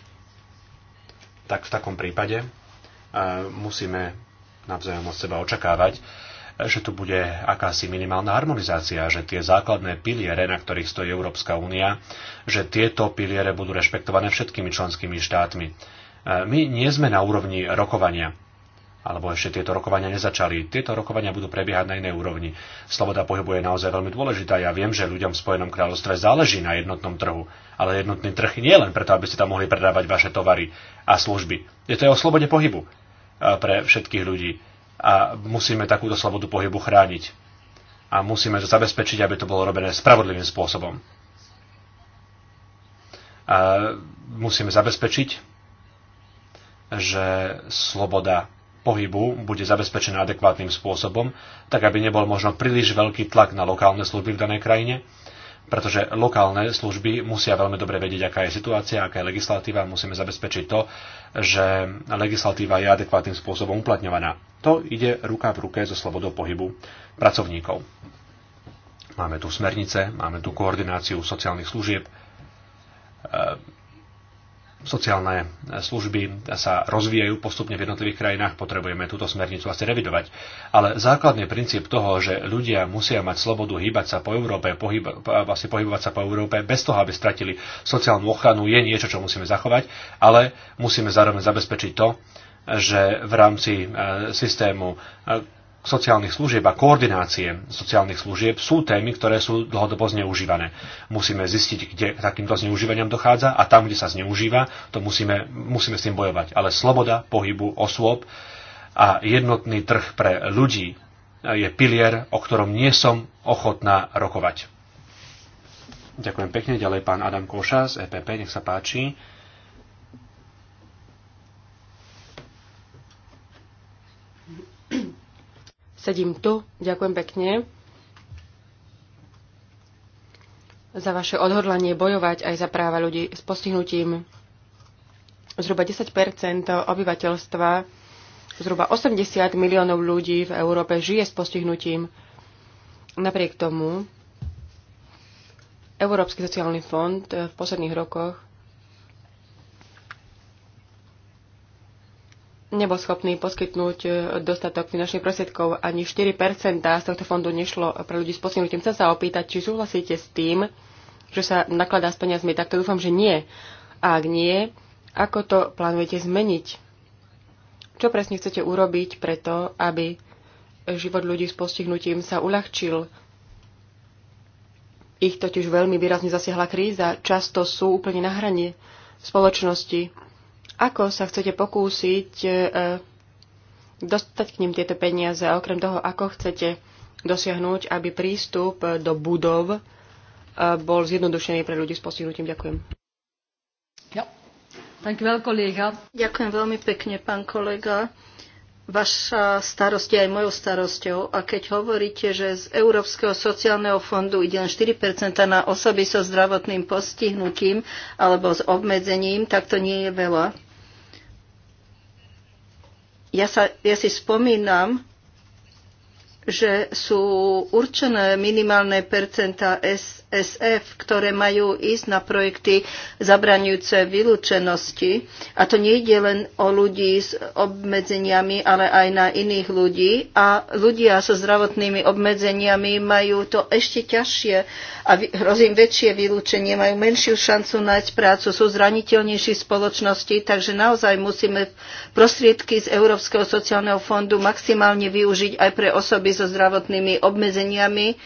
tak v takom prípade uh, musíme navzájom od seba očakávať, uh, že tu bude akási minimálna harmonizácia, že tie základné piliere, na ktorých stojí Európska únia, že tieto piliere budú rešpektované všetkými členskými štátmi. E, my nie sme na úrovni rokovania alebo ešte tieto rokovania nezačali. Tieto rokovania budú prebiehať na inej úrovni. Sloboda pohybu je naozaj veľmi dôležitá. Ja viem, že ľuďom v Spojenom kráľovstve záleží na jednotnom trhu, ale jednotný trh nie len preto, aby ste tam mohli predávať vaše tovary a služby. Je to aj o slobode pohybu e, pre všetkých ľudí a musíme takúto slobodu pohybu chrániť. A musíme to zabezpečiť, aby to bolo robené spravodlivým spôsobom. A musíme zabezpečiť, že sloboda pohybu bude zabezpečená adekvátnym spôsobom, tak aby nebol možno príliš veľký tlak na lokálne služby v danej krajine, pretože lokálne služby musia veľmi dobre vedieť, aká je situácia, aká je legislatíva. Musíme zabezpečiť to, že legislatíva je adekvátnym spôsobom uplatňovaná. To ide ruka v ruke so slobodou pohybu pracovníkov. Máme tu smernice, máme tu koordináciu sociálnych služieb, sociálne e, služby sa rozvíjajú postupne v jednotlivých krajinách, potrebujeme túto smernicu asi revidovať. Ale základný princíp toho, že ľudia musia mať slobodu hýbať sa po Európe, pohyba, vlastne pohybovať sa po Európe bez toho, aby stratili sociálnu ochranu, je niečo, čo musíme zachovať, ale musíme zároveň zabezpečiť to, že v rámci e, systému e, sociálnych služieb a koordinácie sociálnych služieb sú témy, ktoré sú dlhodobo zneužívané. Musíme zistiť, kde takýmto zneužívaniam dochádza a tam, kde sa zneužíva, to musíme, musíme s tým bojovať. Ale sloboda pohybu osôb a jednotný trh pre ľudí je pilier, o ktorom nie som ochotná rokovať. Ďakujem pekne. Ďalej pán Adam Koša z EPP, nech sa páči. Sedím tu. Ďakujem pekne za vaše odhodlanie bojovať aj za práva ľudí s postihnutím. Zhruba 10 obyvateľstva, zhruba 80 miliónov ľudí v Európe žije s postihnutím. Napriek tomu Európsky sociálny fond v posledných rokoch nebol schopný poskytnúť e, dostatok finančných prostriedkov. Ani 4 z tohto fondu nešlo pre ľudí s postihnutím. Chcem sa opýtať, či súhlasíte s tým, že sa nakladá s peniazmi. Tak to dúfam, že nie. A ak nie, ako to plánujete zmeniť? Čo presne chcete urobiť preto, aby život ľudí s postihnutím sa uľahčil? Ich totiž veľmi výrazne zasiahla kríza. Často sú úplne na hrane spoločnosti ako sa chcete pokúsiť e, dostať k ním tieto peniaze a okrem toho, ako chcete dosiahnuť, aby prístup do budov e, bol zjednodušený pre ľudí s postihnutím? Ďakujem. Ja. Ďakujem veľmi pekne, pán kolega vaša starosť je aj mojou starosťou. A keď hovoríte, že z Európskeho sociálneho fondu ide len 4% na osoby so zdravotným postihnutím alebo s obmedzením, tak to nie je veľa. Ja, sa, ja si spomínam, že sú určené minimálne percentá SF, ktoré majú ísť na projekty zabraňujúce vylúčenosti. A to nie ide len o ľudí s obmedzeniami, ale aj na iných ľudí. A ľudia so zdravotnými obmedzeniami majú to ešte ťažšie a hrozím väčšie vylúčenie, majú menšiu šancu nájsť prácu, sú zraniteľnejší spoločnosti, takže naozaj musíme prostriedky z Európskeho sociálneho fondu maximálne využiť aj pre osoby so zdravotnými obmedzeniami.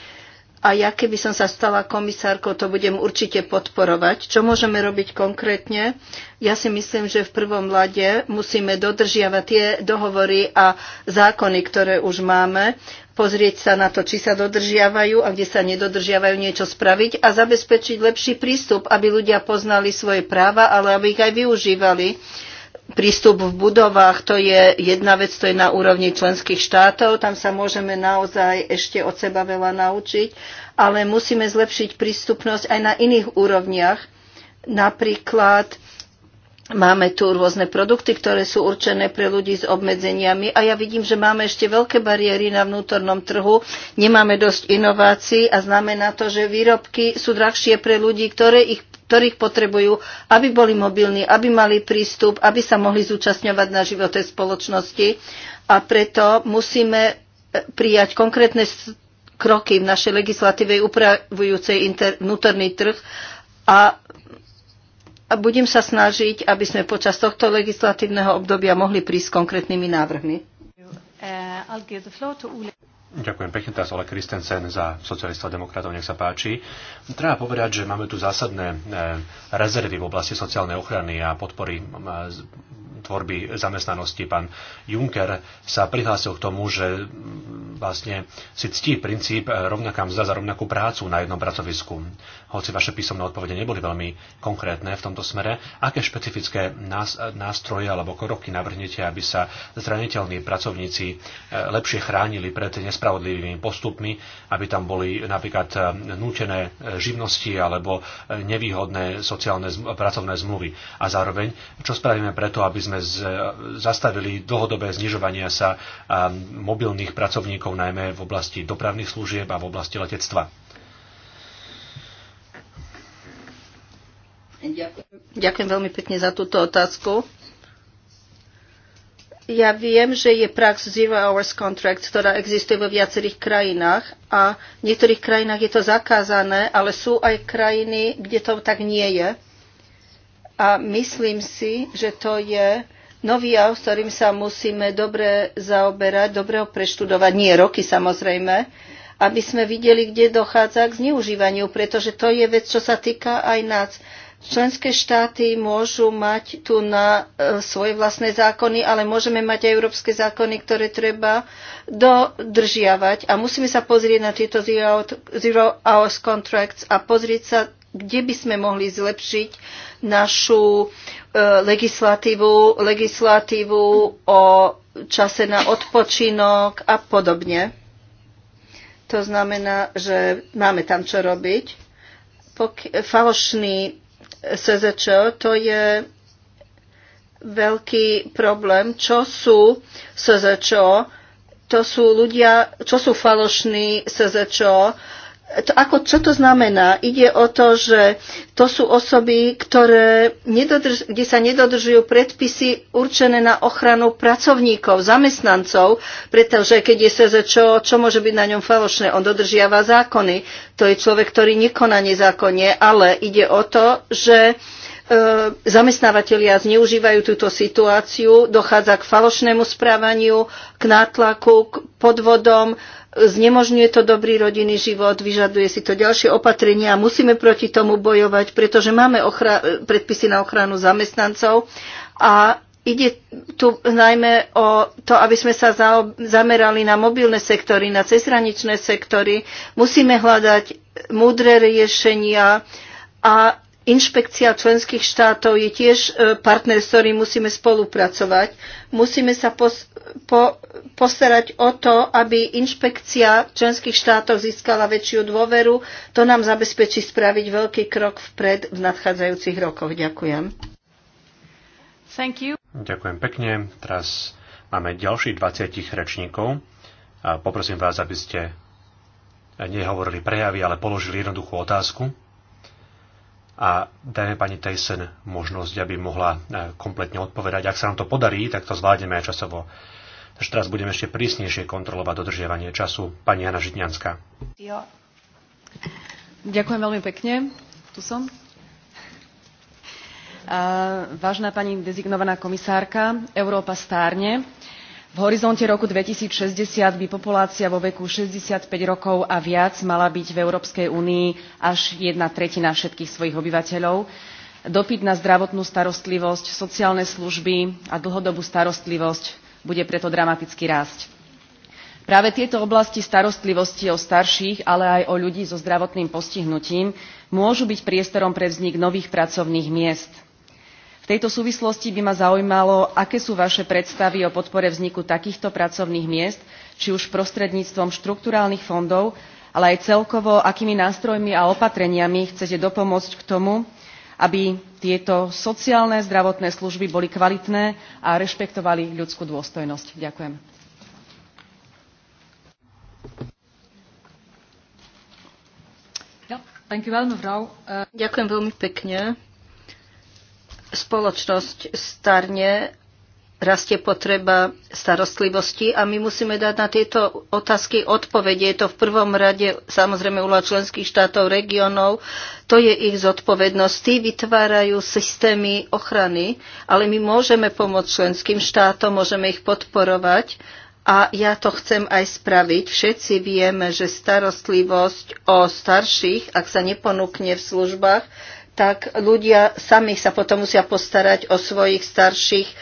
A ja, keby som sa stala komisárkou, to budem určite podporovať. Čo môžeme robiť konkrétne? Ja si myslím, že v prvom lade musíme dodržiavať tie dohovory a zákony, ktoré už máme, pozrieť sa na to, či sa dodržiavajú a kde sa nedodržiavajú niečo spraviť a zabezpečiť lepší prístup, aby ľudia poznali svoje práva, ale aby ich aj využívali prístup v budovách, to je jedna vec, to je na úrovni členských štátov, tam sa môžeme naozaj ešte od seba veľa naučiť, ale musíme zlepšiť prístupnosť aj na iných úrovniach. Napríklad máme tu rôzne produkty, ktoré sú určené pre ľudí s obmedzeniami a ja vidím, že máme ešte veľké bariéry na vnútornom trhu, nemáme dosť inovácií a znamená to, že výrobky sú drahšie pre ľudí, ktoré ich ktorých potrebujú, aby boli mobilní, aby mali prístup, aby sa mohli zúčastňovať na živote spoločnosti. A preto musíme e, prijať konkrétne kroky v našej legislatíve upravujúcej vnútorný trh a a budem sa snažiť, aby sme počas tohto legislatívneho obdobia mohli prísť s konkrétnymi návrhmi. Uh, Ďakujem pekne, teraz Ole Kristensen za socialistov a demokratov, nech sa páči. Treba povedať, že máme tu zásadné eh, rezervy v oblasti sociálnej ochrany a podpory eh, tvorby zamestnanosti. Pán Juncker sa prihlásil k tomu, že mm, vlastne si ctí princíp eh, rovnaká mzda za rovnakú prácu na jednom pracovisku hoci vaše písomné odpovede neboli veľmi konkrétne v tomto smere, aké špecifické nástroje alebo kroky navrhnete, aby sa zraniteľní pracovníci e, lepšie chránili pred nespravodlivými postupmi, aby tam boli napríklad e, nútené e, živnosti alebo nevýhodné sociálne pracovné zmluvy. A zároveň, čo spravíme preto, aby sme zastavili dlhodobé znižovania sa mobilných pracovníkov, najmä v oblasti dopravných služieb a v oblasti letectva. Ďakujem. veľmi pekne za túto otázku. Ja viem, že je prax Zero Hours Contract, ktorá existuje vo viacerých krajinách a v niektorých krajinách je to zakázané, ale sú aj krajiny, kde to tak nie je. A myslím si, že to je nový jav, s ktorým sa musíme dobre zaoberať, dobre ho preštudovať, nie roky samozrejme, aby sme videli, kde dochádza k zneužívaniu, pretože to je vec, čo sa týka aj nás. Členské štáty môžu mať tu na e, svoje vlastné zákony, ale môžeme mať aj európske zákony, ktoré treba dodržiavať. A musíme sa pozrieť na tieto zero, hours contracts a pozrieť sa, kde by sme mohli zlepšiť našu e, legislatívu, legislatívu o čase na odpočinok a podobne. To znamená, že máme tam čo robiť falošný SZČ, to je veľký problém. Čo sú SZČ? To sú ľudia, čo sú falošní SZČ? to, ako, čo to znamená? Ide o to, že to sú osoby, ktoré nedodrž, kde sa nedodržujú predpisy určené na ochranu pracovníkov, zamestnancov, pretože keď je čo, čo môže byť na ňom falošné? On dodržiava zákony. To je človek, ktorý nekoná nezákonne, ale ide o to, že e, zamestnávateľia zneužívajú túto situáciu, dochádza k falošnému správaniu, k nátlaku, k podvodom, znemožňuje to dobrý rodinný život, vyžaduje si to ďalšie opatrenia a musíme proti tomu bojovať, pretože máme ochra- predpisy na ochranu zamestnancov a ide tu najmä o to, aby sme sa zamerali na mobilné sektory, na cezhraničné sektory. Musíme hľadať múdre riešenia a inšpekcia členských štátov je tiež e, partner, s ktorým musíme spolupracovať. Musíme sa pos- po, postarať o to, aby inšpekcia členských štátoch získala väčšiu dôveru. To nám zabezpečí spraviť veľký krok vpred v nadchádzajúcich rokoch. Ďakujem. Thank you. Ďakujem pekne. Teraz máme ďalších 20 rečníkov. A poprosím vás, aby ste nehovorili prejavy, ale položili jednoduchú otázku. A dajme pani Tyson možnosť, aby mohla e, kompletne odpovedať. Ak sa nám to podarí, tak to zvládneme aj časovo že teraz budeme ešte prísnejšie kontrolovať dodržiavanie času. Pani Jana Žitňanská. Jo. Ďakujem veľmi pekne. Tu som. Vážna pani dezignovaná komisárka, Európa stárne. V horizonte roku 2060 by populácia vo veku 65 rokov a viac mala byť v Európskej únii až jedna tretina všetkých svojich obyvateľov. Dopyt na zdravotnú starostlivosť, sociálne služby a dlhodobú starostlivosť bude preto dramaticky rásť. Práve tieto oblasti starostlivosti o starších, ale aj o ľudí so zdravotným postihnutím môžu byť priestorom pre vznik nových pracovných miest. V tejto súvislosti by ma zaujímalo, aké sú vaše predstavy o podpore vzniku takýchto pracovných miest, či už prostredníctvom štrukturálnych fondov, ale aj celkovo, akými nástrojmi a opatreniami chcete dopomôcť k tomu, aby tieto sociálne zdravotné služby boli kvalitné a rešpektovali ľudskú dôstojnosť. Ďakujem. Ďakujem veľmi pekne. Spoločnosť starne rastie potreba starostlivosti a my musíme dať na tieto otázky odpovede. Je to v prvom rade samozrejme úloha členských štátov, regionov. To je ich zodpovednosť. Tí vytvárajú systémy ochrany, ale my môžeme pomôcť členským štátom, môžeme ich podporovať a ja to chcem aj spraviť. Všetci vieme, že starostlivosť o starších, ak sa neponúkne v službách, tak ľudia sami sa potom musia postarať o svojich starších eh,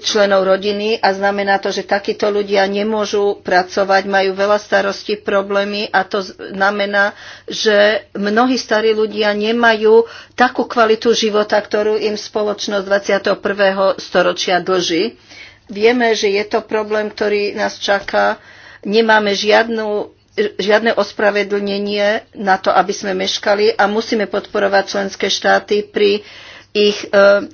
členov rodiny a znamená to, že takíto ľudia nemôžu pracovať, majú veľa starostí, problémy a to znamená, že mnohí starí ľudia nemajú takú kvalitu života, ktorú im spoločnosť 21. storočia dlží. Vieme, že je to problém, ktorý nás čaká. Nemáme žiadnu žiadne ospravedlnenie na to, aby sme meškali a musíme podporovať členské štáty pri ich e,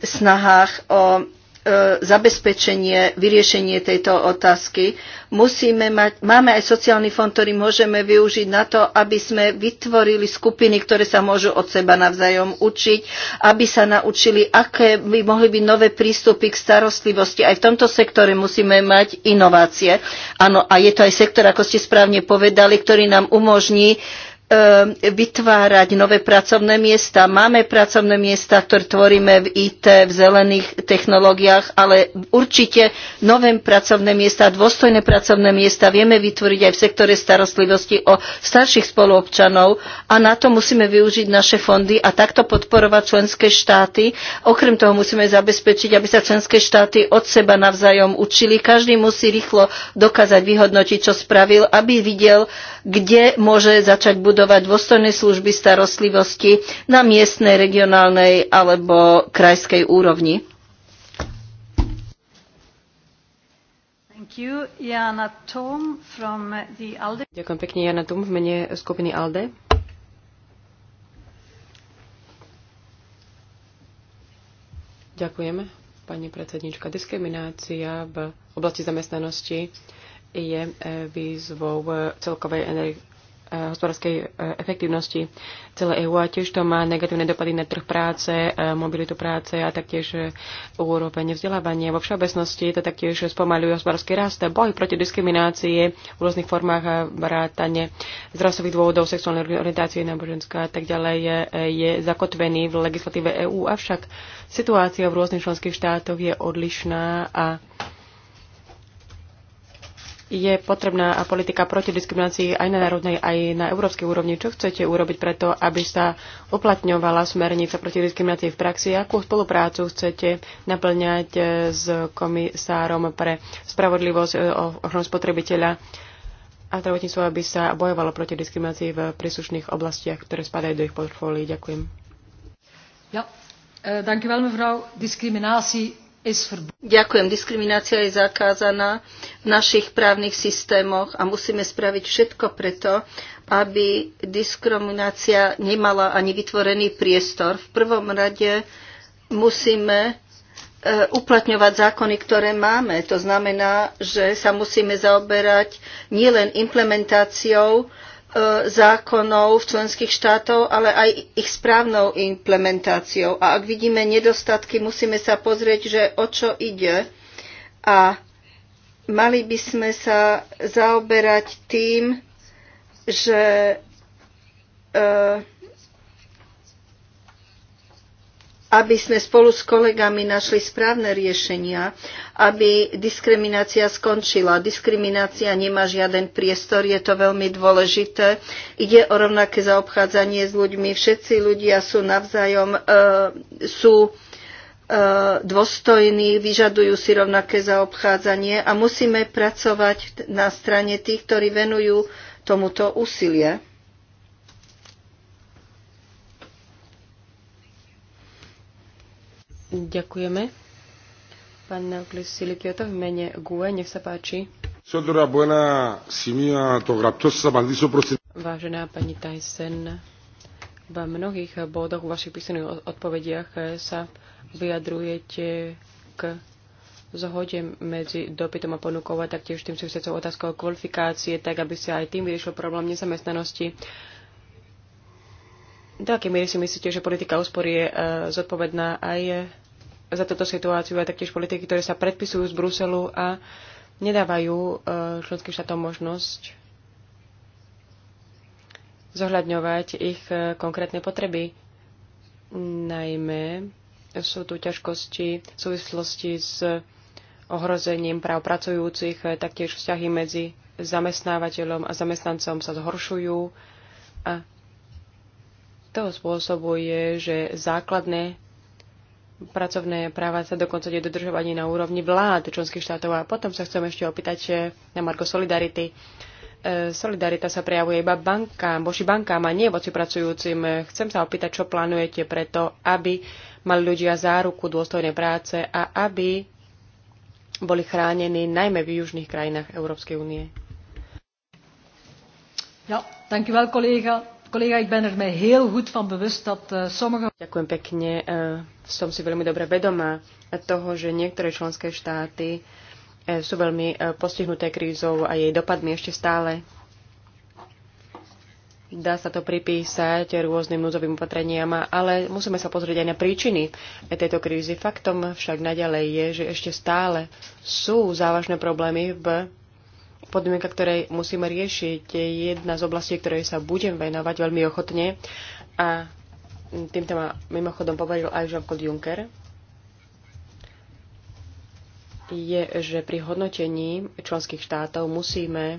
snahách o E, zabezpečenie, vyriešenie tejto otázky. Musíme mať, máme aj sociálny fond, ktorý môžeme využiť na to, aby sme vytvorili skupiny, ktoré sa môžu od seba navzájom učiť, aby sa naučili, aké by mohli byť nové prístupy k starostlivosti. Aj v tomto sektore musíme mať inovácie. Áno, a je to aj sektor, ako ste správne povedali, ktorý nám umožní uh, Ehm, vytvárať nové pracovné miesta. Máme pracovné miesta, ktoré tvoríme v IT, v zelených technológiách, ale určite nové pracovné miesta, dôstojné pracovné miesta vieme vytvoriť aj v sektore starostlivosti o starších spoluobčanov a na to musíme využiť naše fondy a takto podporovať členské štáty. Okrem toho musíme zabezpečiť, aby sa členské štáty od seba navzájom učili. Každý musí rýchlo dokázať vyhodnotiť, čo spravil, aby videl, kde môže začať budovať poskytovať dôstojné služby starostlivosti na miestnej, regionálnej alebo krajskej úrovni. Ďakujem pekne, Jana Tum, v mene skupiny ALDE. Ďakujem, pani predsednička. Diskriminácia v oblasti zamestnanosti je eh, výzvou eh, celkovej hospodárskej e, efektivnosti celé EÚ a tiež to má negatívne dopady na trh práce, e, mobilitu práce a taktiež e, úroveň vzdelávania. Vo všeobecnosti to taktiež spomaľuje hospodársky rast, boj proti diskriminácii v rôznych formách vrátane z rasových dôvodov, sexuálnej orientácie, náboženská a tak ďalej je, je zakotvený v legislatíve EÚ, avšak situácia v rôznych členských štátoch je odlišná a je potrebná politika proti diskriminácii aj na národnej, aj na európskej úrovni. Čo chcete urobiť preto, aby sa uplatňovala smernica proti diskriminácii v praxi? Akú spoluprácu chcete naplňať e, s komisárom pre spravodlivosť e, ochranu spotrebiteľa a zdravotníctvo, aby sa bojovalo proti diskriminácii v príslušných oblastiach, ktoré spadajú do ich portfólií? Ďakujem. Ja, e, dank u wel mevrouw. Discriminatie Ďakujem. Diskriminácia je zakázaná v našich právnych systémoch a musíme spraviť všetko preto, aby diskriminácia nemala ani vytvorený priestor. V prvom rade musíme e, uplatňovať zákony, ktoré máme. To znamená, že sa musíme zaoberať nielen implementáciou, E, zákonov v členských štátov, ale aj ich správnou implementáciou. A ak vidíme nedostatky, musíme sa pozrieť, že o čo ide. A mali by sme sa zaoberať tým, že e, aby sme spolu s kolegami našli správne riešenia, aby diskriminácia skončila. Diskriminácia nemá žiaden priestor, je to veľmi dôležité. Ide o rovnaké zaobchádzanie s ľuďmi. Všetci ľudia sú navzájom, e, sú e, dôstojní, vyžadujú si rovnaké zaobchádzanie a musíme pracovať na strane tých, ktorí venujú tomuto úsilie. Ďakujeme. Pán Neoklis Silikioto v mene GUE, nech sa páči. Vážená pani Tyson, v mnohých bodoch v vašich písaných odpovediach eh, sa vyjadrujete k zhode medzi dopytom a ponukou a taktiež tým súvisiacou otázkou kvalifikácie, tak aby sa aj tým vyriešil problém nezamestnanosti. Do akej miery si myslíte, že politika úspory je eh, zodpovedná aj za túto situáciu a taktiež politiky, ktoré sa predpisujú z Bruselu a nedávajú e, členským štátom možnosť zohľadňovať ich e, konkrétne potreby. Najmä sú tu ťažkosti v súvislosti s ohrozením práv pracujúcich, e, taktiež vzťahy medzi zamestnávateľom a zamestnancom sa zhoršujú a to spôsobuje, že základné pracovné práva sa dokonca nedodržujú na úrovni vlád členských štátov. A potom sa chcem ešte opýtať eh, na Marko Solidarity. Eh, solidarita sa prejavuje iba bankám, boši bankám a nie voci pracujúcim. Chcem sa opýtať, čo plánujete preto, aby mali ľudia záruku dôstojnej práce a aby boli chránení najmä v južných krajinách Európskej únie. Ja, dankjewel collega ik ben er mij heel goed van bewust dat uh, sommige... Ďakujem pekne. Uh, eh, som si veľmi dobre vedomá toho, že niektoré členské štáty uh, sú veľmi uh, postihnuté krízou a jej dopadmi ešte stále. Dá sa to pripísať rôznym núdzovým opatreniam, ale musíme sa pozrieť aj na príčiny tejto krízy. Faktom však naďalej je, že ešte stále sú závažné problémy v podmienka, ktoré musíme riešiť, je jedna z oblastí, ktorej sa budem venovať veľmi ochotne. A týmto ma mimochodom povedal aj Jean-Claude Juncker, je, že pri hodnotení členských štátov musíme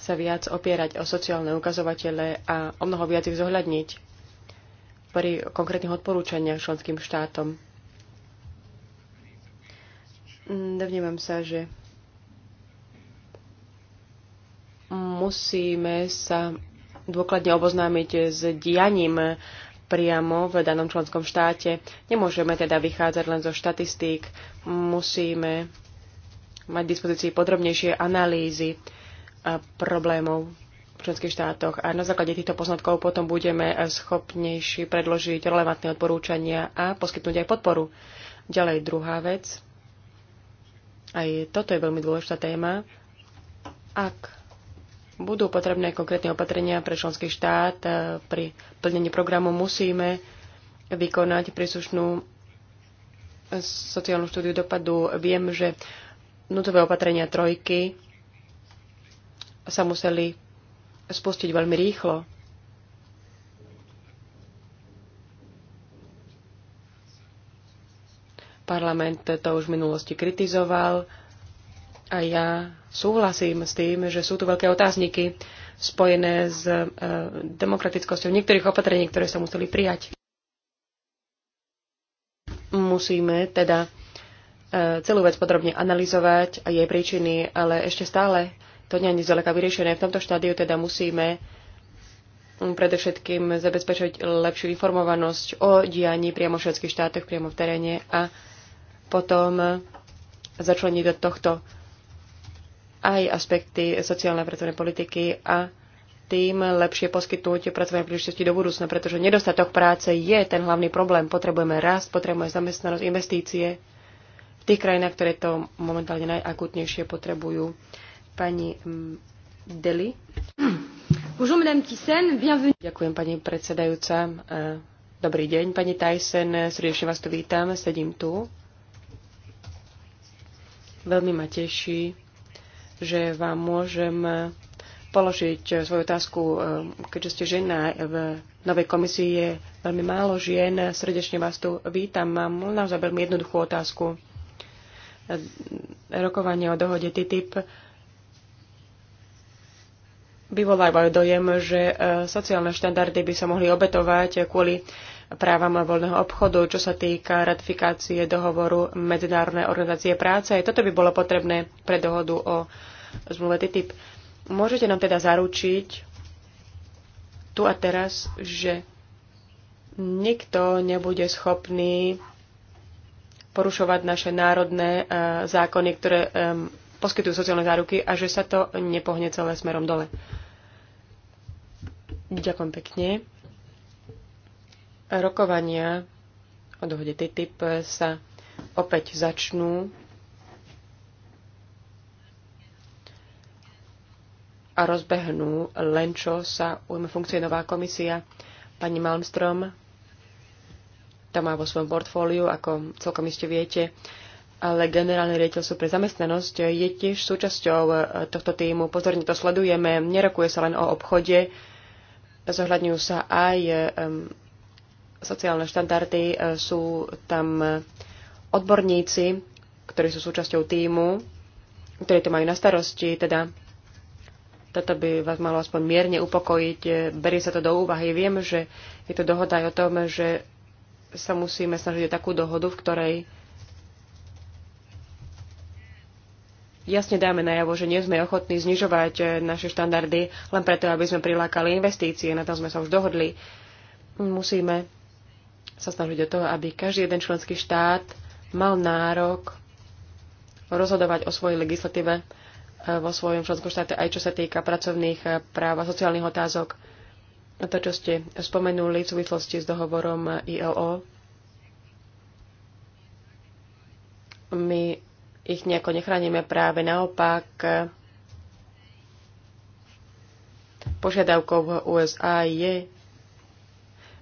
sa viac opierať o sociálne ukazovatele a o mnoho viac ich zohľadniť pri konkrétnych odporúčaniach členským štátom. Dovnímam sa, že musíme sa dôkladne oboznámiť s dianím priamo v danom členskom štáte. Nemôžeme teda vychádzať len zo štatistík, musíme mať v dispozícii podrobnejšie analýzy eh, problémov v členských štátoch a na základe týchto poznatkov potom budeme eh, schopnejší predložiť relevantné odporúčania a poskytnúť aj podporu. Ďalej druhá vec, aj toto je veľmi dôležitá téma, ak budú potrebné konkrétne opatrenia pre členský štát. E, pri plnení programu musíme vykonať príslušnú sociálnu štúdiu dopadu. Viem, že nutové opatrenia trojky sa museli spustiť veľmi rýchlo. Parlament to už v minulosti kritizoval. A ja súhlasím s tým, že sú tu veľké otázniky spojené s e, demokratickosťou niektorých opatrení, ktoré sa museli prijať. Musíme teda e, celú vec podrobne analyzovať a jej príčiny, ale ešte stále to nie je zďaleka vyriešené. V tomto štádiu teda musíme mm, predovšetkým zabezpečiť lepšiu informovanosť o dianí priamo v všetkých štátoch, priamo v teréne a potom začleniť do tohto aj aspekty sociálnej pracovnej politiky a tým lepšie poskytnúť pracovné príležitosti do budúcna, pretože nedostatok práce je ten hlavný problém. Potrebujeme rast, potrebujeme zamestnanosť, investície v tých krajinách, ktoré to momentálne najakutnejšie potrebujú. Pani mm, Deli. Bonjour, Madame Thyssen, bienvenue. Ďakujem, pani predsedajúca. E, dobrý deň, pani Tyson, srdečne vás tu vítam, sedím tu. Veľmi ma teší, že vám môžem e, položiť e, svoju otázku, e, keďže ste žena v novej komisii je veľmi málo žien. Srdečne vás tu vítam. Mám naozaj veľmi jednoduchú otázku. Rokovanie o dohode TTIP vyvolávajú dojem, že sociálne štandardy by sa mohli obetovať kvôli právam voľného obchodu, čo sa týka ratifikácie dohovoru Medzinárodnej organizácie práce. toto by bolo potrebné pre dohodu o zmluve TTIP. Môžete nám teda zaručiť tu a teraz, že nikto nebude schopný porušovať naše národné e, zákony, ktoré e, poskytujú sociálne záruky a že sa to nepohne celé smerom dole. Ďakujem pekne. Rokovania o dohode TTIP sa opäť začnú a rozbehnú len čo sa ujme funkcie nová komisia. Pani Malmstrom to má vo svojom portfóliu, ako celkom iste viete, ale generálne riaditeľstvo pre zamestnanosť je tiež súčasťou e, tohto týmu. Pozorne to sledujeme, nerokuje sa len o obchode, zohľadňujú sa aj um, sociálne štandardy, e, sú tam odborníci, ktorí sú súčasťou týmu, ktorí to majú na starosti, teda toto by vás malo aspoň mierne upokojiť. E, berie sa to do úvahy. Viem, že je to dohoda aj o tom, že sa musíme snažiť o takú dohodu, v ktorej jasne dáme najavo, že nie sme ochotní znižovať e, naše štandardy len preto, aby sme prilákali investície. Na tom sme sa už dohodli. Musíme sa snažiť o to, aby každý jeden členský štát mal nárok rozhodovať o svojej legislatíve e, vo svojom členskom štáte, aj čo sa týka pracovných e, práv a sociálnych otázok. To, čo ste spomenuli v súvislosti s dohovorom ILO, my ich nejako nechránime práve naopak. E, požiadavkou USA je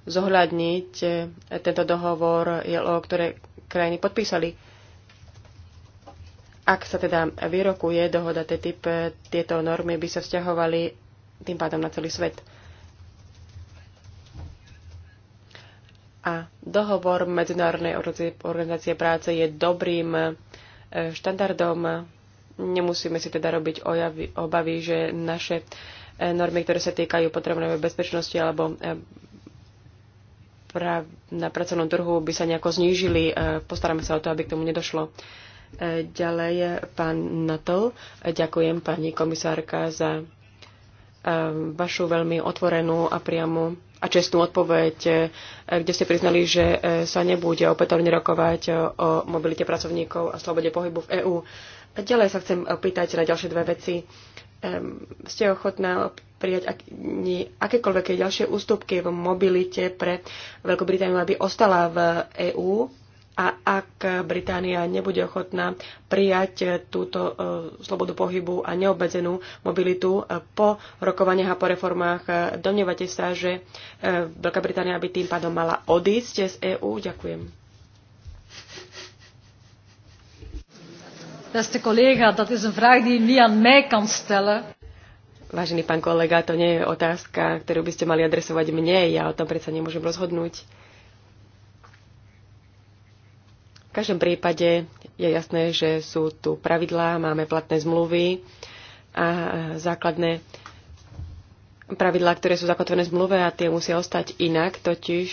zohľadniť e, tento dohovor, o ktoré krajiny podpísali. Ak sa teda vyrokuje dohoda TTIP, tieto normy by sa vzťahovali tým pádom na celý svet. A dohovor Medzinárodnej organizácie práce je dobrým e, štandardom. Nemusíme si teda robiť obavy, že naše e, normy, ktoré sa týkajú potrebnej bezpečnosti alebo pra- na pracovnom trhu by sa nejako znížili. E, postaráme sa o to, aby k tomu nedošlo. E, ďalej pán Natol. E, ďakujem pani komisárka za vašu veľmi otvorenú a priamu a čestnú odpoveď, kde ste priznali, že sa nebude opätovne rokovať o mobilite pracovníkov a slobode pohybu v EÚ. Ďalej sa chcem opýtať na ďalšie dve veci. Ste ochotná prijať ak, nie, akékoľvek ďalšie ústupky v mobilite pre Veľkú Britániu, aby ostala v EÚ a ak Británia nebude ochotná prijať túto e, slobodu pohybu a neobmedzenú mobilitu e, po rokovaniach a po reformách, e, domnievate sa, že Veľká Británia by tým pádom mala odísť z EÚ? Ďakujem. Beste collega, dat is een vraag die je niet aan mij kan stellen. Vážený pán kolega, to nie je otázka, ktorú by ste mali adresovať mne. Ja o tom predsa nemôžem rozhodnúť. V každom prípade je jasné, že sú tu pravidlá, máme platné zmluvy a základné pravidlá, ktoré sú zakotvené zmluve a tie musia ostať inak, totiž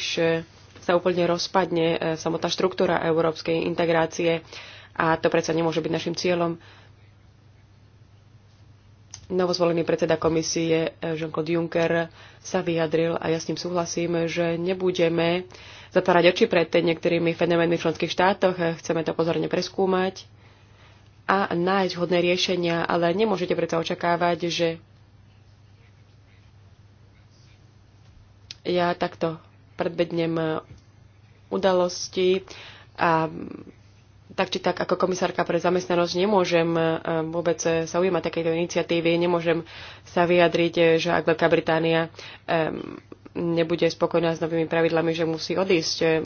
sa úplne rozpadne samotná štruktúra európskej integrácie a to predsa nemôže byť našim cieľom novozvolený predseda komisie eh, Jean-Claude Juncker sa vyjadril a ja s ním súhlasím, že nebudeme zatvárať oči pred niektorými fenoménmi v členských štátoch. Eh, chceme to pozorne preskúmať a nájsť hodné riešenia, ale nemôžete predsa očakávať, že ja takto predbednem eh, udalosti a tak či tak ako komisárka pre zamestnanosť nemôžem e, vôbec sa ujímať takejto iniciatívy, nemôžem sa vyjadriť, e, že ak Veľká Británia e, nebude spokojná s novými pravidlami, že musí odísť.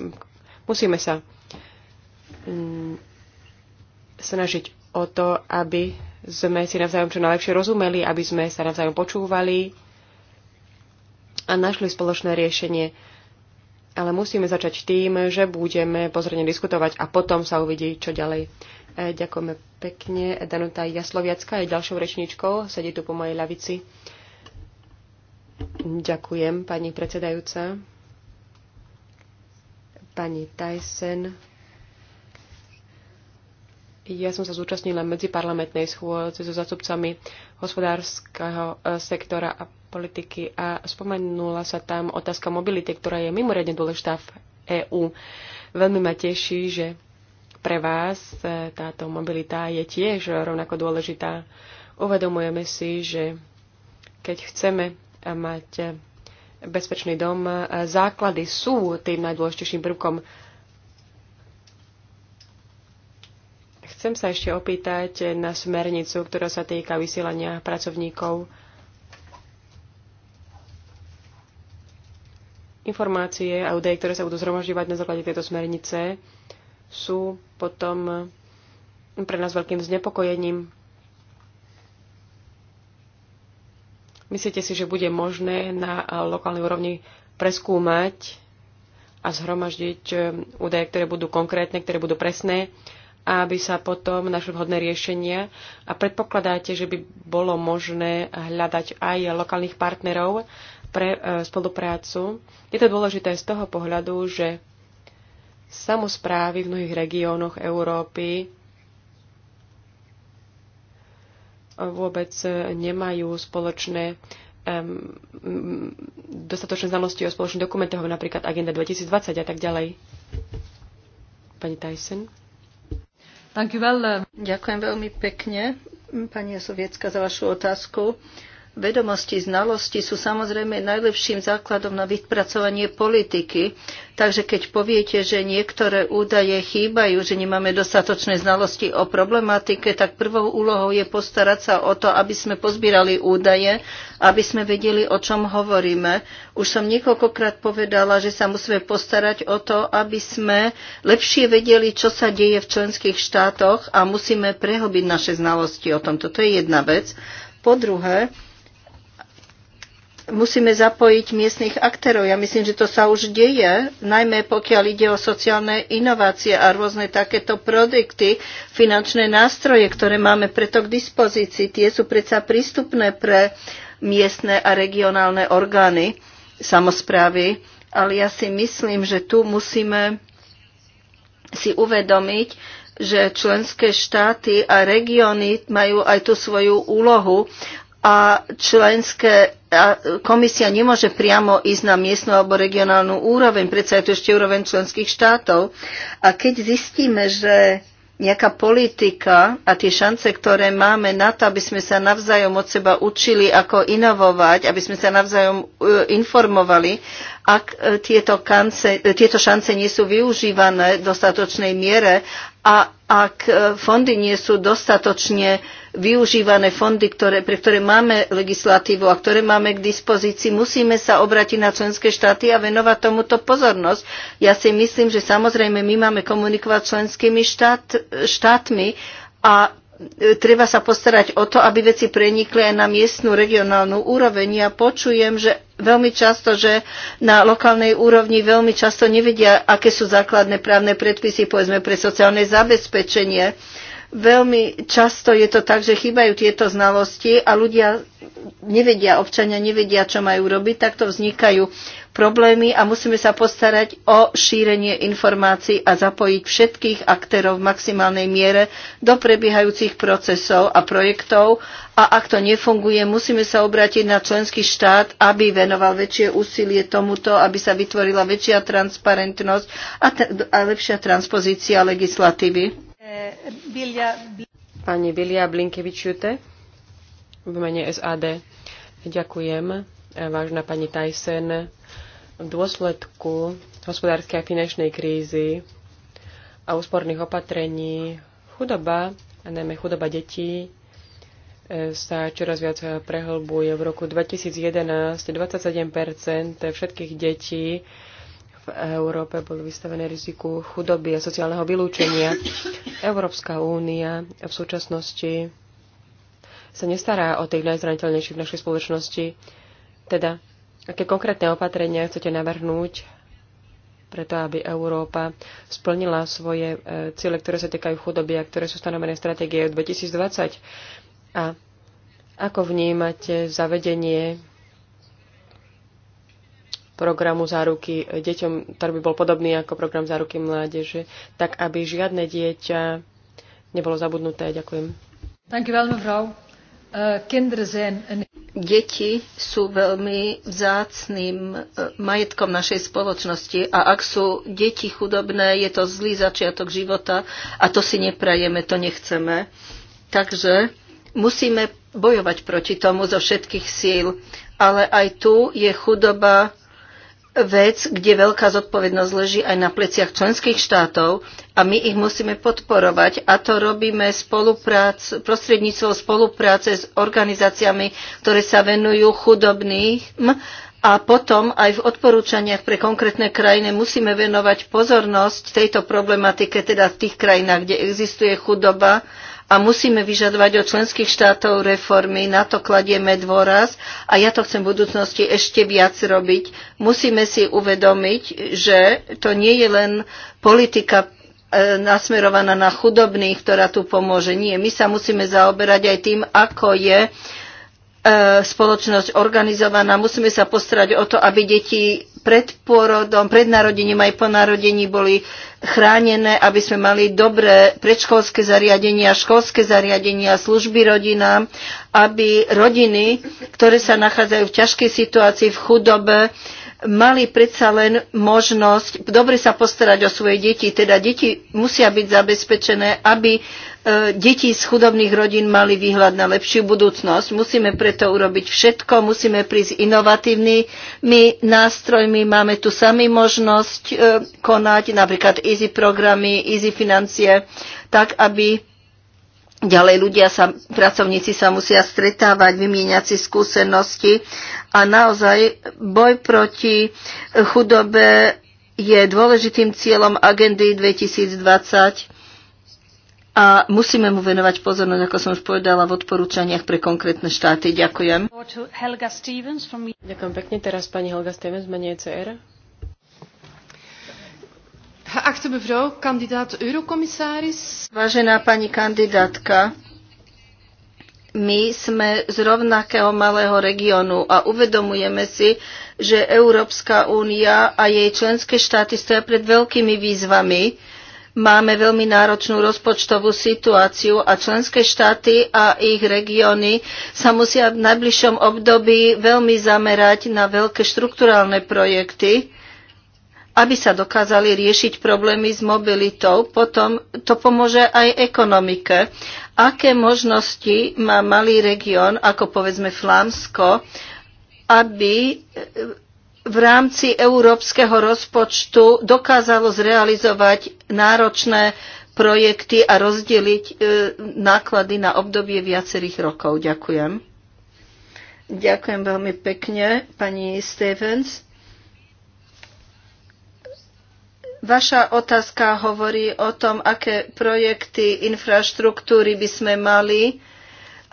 Musíme sa mm, snažiť o to, aby sme si navzájom čo najlepšie rozumeli, aby sme sa navzájom počúvali a našli spoločné riešenie ale musíme začať tým, že budeme pozorne diskutovať a potom sa uvidí, čo ďalej. E, ďakujeme pekne. Danuta Jasloviacka je ďalšou rečníčkou, sedí tu po mojej lavici. Ďakujem, pani predsedajúca. Pani Tyson. Ja som sa zúčastnila medziparlamentnej schôdze so zastupcami hospodárskeho e, sektora a politiky a spomenula sa tam otázka mobility, ktorá je mimoriadne dôležitá v EÚ. Veľmi ma teší, že pre vás e, táto mobilita je tiež rovnako dôležitá. Uvedomujeme si, že keď chceme mať bezpečný dom, e, základy sú tým najdôležitejším prvkom. Chcem sa ešte opýtať na smernicu, ktorá sa týka vysielania pracovníkov Informácie a údaje, ktoré sa budú zhromažďovať na základe tejto smernice, sú potom pre nás veľkým znepokojením. Myslíte si, že bude možné na lokálnej úrovni preskúmať a zhromaždiť eh, údaje, ktoré budú konkrétne, ktoré budú presné, aby sa potom našli vhodné riešenia. A predpokladáte, že by bolo možné hľadať aj lokálnych partnerov pre e, spoluprácu. Je to dôležité z toho pohľadu, že samozprávy v mnohých regiónoch Európy vôbec nemajú spoločné um, dostatočné znalosti o spoločných dokumentoch, napríklad Agenda 2020 a tak ďalej. Pani Tyson. Um, Ďakujem veľmi pekne, pani Sovietska, za vašu otázku. Vedomosti, znalosti sú samozrejme najlepším základom na vypracovanie politiky, takže keď poviete, že niektoré údaje chýbajú, že nemáme dostatočné znalosti o problematike, tak prvou úlohou je postarať sa o to, aby sme pozbírali údaje, aby sme vedeli, o čom hovoríme. Už som niekoľkokrát povedala, že sa musíme postarať o to, aby sme lepšie vedeli, čo sa deje v členských štátoch a musíme prehobiť naše znalosti o tomto. To je jedna vec. Po druhé, musíme zapojiť miestnych aktérov. Ja myslím, že to sa už deje, najmä pokiaľ ide o sociálne inovácie a rôzne takéto produkty, finančné nástroje, ktoré máme preto k dispozícii. Tie sú predsa prístupné pre miestne a regionálne orgány, samozprávy, ale ja si myslím, že tu musíme si uvedomiť, že členské štáty a regióny majú aj tú svoju úlohu a členské a komisia nemôže priamo ísť na miestnu alebo regionálnu úroveň, predsa je to ešte úroveň členských štátov. A keď zistíme, že nejaká politika a tie šance, ktoré máme na to, aby sme sa navzájom od seba učili, ako inovovať, aby sme sa navzájom e, informovali, ak e, tieto, kance, e, tieto šance nie sú využívané v dostatočnej miere a ak fondy nie sú dostatočne využívané fondy, ktoré, pre ktoré máme legislatívu a ktoré máme k dispozícii, musíme sa obratiť na členské štáty a venovať tomuto pozornosť. Ja si myslím, že samozrejme my máme komunikovať s členskými štát, štátmi a e, treba sa postarať o to, aby veci prenikli aj na miestnu regionálnu úroveň. Ja počujem, že veľmi často, že na lokálnej úrovni veľmi často nevedia, aké sú základné právne predpisy, povedzme, pre sociálne zabezpečenie Veľmi často je to tak, že chýbajú tieto znalosti a ľudia nevedia, občania nevedia, čo majú robiť, takto vznikajú problémy a musíme sa postarať o šírenie informácií a zapojiť všetkých aktérov v maximálnej miere do prebiehajúcich procesov a projektov a ak to nefunguje, musíme sa obrátiť na členský štát, aby venoval väčšie úsilie tomuto, aby sa vytvorila väčšia transparentnosť a, a lepšia transpozícia legislatívy. Pani Bilia Blinkevičiute v mene SAD. Ďakujem, eh, vážna pani Tyson. V dôsledku hospodárskej a finančnej krízy a úsporných opatrení chudoba, a najmä chudoba detí, eh, sa čoraz viac prehlbuje. V roku 2011 27 všetkých detí v Európe boli vystavené riziku chudoby a sociálneho vylúčenia. Európska únia v súčasnosti sa nestará o tých najzraniteľnejších v našej spoločnosti. Teda, aké konkrétne opatrenia chcete navrhnúť preto, aby Európa splnila svoje e, ciele, ktoré sa týkajú chudoby a ktoré sú stanovené stratégie 2020? A ako vnímate zavedenie programu záruky deťom, ktorý by bol podobný ako program záruky mládeže, tak aby žiadne dieťa nebolo zabudnuté. Ďakujem. Uh, deti sú veľmi vzácným uh, majetkom našej spoločnosti a ak sú deti chudobné, je to zlý začiatok života a to si neprajeme, to nechceme. Takže musíme bojovať proti tomu zo všetkých síl. Ale aj tu je chudoba vec, kde veľká zodpovednosť leží aj na pleciach členských štátov a my ich musíme podporovať a to robíme spoluprác, prostredníctvom spolupráce s organizáciami, ktoré sa venujú chudobným a potom aj v odporúčaniach pre konkrétne krajiny musíme venovať pozornosť tejto problematike, teda v tých krajinách, kde existuje chudoba, a musíme vyžadovať od členských štátov reformy, na to kladieme dôraz a ja to chcem v budúcnosti ešte viac robiť. Musíme si uvedomiť, že to nie je len politika e, nasmerovaná na chudobných, ktorá tu pomôže. Nie, my sa musíme zaoberať aj tým, ako je E, spoločnosť organizovaná. Musíme sa postarať o to, aby deti pred porodom, pred narodením aj po narodení boli chránené, aby sme mali dobré predškolské zariadenia, školské zariadenia, služby rodinám, aby rodiny, ktoré sa nachádzajú v ťažkej situácii, v chudobe, mali predsa len možnosť dobre sa postarať o svoje deti. Teda deti musia byť zabezpečené, aby e, deti z chudobných rodín mali výhľad na lepšiu budúcnosť. Musíme preto urobiť všetko, musíme prísť inovatívnymi nástrojmi. Máme tu sami možnosť e, konať, napríklad easy programy, easy financie, tak aby Ďalej ľudia sa, pracovníci sa musia stretávať, vymieňať si skúsenosti a naozaj boj proti chudobe je dôležitým cieľom agendy 2020 a musíme mu venovať pozornosť, ako som už povedala, v odporúčaniach pre konkrétne štáty. Ďakujem. Ďakujem pekne. Teraz pani Helga Stevens, menej e CR. Geachte mevrouw, kandidaat eurocommissaris. Vážená pani kandidátka, my sme z rovnakého malého regiónu a uvedomujeme si, že Európska únia a jej členské štáty stoja pred veľkými výzvami. Máme veľmi náročnú rozpočtovú situáciu a členské štáty a ich regióny sa musia v najbližšom období veľmi zamerať na veľké štrukturálne projekty aby sa dokázali riešiť problémy s mobilitou. Potom to pomôže aj ekonomike. Aké možnosti má malý región, ako povedzme Flámsko, aby e, v rámci európskeho rozpočtu dokázalo zrealizovať náročné projekty a rozdeliť e, náklady na obdobie viacerých rokov. Ďakujem. Ďakujem veľmi pekne, pani Stevens. Vaša otázka hovorí o tom, aké projekty infraštruktúry by sme mali,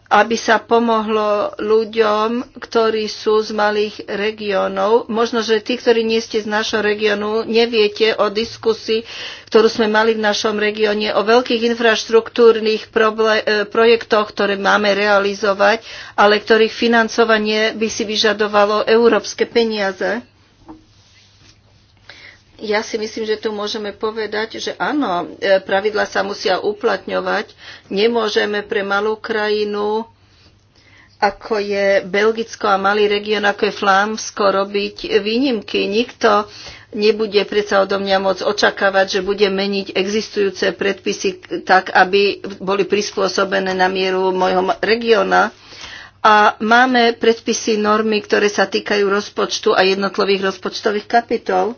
aby sa pomohlo ľuďom, ktorí sú z malých regiónov. Možno, že tí, ktorí nie ste z našho regiónu, neviete o diskusii, ktorú sme mali v našom regióne, o veľkých infraštruktúrnych e, projektoch, ktoré máme realizovať, ale ktorých financovanie by si vyžadovalo európske peniaze ja si myslím, že tu môžeme povedať, že áno, e, pravidla sa musia uplatňovať. Nemôžeme pre malú krajinu, ako je Belgicko a malý region, ako je Flámsko, robiť výnimky. Nikto nebude predsa odo mňa môcť očakávať, že bude meniť existujúce predpisy tak, aby boli prispôsobené na mieru môjho regióna. A máme predpisy normy, ktoré sa týkajú rozpočtu a jednotlivých rozpočtových kapitol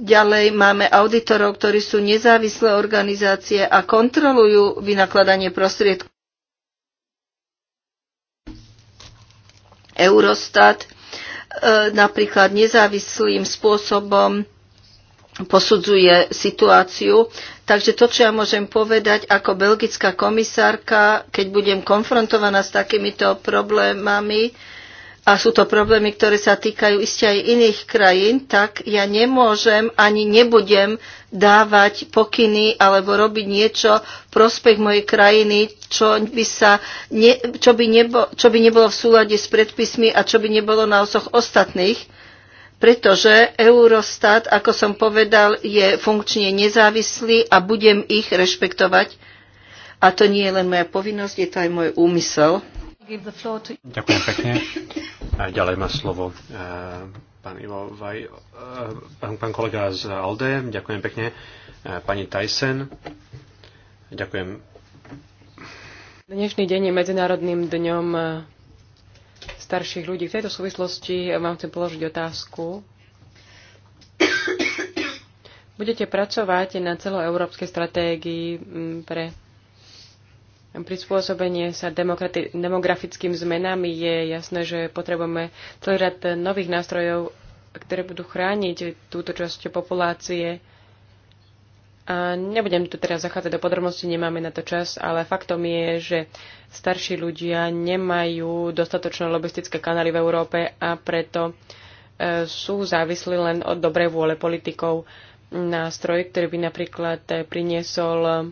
Ďalej máme auditorov, ktorí sú nezávislé organizácie a kontrolujú vynakladanie prostriedkov. Eurostat e, napríklad nezávislým spôsobom posudzuje situáciu. Takže to, čo ja môžem povedať ako belgická komisárka, keď budem konfrontovaná s takýmito problémami, a sú to problémy, ktoré sa týkajú iste aj iných krajín, tak ja nemôžem ani nebudem dávať pokyny alebo robiť niečo v prospech mojej krajiny, čo by, sa ne, čo by, nebo, čo by nebolo v súlade s predpismi a čo by nebolo na osoch ostatných pretože Eurostat, ako som povedal, je funkčne nezávislý a budem ich rešpektovať. A to nie je len moja povinnosť, je to aj môj úmysel. Ďakujem pekne. A ďalej má slovo eh, pán Ivo Vaj, eh, pán, pán kolega z Alde. Ďakujem pekne. Eh, pani Tyson. Ďakujem. Dnešný deň je Medzinárodným dňom starších ľudí. V tejto súvislosti vám chcem položiť otázku. Budete pracovať na celoeurópskej stratégii mm, pre prispôsobenie sa demografickým zmenám je jasné, že potrebujeme celý rad nových nástrojov, ktoré budú chrániť túto časť populácie. A nebudem tu teraz zachádzať do podrobností, nemáme na to čas, ale faktom je, že starší ľudia nemajú dostatočné lobistické kanály v Európe a preto e, sú závislí len od dobrej vôle politikov. Nástroj, ktorý by napríklad e, priniesol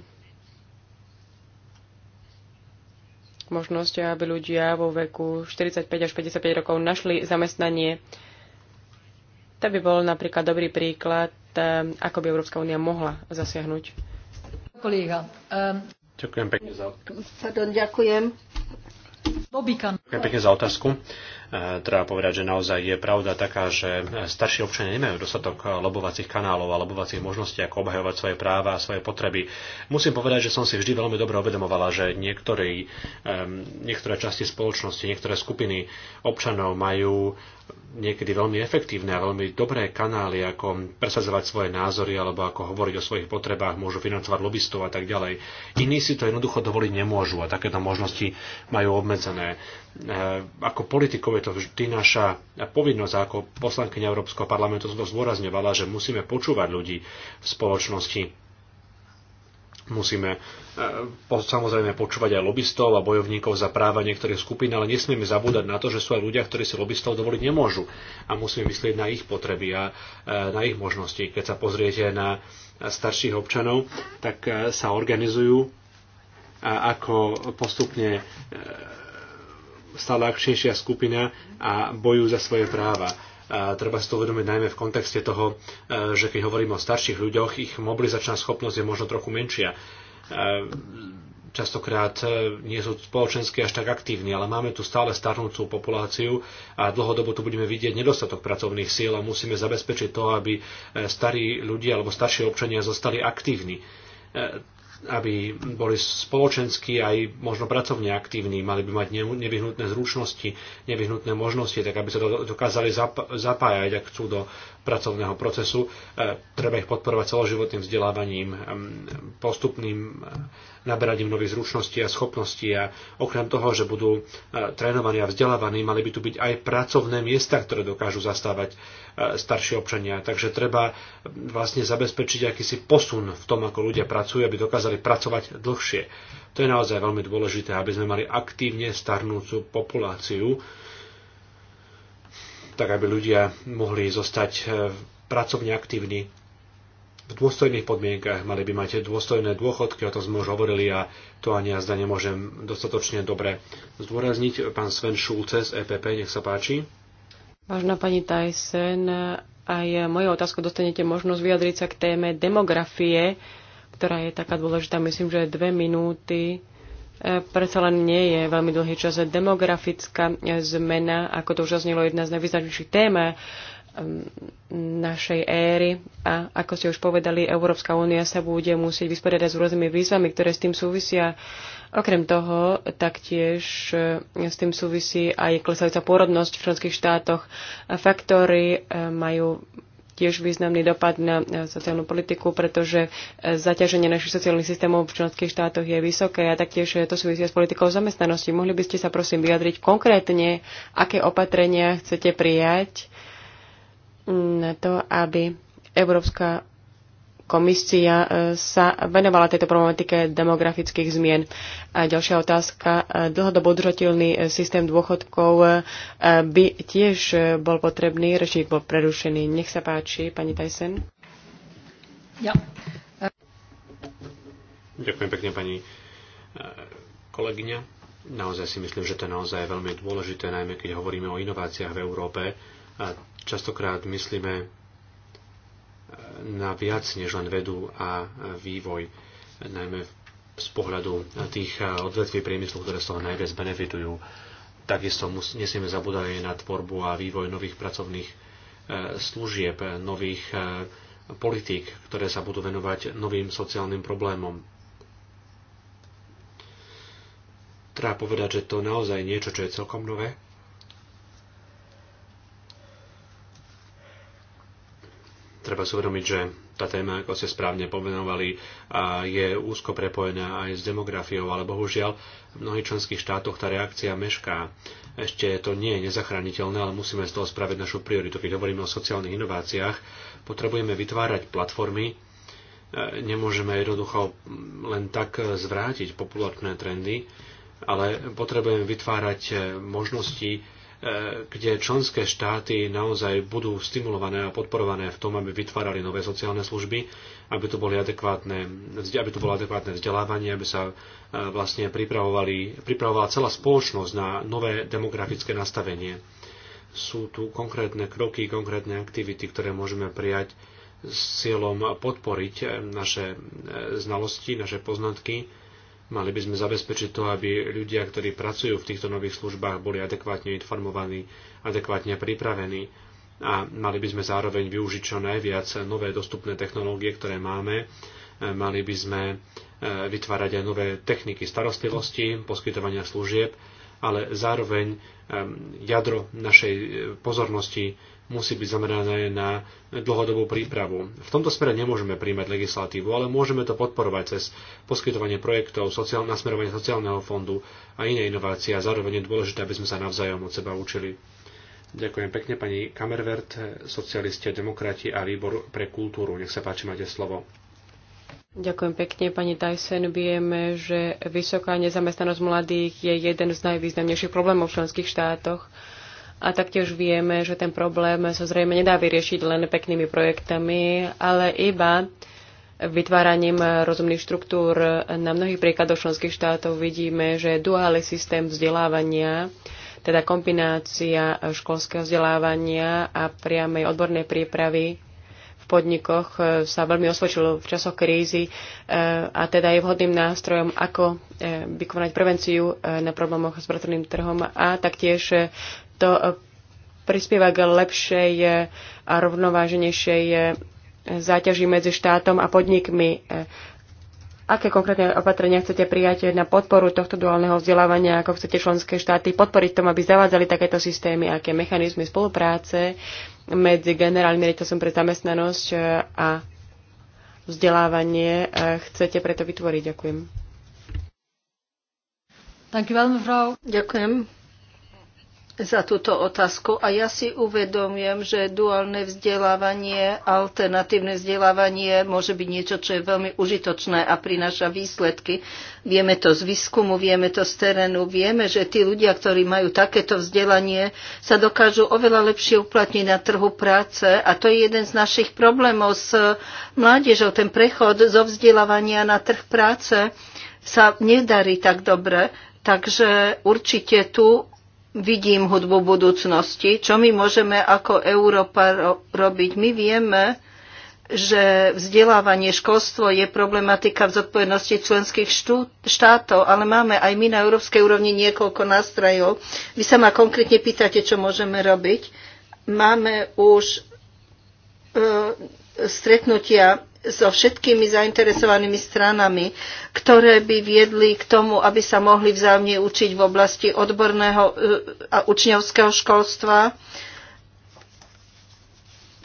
možnosť, aby ľudia vo veku 45 až 55 rokov našli zamestnanie. To by bol napríklad dobrý príklad, e, ako by Európska únia mohla zasiahnuť. Kolíga, um... E, ďakujem pekne za otázku. ďakujem. Ďakujem pekne za otázku. E, treba povedať, že naozaj je pravda taká, že starší občania nemajú dostatok lobovacích kanálov a lobovacích možností, ako obhajovať svoje práva a svoje potreby. Musím povedať, že som si vždy veľmi dobre uvedomovala, že niektorí, niektoré časti spoločnosti, niektoré skupiny občanov majú niekedy veľmi efektívne a veľmi dobré kanály, ako presadzovať svoje názory alebo ako hovoriť o svojich potrebách, môžu financovať lobbystov a tak ďalej. Iní si to jednoducho dovoliť nemôžu a takéto možnosti majú obmedzené. Eh, ako politikov je to vždy naša povinnosť, ako poslankyňa Európskeho parlamentu som to zdôrazňovala, že musíme počúvať ľudí v spoločnosti. Musíme eh, samozrejme počúvať aj lobbystov a bojovníkov za práva niektorých skupín, ale nesmieme zabúdať na to, že sú aj ľudia, ktorí si lobbystov dovoliť nemôžu a musíme myslieť na ich potreby a eh, na ich možnosti. Keď sa pozriete na starších občanov, tak sa organizujú a ako postupne stále akčnejšia skupina a bojujú za svoje práva. A treba si to uvedomiť najmä v kontexte toho, e, že keď hovoríme o starších ľuďoch, ich mobilizačná schopnosť je možno trochu menšia. E, častokrát e, nie sú spoločensky až tak aktívni, ale máme tu stále starnúcu populáciu a dlhodobo tu budeme vidieť nedostatok pracovných síl a musíme zabezpečiť to, aby starí ľudia alebo starší občania zostali aktívni aby boli spoločensky aj možno pracovne aktívni, mali by mať nevyhnutné zručnosti, nevyhnutné možnosti, tak aby sa dokázali zapájať, ak chcú do pracovného procesu. E, treba ich podporovať celoživotným vzdelávaním, postupným naberaním nových zručností a schopností a okrem toho, že budú e, trénovaní a vzdelávaní, mali by tu byť aj pracovné miesta, ktoré dokážu zastávať e, starší občania. Takže treba vlastne zabezpečiť akýsi posun v tom, ako ľudia pracujú, aby dokázali pracovať dlhšie. To je naozaj veľmi dôležité, aby sme mali aktívne starnúcu populáciu, tak aby ľudia mohli zostať e, pracovne aktívni v dôstojných podmienkach, mali by mať dôstojné dôchodky, o tom sme už hovorili a to ani ja zda nemôžem dostatočne dobre zdôrazniť. Pán Sven Šulce z EPP, nech sa páči. Vážna pani Tyson, aj moje otázku dostanete možnosť vyjadriť sa k téme demografie, ktorá je taká dôležitá. Myslím, že dve minúty e, predsa len nie je veľmi dlhý čas. Demografická zmena, ako to už zaznelo, jedna z najvýznamnejších tém Ehm, našej éry a ako ste už povedali, Európska únia sa bude musieť vysporiadať s rôznymi výzvami, ktoré s tým súvisia. Okrem toho, taktiež ehm, s tým súvisí aj klesajúca pôrodnosť v členských štátoch. Faktory ehm, majú tiež významný dopad na sociálnu politiku, pretože zaťaženie našich sociálnych systémov v členských štátoch je vysoké a taktiež to súvisia s politikou zamestnanosti. Mohli by ste sa prosím vyjadriť konkrétne, aké opatrenia chcete prijať na to, aby Európska komisia e, sa venovala tejto problematike demografických zmien. A ďalšia otázka. E, dlhodobo udržateľný e, systém dôchodkov by tiež bol potrebný. Rečník bol prerušený. Nech sa páči, pani Tyson. Ja. Ďakujem pekne, pani kolegyňa. Naozaj si myslím, že to je naozaj veľmi dôležité, najmä keď hovoríme o inováciách v Európe častokrát myslíme e, na viac než len vedu a vývoj, najmä z pohľadu tých e, odvetví priemyslu, ktoré z toho najviac benefitujú. Takisto nesieme zabúdať aj na tvorbu a vývoj nových pracovných e, služieb, nových politík, ktoré sa budú venovať novým sociálnym problémom. Treba povedať, že to naozaj niečo, čo je celkom nové, treba si uvedomiť, že tá téma, ako ste správne pomenovali, je úzko prepojená aj s demografiou, ale bohužiaľ v mnohých členských štátoch tá reakcia mešká. Ešte to nie je nezachrániteľné, ale musíme z toho spraviť našu prioritu. Keď hovoríme o sociálnych inováciách, potrebujeme vytvárať platformy, e, nemôžeme jednoducho len tak zvrátiť populačné trendy, ale potrebujeme vytvárať e, možnosti, kde členské štáty naozaj budú stimulované a podporované v tom, aby vytvárali nové sociálne služby, aby to, boli adekvátne, aby to bolo adekvátne vzdelávanie, aby sa e, vlastne pripravovali, pripravovala celá spoločnosť na nové demografické nastavenie. Sú tu konkrétne kroky, konkrétne aktivity, ktoré môžeme prijať s cieľom podporiť e, naše e, znalosti, naše poznatky, Mali by sme zabezpečiť to, aby ľudia, ktorí pracujú v týchto nových službách, boli adekvátne informovaní, adekvátne pripravení a mali by sme zároveň využiť čo najviac nové dostupné technológie, ktoré máme. E, mali by sme e, vytvárať aj nové techniky starostlivosti, poskytovania služieb, ale zároveň e, jadro našej pozornosti musí byť zamerané na dlhodobú prípravu. V tomto smere nemôžeme príjmať legislatívu, ale môžeme to podporovať cez poskytovanie projektov, sociál, nasmerovanie sociálneho fondu a iné inovácie a zároveň je dôležité, aby sme sa navzájom od seba učili. Ďakujem pekne pani Kamervert, socialisti a demokrati a výbor pre kultúru. Nech sa páči, máte slovo. Ďakujem pekne, pani Tyson. Vieme, že vysoká nezamestnanosť mladých je jeden z najvýznamnejších problémov v členských štátoch a taktiež vieme, že ten problém sa zrejme nedá vyriešiť len peknými projektami, ale iba vytváraním rozumných štruktúr. Na mnohých príkladoch členských štátov vidíme, že duálny systém vzdelávania, teda kombinácia školského vzdelávania a priamej odbornej prípravy v podnikoch eh, sa veľmi osvedčilo v časoch krízy eh, a teda je vhodným nástrojom, ako eh, vykonať prevenciu na problémoch s pracovným trhom a taktiež to e, prispieva k lepšej e, a rovnováženejšej e, záťaži medzi štátom a podnikmi. Aké konkrétne opatrenia chcete prijať na podporu tohto duálneho vzdelávania, ako chcete členské štáty podporiť tom, aby zavádzali takéto systémy, aké mechanizmy spolupráce medzi generálnym riaditeľom pre zamestnanosť a vzdelávanie chcete preto vytvoriť? Ďakujem. Ďakujem za túto otázku a ja si uvedomujem, že duálne vzdelávanie, alternatívne vzdelávanie môže byť niečo, čo je veľmi užitočné a prináša výsledky. Vieme to z výskumu, vieme to z terénu, vieme, že tí ľudia, ktorí majú takéto vzdelanie, sa dokážu oveľa lepšie uplatniť na trhu práce a to je jeden z našich problémov s mládežou, ten prechod zo vzdelávania na trh práce sa nedarí tak dobre. Takže určite tu vidím hudbu budúcnosti, čo my môžeme ako Európa ro- robiť. My vieme, že vzdelávanie, školstvo je problematika v zodpovednosti členských štátov, ale máme aj my na európskej úrovni niekoľko nástrojov. Vy sa ma konkrétne pýtate, čo môžeme robiť. Máme už e, stretnutia so všetkými zainteresovanými stranami, ktoré by viedli k tomu, aby sa mohli vzájomne učiť v oblasti odborného e, a učňovského školstva.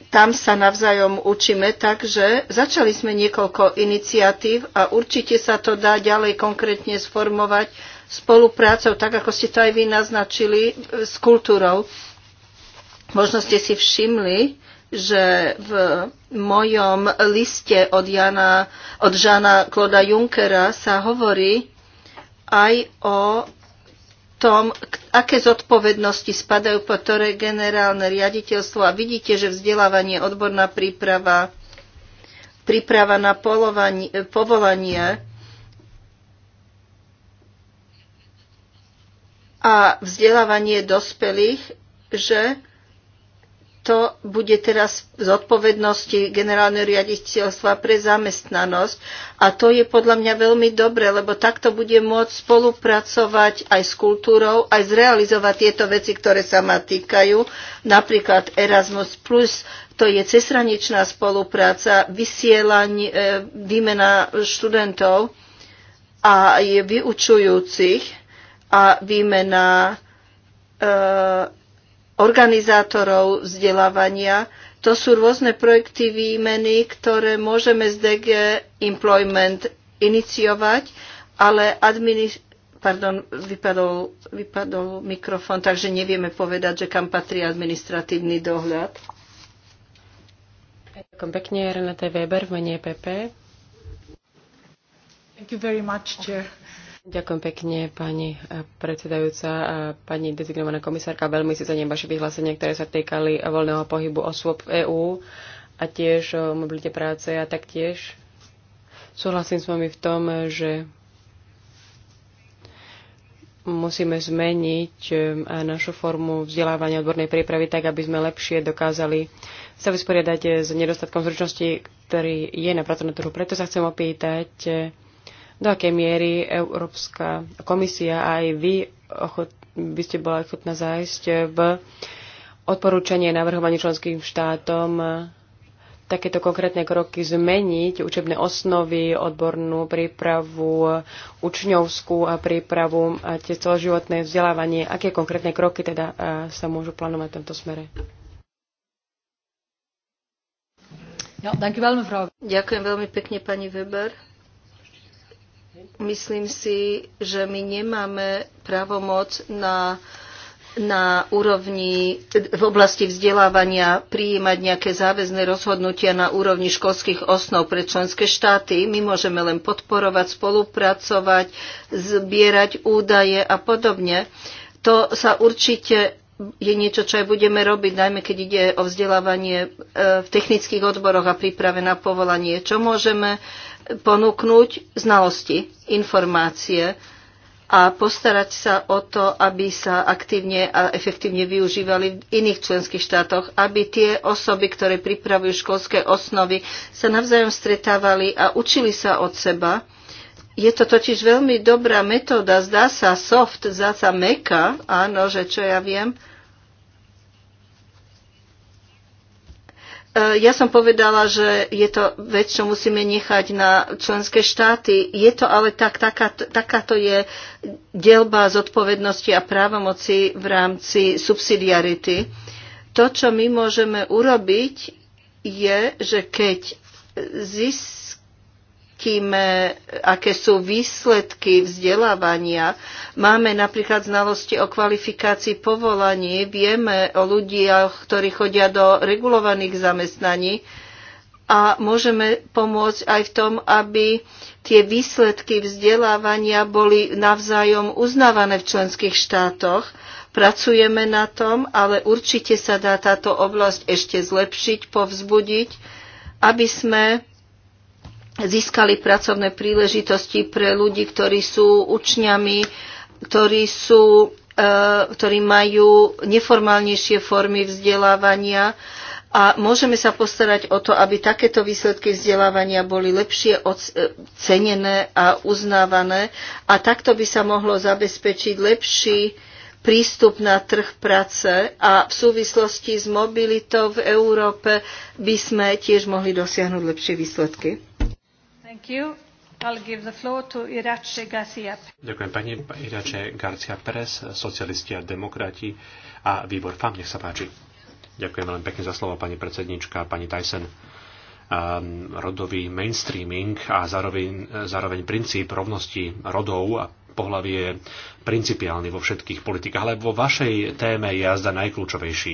Tam sa navzájom učíme, takže začali sme niekoľko iniciatív a určite sa to dá ďalej konkrétne sformovať spoluprácou, tak ako ste to aj vy naznačili, e, s kultúrou. Možno ste si všimli, že v mojom liste od, Jana, od Žana Kloda Junkera sa hovorí aj o tom, aké zodpovednosti spadajú pod ktoré generálne riaditeľstvo a vidíte, že vzdelávanie, odborná príprava, príprava na povolanie a vzdelávanie dospelých, že to bude teraz z odpovednosti generálneho riaditeľstva pre zamestnanosť. A to je podľa mňa veľmi dobre, lebo takto bude môcť spolupracovať aj s kultúrou, aj zrealizovať tieto veci, ktoré sa ma týkajú. Napríklad Erasmus+, plus, to je cesraničná spolupráca, vysielanie, výmena študentov a je vyučujúcich a výmena e, organizátorov vzdelávania. To sú rôzne projekty výmeny, ktoré môžeme z DG Employment iniciovať, ale administ- Pardon, vypadol, vypadol mikrofón, takže nevieme povedať, že kam patrí administratívny dohľad. Ďakujem pekne, Renate Weber v mene PP. E Thank you very much, Chair. Ďakujem pekne, pani eh, predsedajúca a eh, pani dezignovaná komisárka. Veľmi si cením vaše vyhlásenia, ktoré sa týkali voľného pohybu osôb v EÚ a tiež o eh, mobilite práce a taktiež súhlasím s vami v tom, že musíme zmeniť našu formu vzdelávania odbornej prípravy tak, aby sme lepšie dokázali sa vysporiadať s nedostatkom zručnosti, ktorý je na pracovnom trhu. Preto sa chcem opýtať, do akej miery Európska komisia a aj vy ochot, by ste bola ochotná zájsť v odporúčanie navrhovanie členským štátom e, takéto konkrétne kroky zmeniť, učebné osnovy, odbornú prípravu, učňovskú a prípravu a tie celoživotné vzdelávanie. Aké konkrétne kroky teda e, sa môžu plánovať v tomto smere? Ďakujem veľmi pekne, pani Weber. Myslím si, že my nemáme právomoc na na úrovni v oblasti vzdelávania prijímať nejaké záväzné rozhodnutia na úrovni školských osnov pre členské štáty. My môžeme len podporovať, spolupracovať, zbierať údaje a podobne. To sa určite je niečo, čo aj budeme robiť, najmä keď ide o vzdelávanie e, v technických odboroch a príprave na povolanie. Čo môžeme ponúknuť znalosti, informácie a postarať sa o to, aby sa aktívne a efektívne využívali v iných členských štátoch, aby tie osoby, ktoré pripravujú školské osnovy, sa navzájom stretávali a učili sa od seba. Je to totiž veľmi dobrá metóda, zdá sa soft, zdá sa meka, áno, že čo ja viem, E, ja som povedala, že je to vec, čo musíme nechať na členské štáty. Je to ale tak, taká, takáto je delba zodpovednosti a právomoci v rámci subsidiarity. To, čo my môžeme urobiť, je, že keď zistíme, akíme, aké sú výsledky vzdelávania. Máme napríklad znalosti o kvalifikácii povolaní, vieme o ľudiach, ktorí chodia do regulovaných zamestnaní a môžeme pomôcť aj v tom, aby tie výsledky vzdelávania boli navzájom uznávané v členských štátoch. Pracujeme na tom, ale určite sa dá táto oblasť ešte zlepšiť, povzbudiť, aby sme získali pracovné príležitosti pre ľudí, ktorí sú učňami, ktorí sú e, ktorí majú neformálnejšie formy vzdelávania a môžeme sa postarať o to, aby takéto výsledky vzdelávania boli lepšie e, cenené a uznávané a takto by sa mohlo zabezpečiť lepší prístup na trh práce a v súvislosti s mobilitou v Európe by sme tiež mohli dosiahnuť lepšie výsledky. Thank you. I'll give the floor to Irače Garcia. Ďakujem pani Irače Garcia Perez, socialisti a demokrati a výbor FAM, nech sa páči. Ďakujem veľmi pekne za slovo, pani predsednička, pani Tyson ehm, rodový mainstreaming a zároveň, zároveň princíp rovnosti rodov a pohľavy je principiálny vo všetkých politikách, ale vo vašej téme je jazda najkľúčovejší.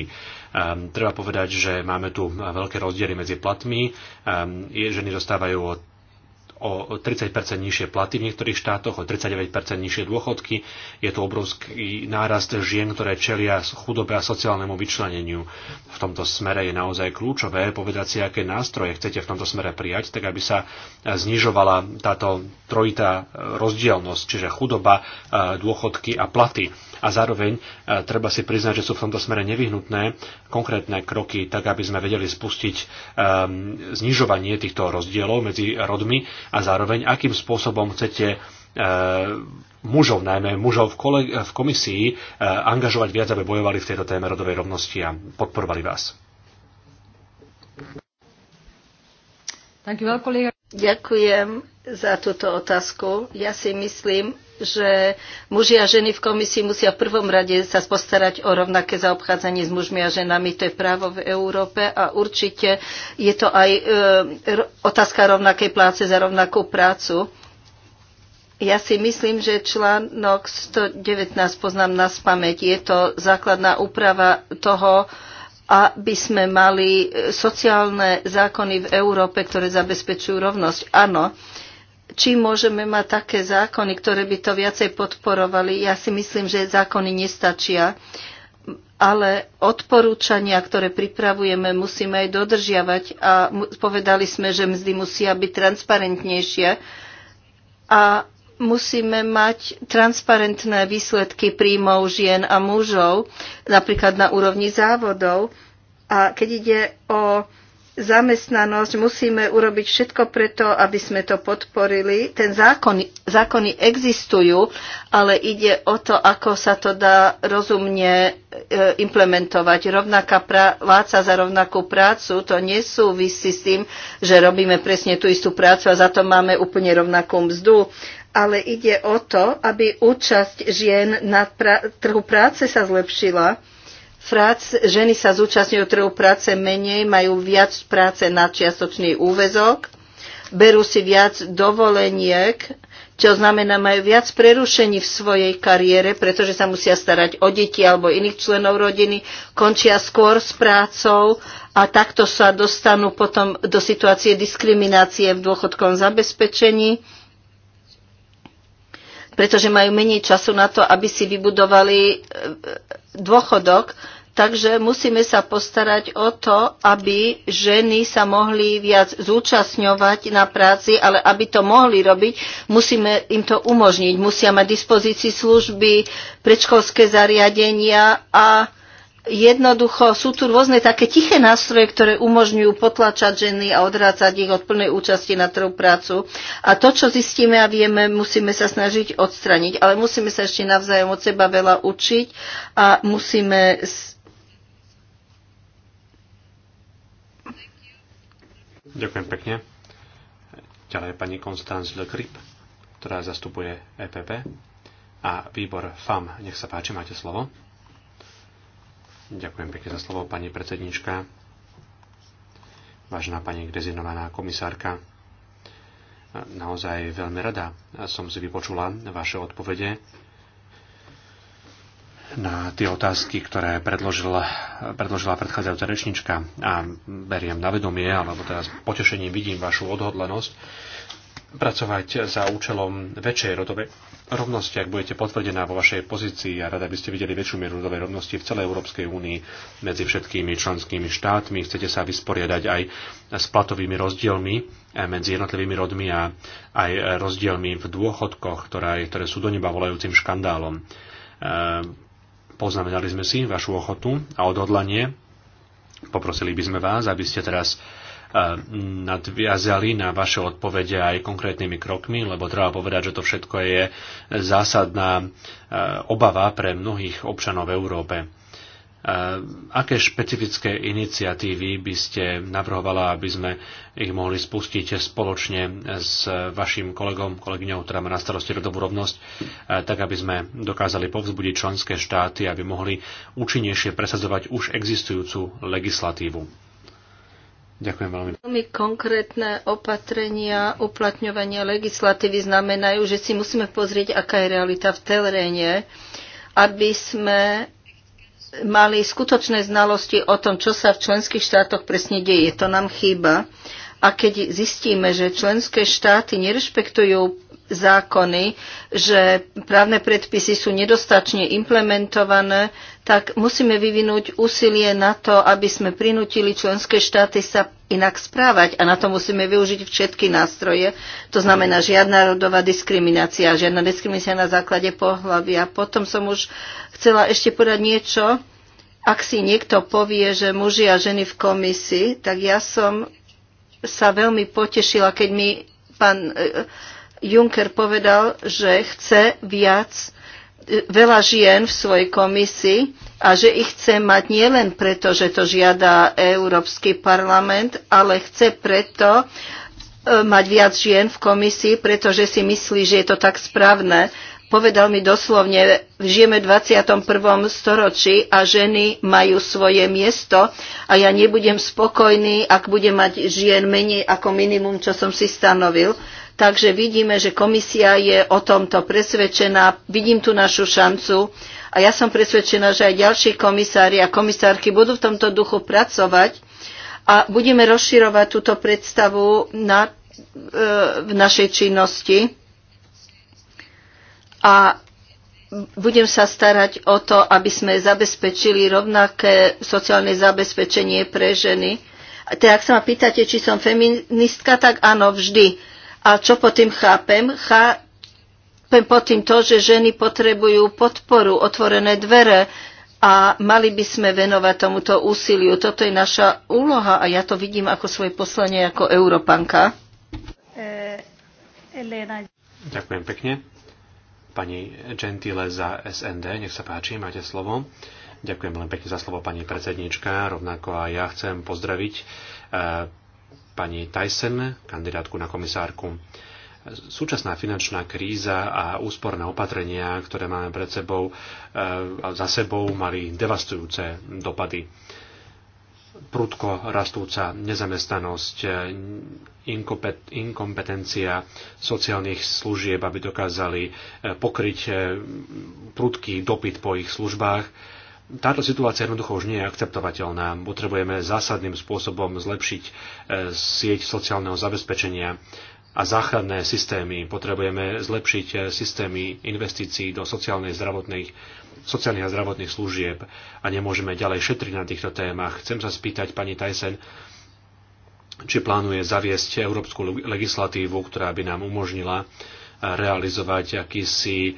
Um, treba povedať, že máme tu veľké rozdiely medzi platmi. Um, ženy dostávajú od o 30 nižšie platy v niektorých štátoch, o 39 nižšie dôchodky. Je to obrovský nárast žien, ktoré čelia chudobe a sociálnemu vyčleneniu. V tomto smere je naozaj kľúčové povedať si, aké nástroje chcete v tomto smere prijať, tak aby sa znižovala táto trojitá rozdielnosť, čiže chudoba, e, dôchodky a platy. A zároveň e, treba si priznať, že sú v tomto smere nevyhnutné konkrétne kroky, tak aby sme vedeli spustiť e, znižovanie týchto rozdielov medzi rodmi a zároveň akým spôsobom chcete e, mužov, najmä mužov v, kole, e, v komisii, e, angažovať viac, aby bojovali v tejto téme rodovej rovnosti a podporovali vás. Ďakujem za túto otázku. Ja si myslím, že muži a ženy v komisii musia v prvom rade sa postarať o rovnaké zaobchádzanie s mužmi a ženami. To je právo v Európe a určite je to aj e, otázka rovnakej pláce za rovnakú prácu. Ja si myslím, že článok 119 poznám na spameť. Je to základná úprava toho, aby sme mali sociálne zákony v Európe, ktoré zabezpečujú rovnosť. Áno, či môžeme mať také zákony, ktoré by to viacej podporovali. Ja si myslím, že zákony nestačia, ale odporúčania, ktoré pripravujeme, musíme aj dodržiavať a povedali sme, že mzdy musia byť transparentnejšie a musíme mať transparentné výsledky príjmov žien a mužov, napríklad na úrovni závodov. A keď ide o zamestnanosť, musíme urobiť všetko preto, aby sme to podporili. Ten zákon, zákony existujú, ale ide o to, ako sa to dá rozumne e, implementovať. Rovnaká práca za rovnakú prácu, to nesúvisí s tým, že robíme presne tú istú prácu a za to máme úplne rovnakú mzdu. Ale ide o to, aby účasť žien na trhu práce sa zlepšila Frac, ženy sa zúčastňujú trhu práce menej, majú viac práce na čiastočný úvezok, berú si viac dovoleniek, čo znamená, majú viac prerušení v svojej kariére, pretože sa musia starať o deti alebo iných členov rodiny, končia skôr s prácou a takto sa dostanú potom do situácie diskriminácie v dôchodkovom zabezpečení pretože majú menej času na to, aby si vybudovali dôchodok, takže musíme sa postarať o to, aby ženy sa mohli viac zúčastňovať na práci, ale aby to mohli robiť, musíme im to umožniť. Musia mať dispozícii služby, predškolské zariadenia a jednoducho sú tu rôzne také tiché nástroje, ktoré umožňujú potlačať ženy a odrácať ich od plnej účasti na trhu prácu. A to, čo zistíme a vieme, musíme sa snažiť odstraniť. Ale musíme sa ešte navzájom od seba veľa učiť a musíme... Ďakujem pekne. Ďalej pani Konstanz Le Grip, ktorá zastupuje EPP a výbor FAM. Nech sa páči, máte slovo. Ďakujem pekne za slovo, pani predsednička. Vážená pani dezignovaná komisárka, naozaj veľmi rada som si vypočula vaše odpovede na tie otázky, ktoré predložila, predložila predchádzajúca rečnička a beriem na vedomie, alebo teraz potešením vidím vašu odhodlenosť pracovať za účelom väčšej rodovej rovnosti, ak budete potvrdená vo vašej pozícii a rada by ste videli väčšiu mieru rodovej rovnosti v celej Európskej únii medzi všetkými členskými štátmi. Chcete sa vysporiadať aj s platovými rozdielmi eh, medzi jednotlivými rodmi a aj rozdielmi v dôchodkoch, ktoré, ktoré sú do neba volajúcim škandálom. Eh, poznamenali sme si vašu ochotu a odhodlanie. Poprosili by sme vás, aby ste teraz Eh, nadviazali na vaše odpovede aj konkrétnymi krokmi, lebo treba povedať, že to všetko je zásadná eh, obava pre mnohých občanov v Európe. Eh, aké špecifické iniciatívy by ste navrhovala, aby sme ich mohli spustiť spoločne s vašim kolegom, kolegyňou, ktorá má na starosti rodovú rovnosť, tak aby sme dokázali povzbudiť členské štáty, aby mohli účinnejšie presadzovať už existujúcu legislatívu? Ďakujem veľmi. Veľmi konkrétne opatrenia uplatňovania legislatívy znamenajú, že si musíme pozrieť, aká je realita v teréne, aby sme mali skutočné znalosti o tom, čo sa v členských štátoch presne deje. To nám chýba. A keď zistíme, že členské štáty nerešpektujú zákony, že právne predpisy sú nedostačne implementované, tak musíme vyvinúť úsilie na to, aby sme prinútili členské štáty sa inak správať a na to musíme využiť všetky nástroje. To znamená žiadna rodová diskriminácia, žiadna diskriminácia na základe pohľavia. Potom som už chcela ešte podať niečo. Ak si niekto povie, že muži a ženy v komisii, tak ja som sa veľmi potešila, keď mi pán e, e, Juncker povedal, že chce viac e, veľa žien v svojej komisii a že ich chce mať nielen preto, že to žiada Európsky parlament, ale chce preto e, mať viac žien v komisii, pretože si myslí, že je to tak správne. Povedal mi doslovne, žijeme v 21. storočí a ženy majú svoje miesto a ja nebudem spokojný, ak budem mať žien menej ako minimum, čo som si stanovil. Takže vidíme, že komisia je o tomto presvedčená. Vidím tu našu šancu a ja som presvedčená, že aj ďalší komisári a komisárky budú v tomto duchu pracovať a budeme rozširovať túto predstavu na, e, v našej činnosti. A budem sa starať o to, aby sme zabezpečili rovnaké sociálne zabezpečenie pre ženy. A teda, ak sa ma pýtate, či som feministka, tak áno, vždy. A čo pod tým chápem? Chápem pod tým to, že ženy potrebujú podporu, otvorené dvere a mali by sme venovať tomuto úsiliu. Toto je naša úloha a ja to vidím ako svoje poslanie ako Európanka. Eh, Ďakujem pekne. Pani Gentile za SND, nech sa páči, máte slovo. Ďakujem veľmi pekne za slovo, pani predsednička. Rovnako aj ja chcem pozdraviť eh, pani Tyson, kandidátku na komisárku. Súčasná finančná kríza a úsporné opatrenia, ktoré máme pred sebou e, za sebou, mali devastujúce dopady. Prudko rastúca nezamestnanosť, e, inkompetencia sociálnych služieb, aby dokázali e, pokryť prudký dopyt po ich službách, táto situácia jednoducho už nie je akceptovateľná. Potrebujeme zásadným spôsobom zlepšiť e, sieť sociálneho zabezpečenia a záchranné systémy. Potrebujeme zlepšiť e, systémy investícií do sociálnej zdravotnej sociálnych a zdravotných služieb a nemôžeme ďalej šetriť na týchto témach. Chcem sa spýtať pani Tyson, či plánuje zaviesť európsku legislatívu, ktorá by nám umožnila e, realizovať akýsi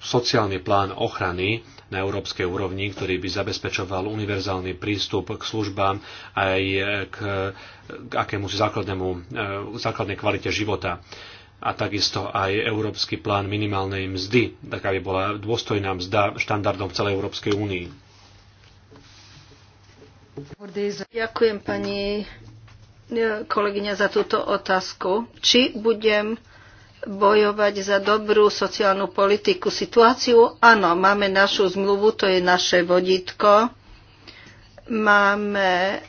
sociálny plán ochrany na európskej úrovni, ktorý by zabezpečoval univerzálny prístup k službám aj k, k akému základnému, e, základnej kvalite života a takisto aj európsky plán minimálnej mzdy, tak aby bola dôstojná mzda štandardom v celej Európskej únii. Ďakujem pani e, kolegyňa za túto otázku. Či budem bojovať za dobrú sociálnu politiku. Situáciu, áno, máme našu zmluvu, to je naše vodítko. Máme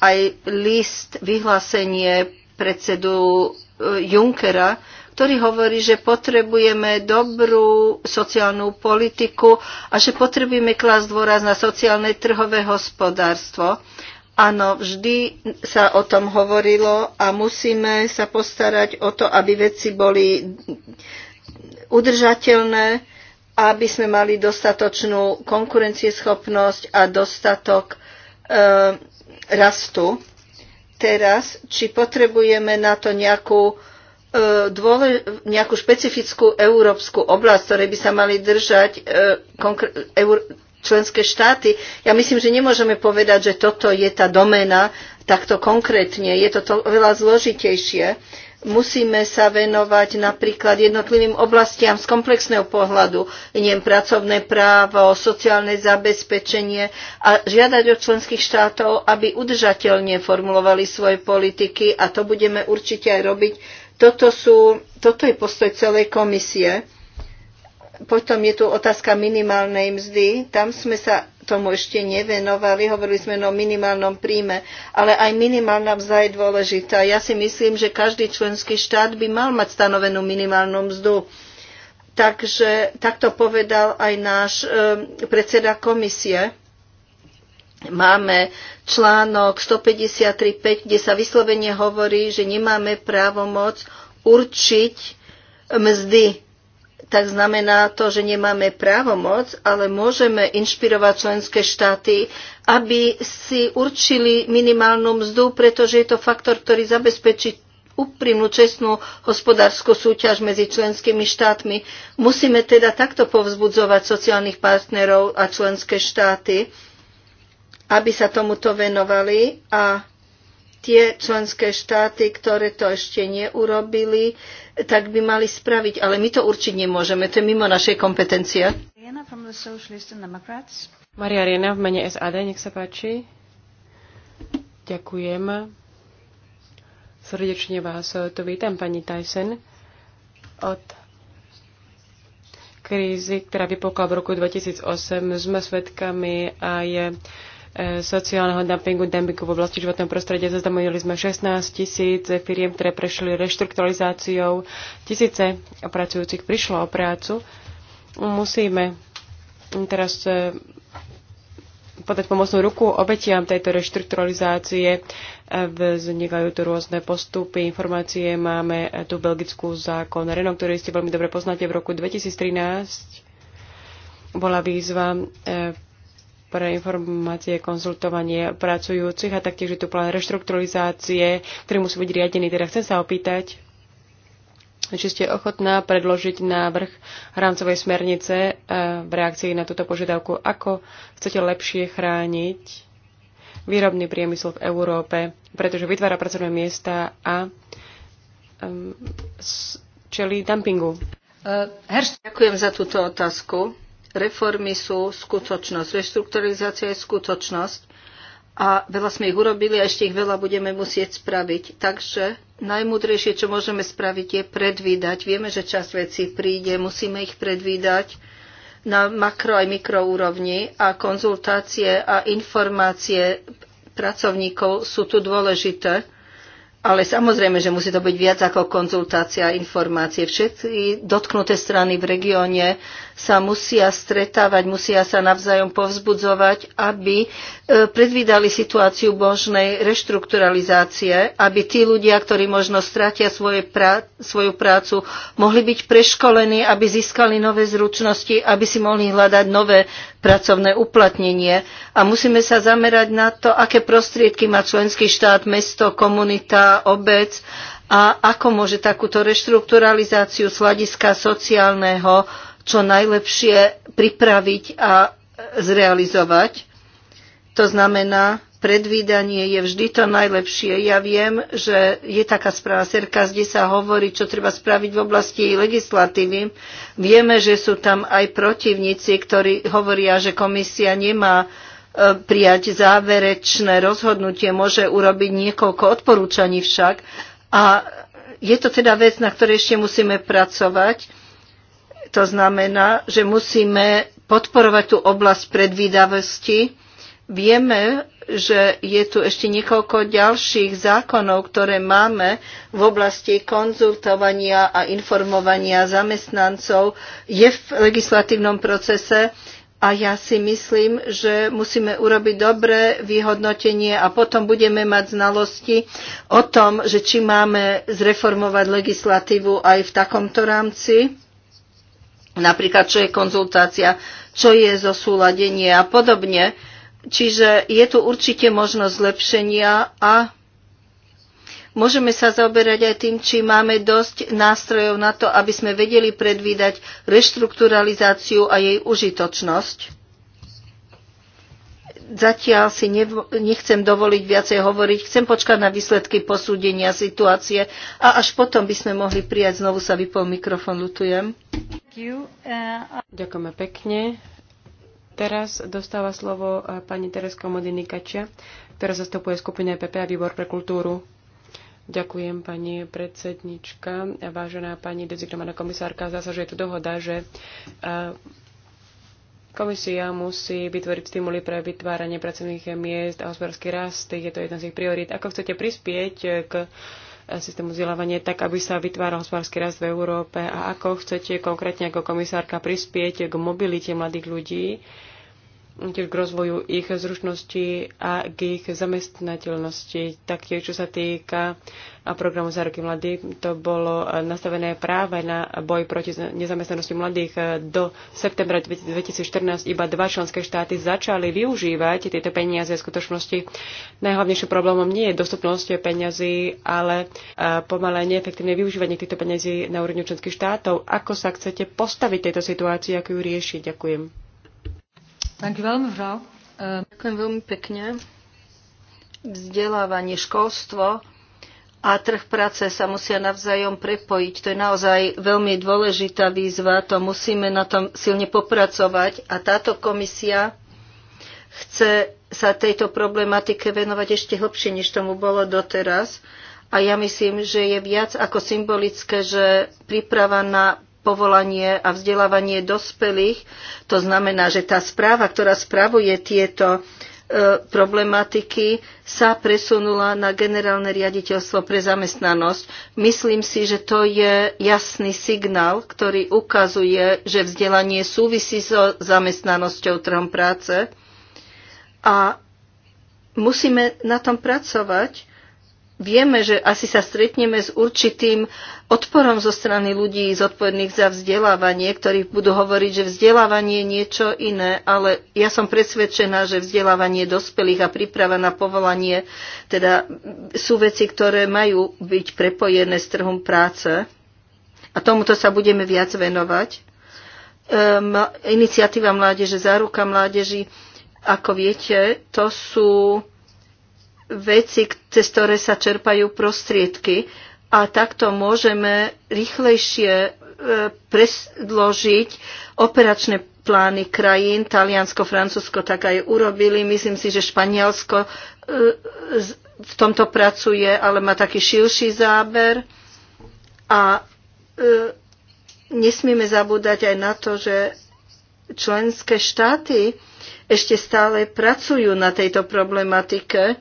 aj list, vyhlásenie predsedu eh, Junckera, ktorý hovorí, že potrebujeme dobrú sociálnu politiku a že potrebujeme klásť dôraz na sociálne trhové hospodárstvo. Áno, vždy sa o tom hovorilo a musíme sa postarať o to, aby veci boli udržateľné, aby sme mali dostatočnú konkurencieschopnosť a dostatok e, rastu. Teraz, či potrebujeme na to nejakú, e, dôle, nejakú špecifickú európsku oblasť, ktorej by sa mali držať e, konkr- eur- členské štáty. Ja myslím, že nemôžeme povedať, že toto je tá doména takto konkrétne. Je to, to veľa zložitejšie. Musíme sa venovať napríklad jednotlivým oblastiam z komplexného pohľadu, neviem, pracovné právo, sociálne zabezpečenie a žiadať od členských štátov, aby udržateľne formulovali svoje politiky a to budeme určite aj robiť. Toto, sú, toto je postoj celej komisie potom je tu otázka minimálnej mzdy. Tam sme sa tomu ešte nevenovali, hovorili sme o minimálnom príjme, ale aj minimálna mzda je dôležitá. Ja si myslím, že každý členský štát by mal mať stanovenú minimálnu mzdu. Takže takto povedal aj náš e, predseda komisie. Máme článok 153.5, kde sa vyslovene hovorí, že nemáme právomoc určiť mzdy tak znamená to, že nemáme právomoc, ale môžeme inšpirovať členské štáty, aby si určili minimálnu mzdu, pretože je to faktor, ktorý zabezpečí úprimnú čestnú hospodárskú súťaž medzi členskými štátmi. Musíme teda takto povzbudzovať sociálnych partnerov a členské štáty, aby sa tomuto venovali a tie členské štáty, ktoré to ešte neurobili, tak by mali spraviť, ale my to určiť nemôžeme, to je mimo našej kompetencie. Maria Riena v mene SAD, nech sa páči. Ďakujem. Srdečne vás to vítam, pani Tyson. Od krízy, ktorá vypokla v roku 2008, sme svedkami aj sociálneho dumpingu, dumpingu v oblasti životného prostredia. Zaznamenali sme 16 tisíc firiem, ktoré prešli reštrukturalizáciou. Tisíce pracujúcich prišlo o prácu. Musíme teraz eh, podať pomocnú ruku obetiam tejto reštrukturalizácie. Eh, Vznikajú tu rôzne postupy, informácie. Máme tu belgickú zákon Renault, ktorý ste veľmi dobre poznáte v roku 2013 bola výzva eh, pre informácie, konzultovanie pracujúcich a taktiež je tu plán reštrukturalizácie, ktorý musí byť riadený. Teda chcem sa opýtať, či ste ochotná predložiť návrh rámcovej smernice eh, v reakcii na túto požiadavku, ako chcete lepšie chrániť výrobný priemysel v Európe, pretože vytvára pracovné miesta a ehm, čeli dumpingu. Eh, Ďakujem za túto otázku. Reformy sú skutočnosť, reštrukturalizácia je skutočnosť a veľa sme ich urobili a ešte ich veľa budeme musieť spraviť. Takže najmudrejšie, čo môžeme spraviť, je predvídať. Vieme, že čas vecí príde, musíme ich predvídať na makro aj mikroúrovni a konzultácie a informácie pracovníkov sú tu dôležité. Ale samozrejme, že musí to byť viac ako konzultácia a informácie. Všetky dotknuté strany v regióne sa musia stretávať, musia sa navzájom povzbudzovať, aby e, predvídali situáciu možnej reštrukturalizácie, aby tí ľudia, ktorí možno stratia svoje prá- svoju prácu, mohli byť preškolení, aby získali nové zručnosti, aby si mohli hľadať nové pracovné uplatnenie. A musíme sa zamerať na to, aké prostriedky má členský štát, mesto, komunita, obec a ako môže takúto reštrukturalizáciu z hľadiska sociálneho čo najlepšie pripraviť a zrealizovať. To znamená, predvídanie je vždy to najlepšie. Ja viem, že je taká správa SERKA, kde sa hovorí, čo treba spraviť v oblasti legislatívy. Vieme, že sú tam aj protivníci, ktorí hovoria, že komisia nemá e, prijať záverečné rozhodnutie, môže urobiť niekoľko odporúčaní však. A je to teda vec, na ktorej ešte musíme pracovať. To znamená, že musíme podporovať tú oblasť predvídavosti. Vieme, že je tu ešte niekoľko ďalších zákonov, ktoré máme v oblasti konzultovania a informovania zamestnancov, je v legislatívnom procese a ja si myslím, že musíme urobiť dobré vyhodnotenie a potom budeme mať znalosti o tom, že či máme zreformovať legislatívu aj v takomto rámci napríklad čo je konzultácia, čo je zosúladenie a podobne. Čiže je tu určite možnosť zlepšenia a môžeme sa zaoberať aj tým, či máme dosť nástrojov na to, aby sme vedeli predvídať reštrukturalizáciu a jej užitočnosť zatiaľ si nechcem dovoliť viacej hovoriť. Chcem počkať na výsledky posúdenia situácie a až potom by sme mohli prijať. Znovu sa vypol mikrofon, lutujem. Uh, Ďakujeme pekne. Teraz dostáva slovo uh, pani Tereska Modiny Kačia, ktorá zastupuje skupinu EPP a Výbor pre kultúru. Ďakujem, pani predsednička. Vážená pani dezignovaná komisárka, zase, že je tu dohoda, že uh, Komisia musí vytvoriť stimuly pre vytváranie pracovných miest a hospodársky rast. Je to jedna z ich priorít. Ako chcete prispieť k systému vzdelávania tak, aby sa vytváral hospodársky rast v Európe a ako chcete konkrétne ako komisárka prispieť k mobilite mladých ľudí, tiež k rozvoju ich zručnosti a k ich zamestnateľnosti. Taktiež, čo sa týka programu za roky mladých, to bolo nastavené práve na boj proti nezamestnanosti mladých. Do septembra 2014 iba dva členské štáty začali využívať tieto peniaze. V skutočnosti najhlavnejším problémom nie je dostupnosť peňazí, ale pomalé neefektívne využívanie týchto peniazí na úrovni členských štátov. Ako sa chcete postaviť tejto situácii, ako ju riešiť? Ďakujem. Eh, Ďakujem veľmi pekne. Vzdelávanie, školstvo a trh práce sa musia navzájom prepojiť. To je naozaj veľmi dôležitá výzva, to musíme na tom silne popracovať a táto komisia chce sa tejto problematike venovať ešte hlbšie, než tomu bolo doteraz. A ja myslím, že je viac ako symbolické, že príprava na povolanie a vzdelávanie dospelých. To znamená, že tá správa, ktorá spravuje tieto e, problematiky sa presunula na generálne riaditeľstvo pre zamestnanosť. Myslím si, že to je jasný signál, ktorý ukazuje, že vzdelanie súvisí so zamestnanosťou trhom práce a musíme na tom pracovať vieme, že asi sa stretneme s určitým odporom zo strany ľudí zodpovedných za vzdelávanie, ktorí budú hovoriť, že vzdelávanie je niečo iné, ale ja som presvedčená, že vzdelávanie dospelých a príprava na povolanie teda sú veci, ktoré majú byť prepojené s trhom práce. A tomuto sa budeme viac venovať. Um, iniciatíva mládeže, záruka mládeži, ako viete, to sú veci, cez ktoré sa čerpajú prostriedky a takto môžeme rýchlejšie e, predložiť operačné plány krajín. Taliansko, Francúzsko tak aj urobili. Myslím si, že Španielsko e, v tomto pracuje, ale má taký širší záber. A e, nesmieme zabúdať aj na to, že členské štáty ešte stále pracujú na tejto problematike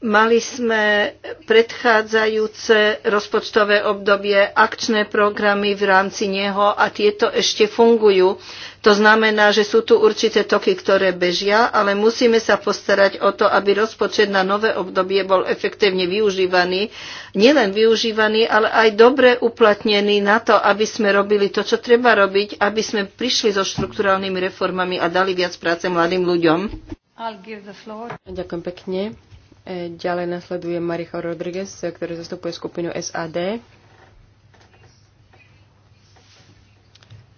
Mali sme predchádzajúce rozpočtové obdobie, akčné programy v rámci neho a tieto ešte fungujú. To znamená, že sú tu určité toky, ktoré bežia, ale musíme sa postarať o to, aby rozpočet na nové obdobie bol efektívne využívaný. Nielen využívaný, ale aj dobre uplatnený na to, aby sme robili to, čo treba robiť, aby sme prišli so štrukturálnymi reformami a dali viac práce mladým ľuďom. Ďakujem pekne. E, ďalej nasleduje Maricho Rodriguez, ktorý zastupuje skupinu SAD.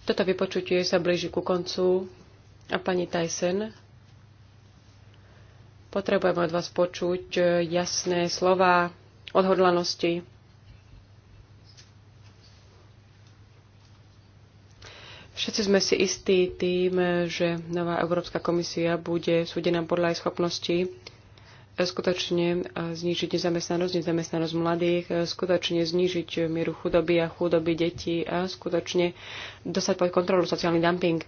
Toto vypočutie sa blíži ku koncu a pani Tyson, potrebujeme od vás počuť e, jasné slova odhodlanosti. Všetci sme si istí tým, že nová Európska komisia bude súdená podľa jej schopností skutočne e, znižiť nezamestnanosť, nezamestnanosť mladých, e, skutočne znížiť mieru chudoby a chudoby detí a skutočne dostať pod kontrolu sociálny dumping.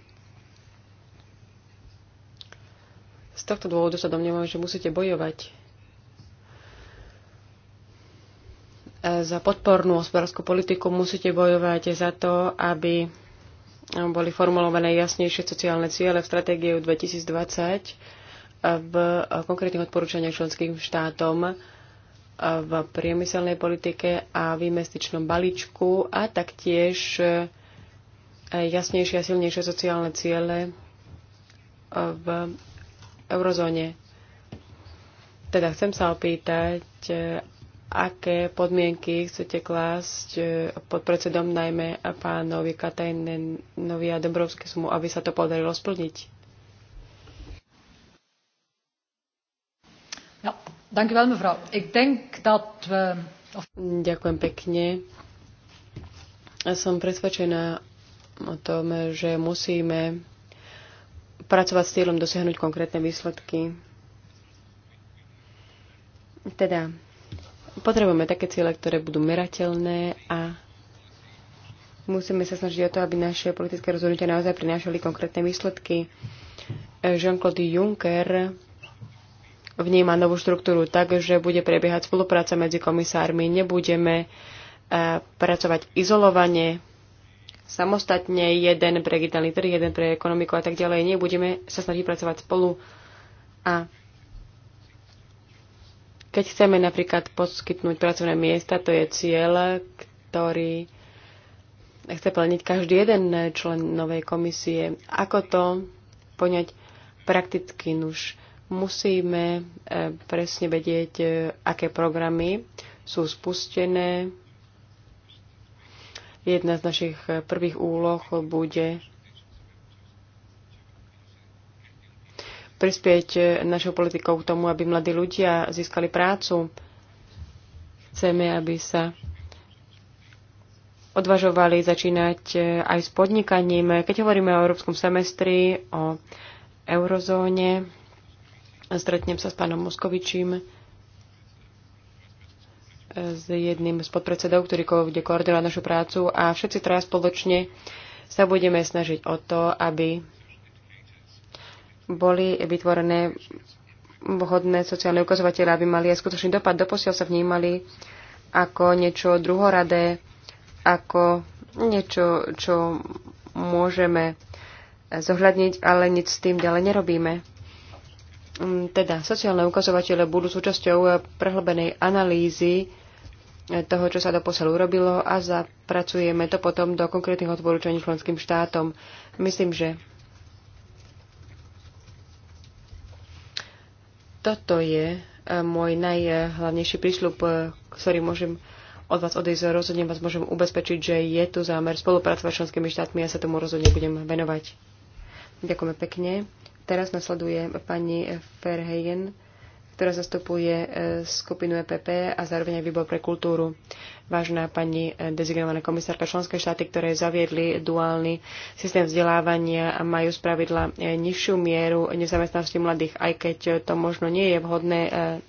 Z tohto dôvodu sa domnievam, že musíte bojovať e, za podpornú hospodárskú politiku, musíte bojovať za to, aby boli formulované jasnejšie sociálne ciele v stratégii 2020 v konkrétnych odporúčaniach členským štátom e, v priemyselnej politike a v investičnom balíčku a taktiež e, jasnejšie a silnejšie sociálne ciele e, v eurozóne. Teda chcem sa opýtať, aké podmienky chcete klásť pod predsedom najmä pánovi Katajnenovi a Dobrovskému, aby sa to podarilo splniť. Ďakujem pekne. Ja som presvedčená o tom, že musíme pracovať s cieľom dosiahnuť konkrétne výsledky. Teda, potrebujeme také ciele, ktoré budú merateľné a musíme sa snažiť o to, aby naše politické rozhodnutia naozaj prinášali konkrétne výsledky. Jean-Claude Juncker vníma novú štruktúru tak, že bude prebiehať spolupráca medzi komisármi. Nebudeme e, pracovať izolovane, samostatne, jeden pre digitálny trh, jeden pre ekonomiku a tak ďalej. Nie, budeme sa snažiť pracovať spolu. A keď chceme napríklad poskytnúť pracovné miesta, to je cieľ, ktorý chce plniť každý jeden člen novej komisie. Ako to poňať prakticky? Nuž musíme e, presne vedieť, e, aké programy sú spustené. Jedna z našich e, prvých úloh bude prispieť našou politikou k tomu, aby mladí ľudia získali prácu. Chceme, aby sa odvažovali začínať aj s podnikaním. Keď hovoríme o európskom semestri, o eurozóne, Stretnem sa s pánom Moskovičím, e, s jedným z podpredsedov, ktorý bude koordinovať našu prácu a všetci teraz spoločne sa budeme snažiť o to, aby boli vytvorené vhodné sociálne ukazovatele, aby mali aj skutočný dopad. Doposiaľ sa vnímali ako niečo druhoradé, ako niečo, čo môžeme zohľadniť, ale nič s tým ďalej nerobíme. Mm, teda sociálne ukazovatele budú súčasťou eh, prehlbenej analýzy eh, toho, čo sa doposiaľ urobilo a zapracujeme to potom do konkrétnych odporúčaní členským štátom. Myslím, že toto je eh, môj najhlavnejší prísľub, ktorý môžem od vás odísť. Rozhodne vás môžem ubezpečiť, že je tu zámer spolupracovať s členskými štátmi a ja sa tomu rozhodne budem venovať. Ďakujeme pekne. Teraz nasleduje pani Ferheyen, ktorá zastupuje e, skupinu EPP a zároveň aj výbor pre kultúru. Vážená pani e, dezignovaná komisárka, členské štáty, ktoré zaviedli duálny systém vzdelávania, majú spravidla e, nižšiu mieru nezamestnanosti mladých, aj keď to možno nie je vhodné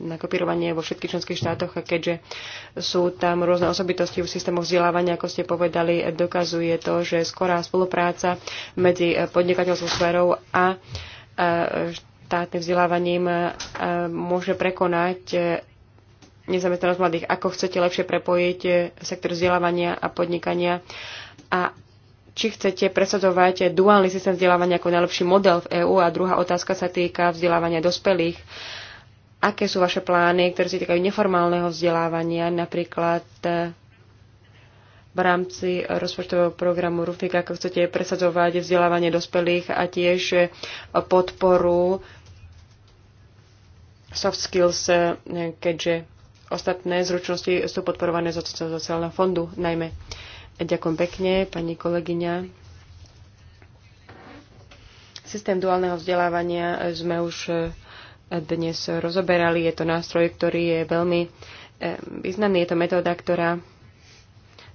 na kopírovanie vo všetkých členských štátoch, a keďže sú tam rôzne osobitosti v systému vzdelávania, ako ste povedali, dokazuje to, že skorá spolupráca medzi podnikateľskou sférou a vzdelávanie vzdelávaním môže prekonať e, nezamestnanosť mladých. Ako chcete lepšie prepojiť e, sektor vzdelávania a podnikania a či chcete presadzovať duálny systém vzdelávania ako najlepší model v EÚ. A druhá otázka sa týka vzdelávania dospelých. Aké sú vaše plány, ktoré sa týkajú neformálneho vzdelávania, napríklad e, v rámci rozpočtového programu RUFIK, ako chcete presadzovať vzdelávanie dospelých a tiež podporu soft skills, keďže ostatné zručnosti sú podporované z sociálneho fondu najmä. Ďakujem pekne, pani kolegyňa. Systém duálneho vzdelávania sme už eh, dnes rozoberali. Je to nástroj, ktorý je veľmi eh, významný. Je to metóda, ktorá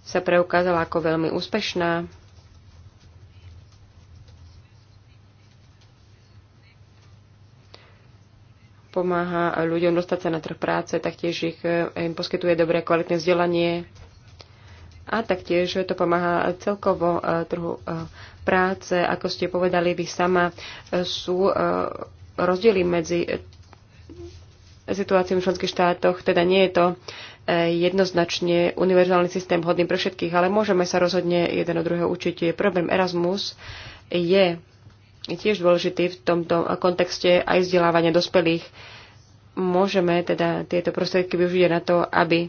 sa preukázala ako veľmi úspešná. Pomáha ľuďom dostať sa na trh práce, taktiež ich, eh, im poskytuje dobré kvalitné vzdelanie a taktiež to pomáha celkovo eh, trhu eh, práce. Ako ste povedali vy sama, sú rozdiely medzi situáciu v členských štátoch. Teda nie je to e, jednoznačne univerzálny systém hodný pre všetkých, ale môžeme sa rozhodne jeden od druhého učiť. Problém Erasmus je tiež dôležitý v tomto kontexte aj vzdelávania dospelých. Môžeme teda tieto prostriedky využiť na to, aby e,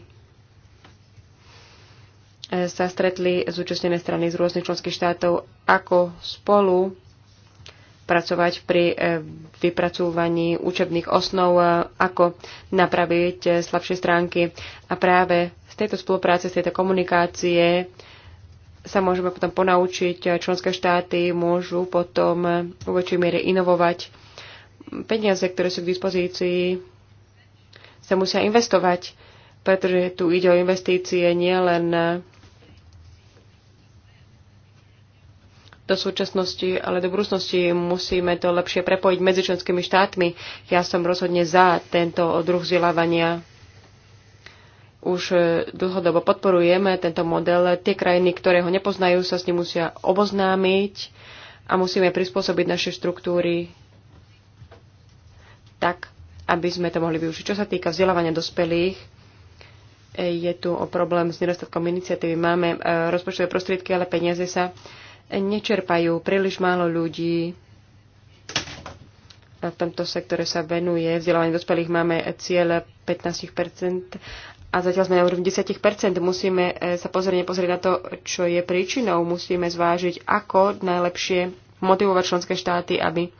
sa stretli zúčastnené strany z rôznych členských štátov, ako spolu pracovať pri e, vypracúvaní učebných osnov, e, ako napraviť e, slabšie stránky. A práve z tejto spolupráce, z tejto komunikácie sa môžeme potom ponaučiť. Členské štáty môžu potom v väčšej miere inovovať. Peniaze, ktoré sú k dispozícii, sa musia investovať, pretože tu ide o investície nielen do súčasnosti, ale do budúcnosti musíme to lepšie prepojiť medzi členskými štátmi. Ja som rozhodne za tento druh vzdelávania. Už e, dlhodobo podporujeme tento model. Tie krajiny, ktoré ho nepoznajú, sa s ním musia oboznámiť a musíme prispôsobiť naše štruktúry tak, aby sme to mohli využiť. Čo sa týka vzdelávania dospelých, e, je tu o problém s nedostatkom iniciatívy. Máme e, rozpočtové prostriedky, ale peniaze sa nečerpajú. Príliš málo ľudí v tomto sektore sa venuje. Vzdelávanie dospelých máme cieľ 15% a zatiaľ sme na úrovni 10%. Musíme e, sa pozorne pozrieť na to, čo je príčinou. Musíme zvážiť, ako najlepšie motivovať členské štáty, aby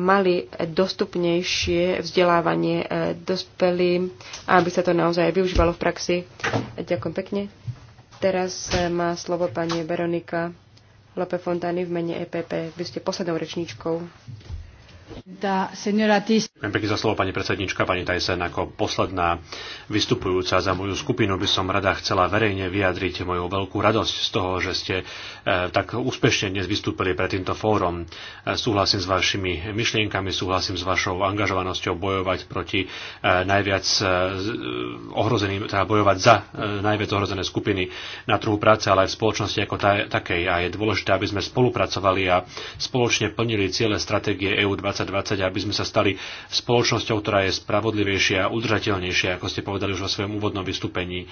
mali dostupnejšie vzdelávanie e, dospelým a aby sa to naozaj využívalo v praxi. Ďakujem pekne. Teraz eh, má slovo pani Veronika Lope Fontány v mene EPP. Vy ste poslednou rečníčkou. Ďakujem pekne za slovo, pani predsednička, pani Tyson. Ako posledná vystupujúca za moju skupinu by som rada chcela verejne vyjadriť moju veľkú radosť z toho, že ste e, tak úspešne dnes vystúpili pred týmto fórom. E, súhlasím s vašimi myšlienkami, súhlasím s vašou angažovanosťou bojovať proti e, najviac e, e, ohrozeným, teda bojovať za e, najviac ohrozené skupiny na trhu práce, ale aj v spoločnosti ako taj, takej. A je dôležité, aby sme spolupracovali a spoločne plnili ciele stratégie EU 20 2020, aby sme sa stali spoločnosťou, ktorá je spravodlivejšia a udržateľnejšia, ako ste povedali už vo svojom úvodnom vystúpení.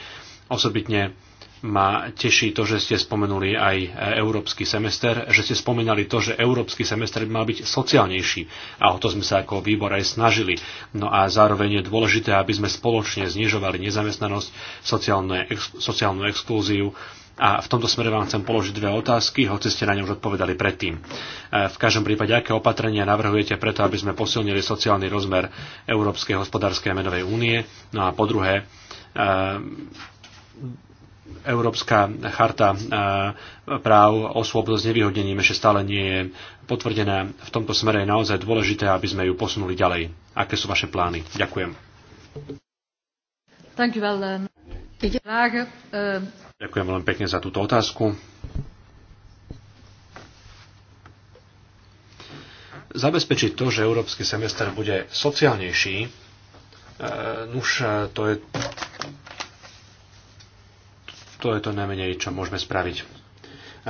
Osobitne ma teší to, že ste spomenuli aj európsky semester, že ste spomínali to, že európsky semester by mal byť sociálnejší a o to sme sa ako výbor aj snažili. No a zároveň je dôležité, aby sme spoločne znižovali nezamestnanosť, sociálnu, ex, sociálnu exklúziu a v tomto smere vám chcem položiť dve otázky, hoci ste na ne už odpovedali predtým. E, v každom prípade, aké opatrenia navrhujete preto, aby sme posilnili sociálny rozmer Európskej hospodárskej a menovej únie? No a po druhé, e, Európska charta e, práv osôb s nevyhodnením ešte stále nie je potvrdená. V tomto smere je naozaj dôležité, aby sme ju posunuli ďalej. Aké sú vaše plány? Ďakujem. Dank u wel. Uh, vragen. Uh, Ďakujem veľmi pekne za túto otázku. Zabezpečiť to, že európsky semester bude sociálnejší, e, nuž e, to je, to je to najmenej, čo môžeme spraviť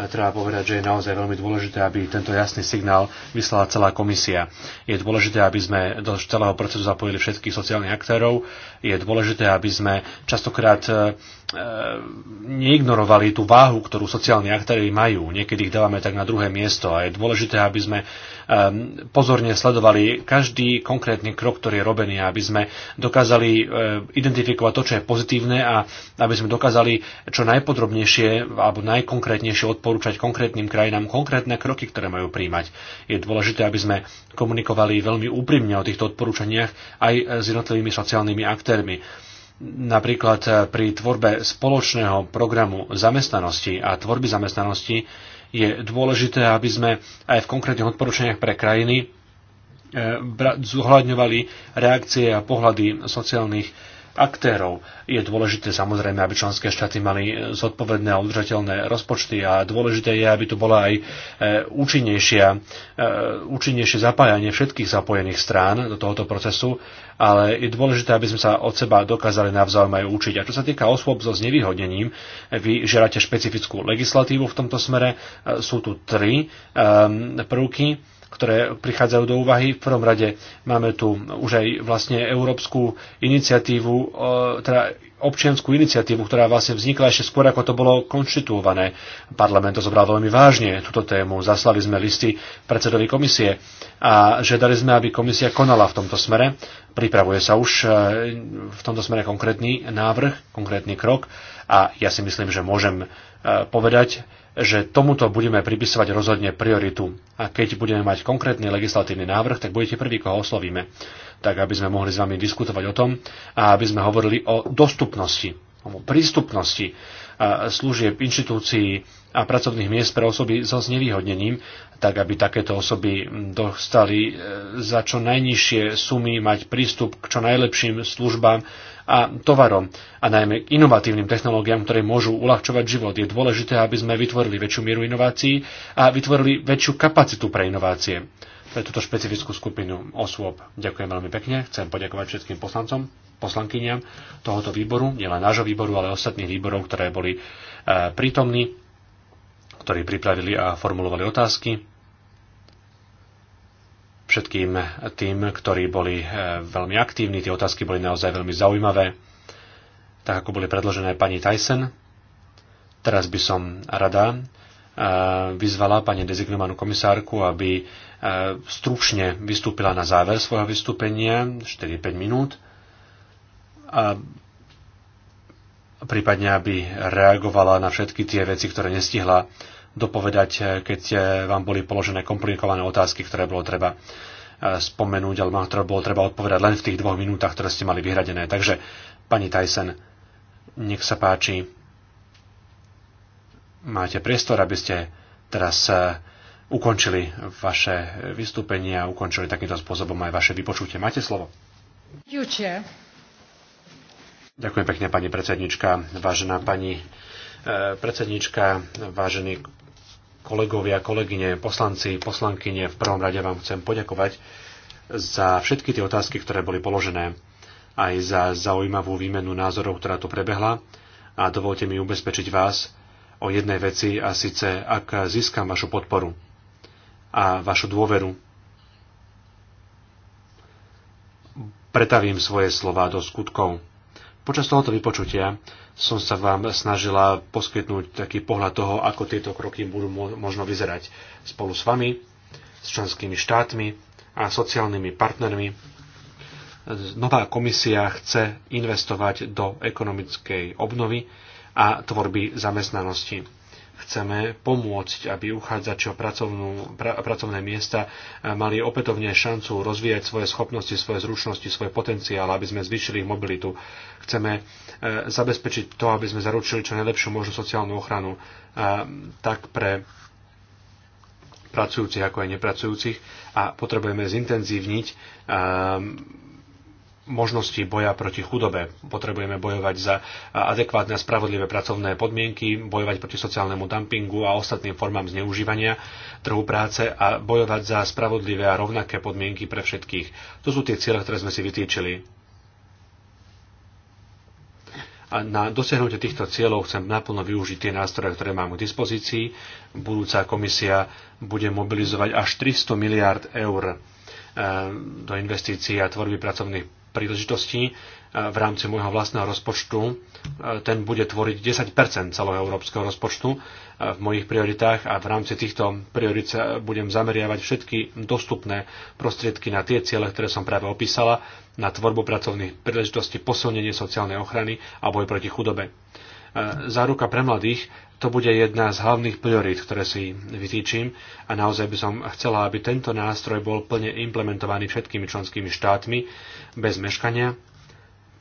treba povedať, že je naozaj veľmi dôležité, aby tento jasný signál vyslala celá komisia. Je dôležité, aby sme do celého procesu zapojili všetkých sociálnych aktérov. Je dôležité, aby sme častokrát e, e, neignorovali tú váhu, ktorú sociálni aktéry majú. Niekedy ich dávame tak na druhé miesto a je dôležité, aby sme Ehm, pozorne sledovali každý konkrétny krok, ktorý je robený, aby sme dokázali ehm, identifikovať to, čo je pozitívne a aby sme dokázali čo najpodrobnejšie alebo najkonkrétnejšie odporúčať konkrétnym krajinám konkrétne kroky, ktoré majú príjmať. Je dôležité, aby sme komunikovali veľmi úprimne o týchto odporúčaniach aj s jednotlivými sociálnymi aktérmi napríklad pri tvorbe spoločného programu zamestnanosti a tvorby zamestnanosti je dôležité, aby sme aj v konkrétnych odporúčaniach pre krajiny e, zohľadňovali reakcie a pohľady sociálnych aktérov. Je dôležité samozrejme, aby členské štáty mali zodpovedné a udržateľné rozpočty a dôležité je, aby to bola aj e, účinnejšia, e, účinnejšie zapájanie všetkých zapojených strán do tohoto procesu ale je dôležité, aby sme sa od seba dokázali navzájom aj učiť. A čo sa týka osôb so znevýhodnením, vy žiadate špecifickú legislatívu v tomto smere. E, sú tu tri ehm, prvky ktoré prichádzajú do úvahy. V prvom rade máme tu už aj vlastne európsku iniciatívu, e, teda občianskú iniciatívu, ktorá vlastne vznikla ešte skôr, ako to bolo konštituované. Parlament to zobral veľmi vážne, túto tému. Zaslali sme listy predsedovi komisie a žiadali sme, aby komisia konala v tomto smere. Pripravuje sa už e, v tomto smere konkrétny návrh, konkrétny krok a ja si myslím, že môžem e, povedať, že tomuto budeme pripisovať rozhodne prioritu. A keď budeme mať konkrétny legislatívny návrh, tak budete prvý, koho oslovíme. Tak, aby sme mohli s vami diskutovať o tom a aby sme hovorili o dostupnosti, o prístupnosti e, služieb, inštitúcií a pracovných miest pre osoby so znevýhodnením tak aby takéto osoby dostali e, za čo najnižšie sumy mať prístup k čo najlepším službám a tovarom a najmä k inovatívnym technológiám, ktoré môžu uľahčovať život. Je dôležité, aby sme vytvorili väčšiu mieru inovácií a vytvorili väčšiu kapacitu pre inovácie pre túto špecifickú skupinu osôb. Ďakujem veľmi pekne. Chcem poďakovať všetkým poslancom, poslankyniam tohoto výboru, nielen nášho výboru, ale ostatných výborov, ktoré boli e, prítomní ktorí pripravili a formulovali otázky. Všetkým tým, ktorí boli eh, veľmi aktívni, tie otázky boli naozaj veľmi zaujímavé, tak ako boli predložené pani Tyson. Teraz by som rada eh, vyzvala pani dezignovanú komisárku, aby eh, stručne vystúpila na záver svojho vystúpenia, 4-5 minút, a prípadne aby reagovala na všetky tie veci, ktoré nestihla dopovedať, keď vám boli položené komplikované otázky, ktoré bolo treba eh, spomenúť, alebo ktoré bolo treba odpovedať len v tých dvoch minútach, ktoré ste mali vyhradené. Takže, pani Tyson, nech sa páči, máte priestor, aby ste teraz eh, ukončili vaše vystúpenie a ukončili takýmto spôsobom aj vaše vypočutie. Máte slovo. Ďakujem pekne, pani predsednička, vážená pani e, predsednička, vážení kolegovia, kolegyne, poslanci, poslankyne. V prvom rade vám chcem poďakovať za všetky tie otázky, ktoré boli položené, aj za zaujímavú výmenu názorov, ktorá tu prebehla. A dovolte mi ubezpečiť vás o jednej veci, a síce ak získam vašu podporu a vašu dôveru, pretavím svoje slova do skutkov. Počas tohoto vypočutia som sa vám snažila poskytnúť taký pohľad toho, ako tieto kroky budú možno vyzerať spolu s vami, s členskými štátmi a sociálnymi partnermi. Nová komisia chce investovať do ekonomickej obnovy a tvorby zamestnanosti chceme pomôcť, aby uchádzači o pracovnú, pra, pracovné miesta eh, mali opätovne šancu rozvíjať svoje schopnosti, svoje zručnosti, svoj potenciál, aby sme zvýšili ich mobilitu. Chceme e, zabezpečiť to, aby sme zaručili čo najlepšiu možnú sociálnu ochranu e, tak pre pracujúcich ako aj nepracujúcich a potrebujeme zintenzívniť e, možností boja proti chudobe. Potrebujeme bojovať za adekvátne a spravodlivé pracovné podmienky, bojovať proti sociálnemu dumpingu a ostatným formám zneužívania trhu práce a bojovať za spravodlivé a rovnaké podmienky pre všetkých. To sú tie ciele, ktoré sme si vytýčili. A na dosiahnutie týchto cieľov chcem naplno využiť tie nástroje, ktoré mám k dispozícii. Budúca komisia bude mobilizovať až 300 miliárd eur eh, do investícií a tvorby pracovných príležitosti e, v rámci môjho vlastného rozpočtu. E, ten bude tvoriť 10 celého európskeho rozpočtu e, v mojich prioritách a v rámci týchto priorit budem zameriavať všetky dostupné prostriedky na tie ciele, ktoré som práve opísala, na tvorbu pracovných príležitostí, posilnenie sociálnej ochrany a boj proti chudobe záruka pre mladých to bude jedna z hlavných priorít, ktoré si vytýčim a naozaj by som chcela, aby tento nástroj bol plne implementovaný všetkými členskými štátmi bez meškania,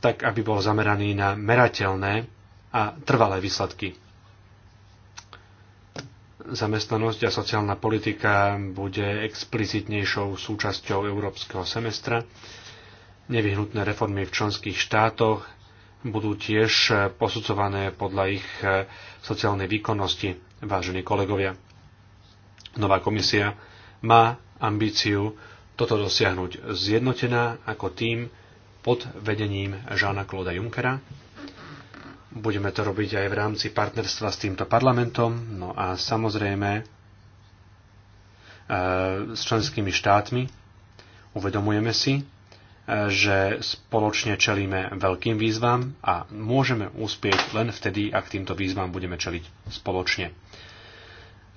tak aby bol zameraný na merateľné a trvalé výsledky. Zamestnanosť a sociálna politika bude explicitnejšou súčasťou európskeho semestra, nevyhnutné reformy v členských štátoch, budú tiež e, posudzované podľa ich e, sociálnej výkonnosti, vážení kolegovia. Nová komisia má ambíciu toto dosiahnuť zjednotená ako tým pod vedením Žána Klóda Junckera. Budeme to robiť aj v rámci partnerstva s týmto parlamentom, no a samozrejme e, s členskými štátmi. Uvedomujeme si, že spoločne čelíme veľkým výzvam a môžeme uspieť len vtedy, ak týmto výzvam budeme čeliť spoločne.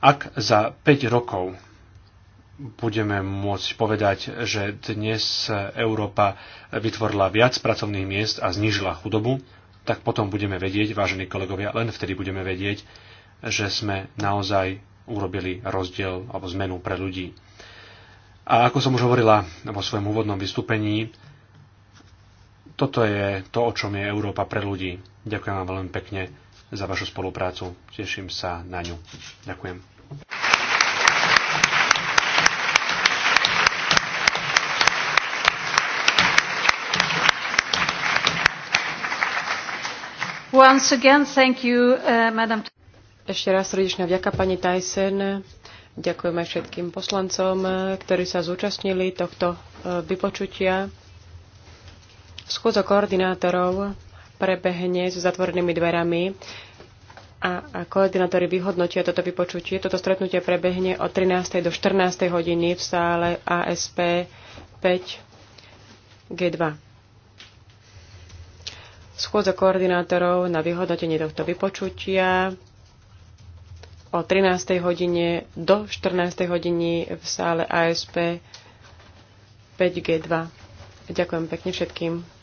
Ak za 5 rokov budeme môcť povedať, že dnes Európa vytvorila viac pracovných miest a znížila chudobu, tak potom budeme vedieť, vážení kolegovia, len vtedy budeme vedieť, že sme naozaj urobili rozdiel alebo zmenu pre ľudí. A ako som už hovorila vo svojom úvodnom vystúpení, toto je to, o čom je Európa pre ľudí. Ďakujem vám veľmi pekne za vašu spoluprácu. Teším sa na ňu. Ďakujem. Once again, thank you, uh, Madam. Ešte raz srdečná vďaka pani Tyson. Ďakujem aj všetkým poslancom, e, ktorí sa zúčastnili tohto e, vypočutia. Schôdza koordinátorov prebehne s zatvorenými dverami a, a koordinátori vyhodnotia toto vypočutie. Toto stretnutie prebehne od 13. do 14. hodiny v sále ASP 5 G2. Schôdza koordinátorov na vyhodnotenie tohto vypočutia o 13. hodine do 14. hodiny v sále ASP 5G2. Ďakujem pekne všetkým.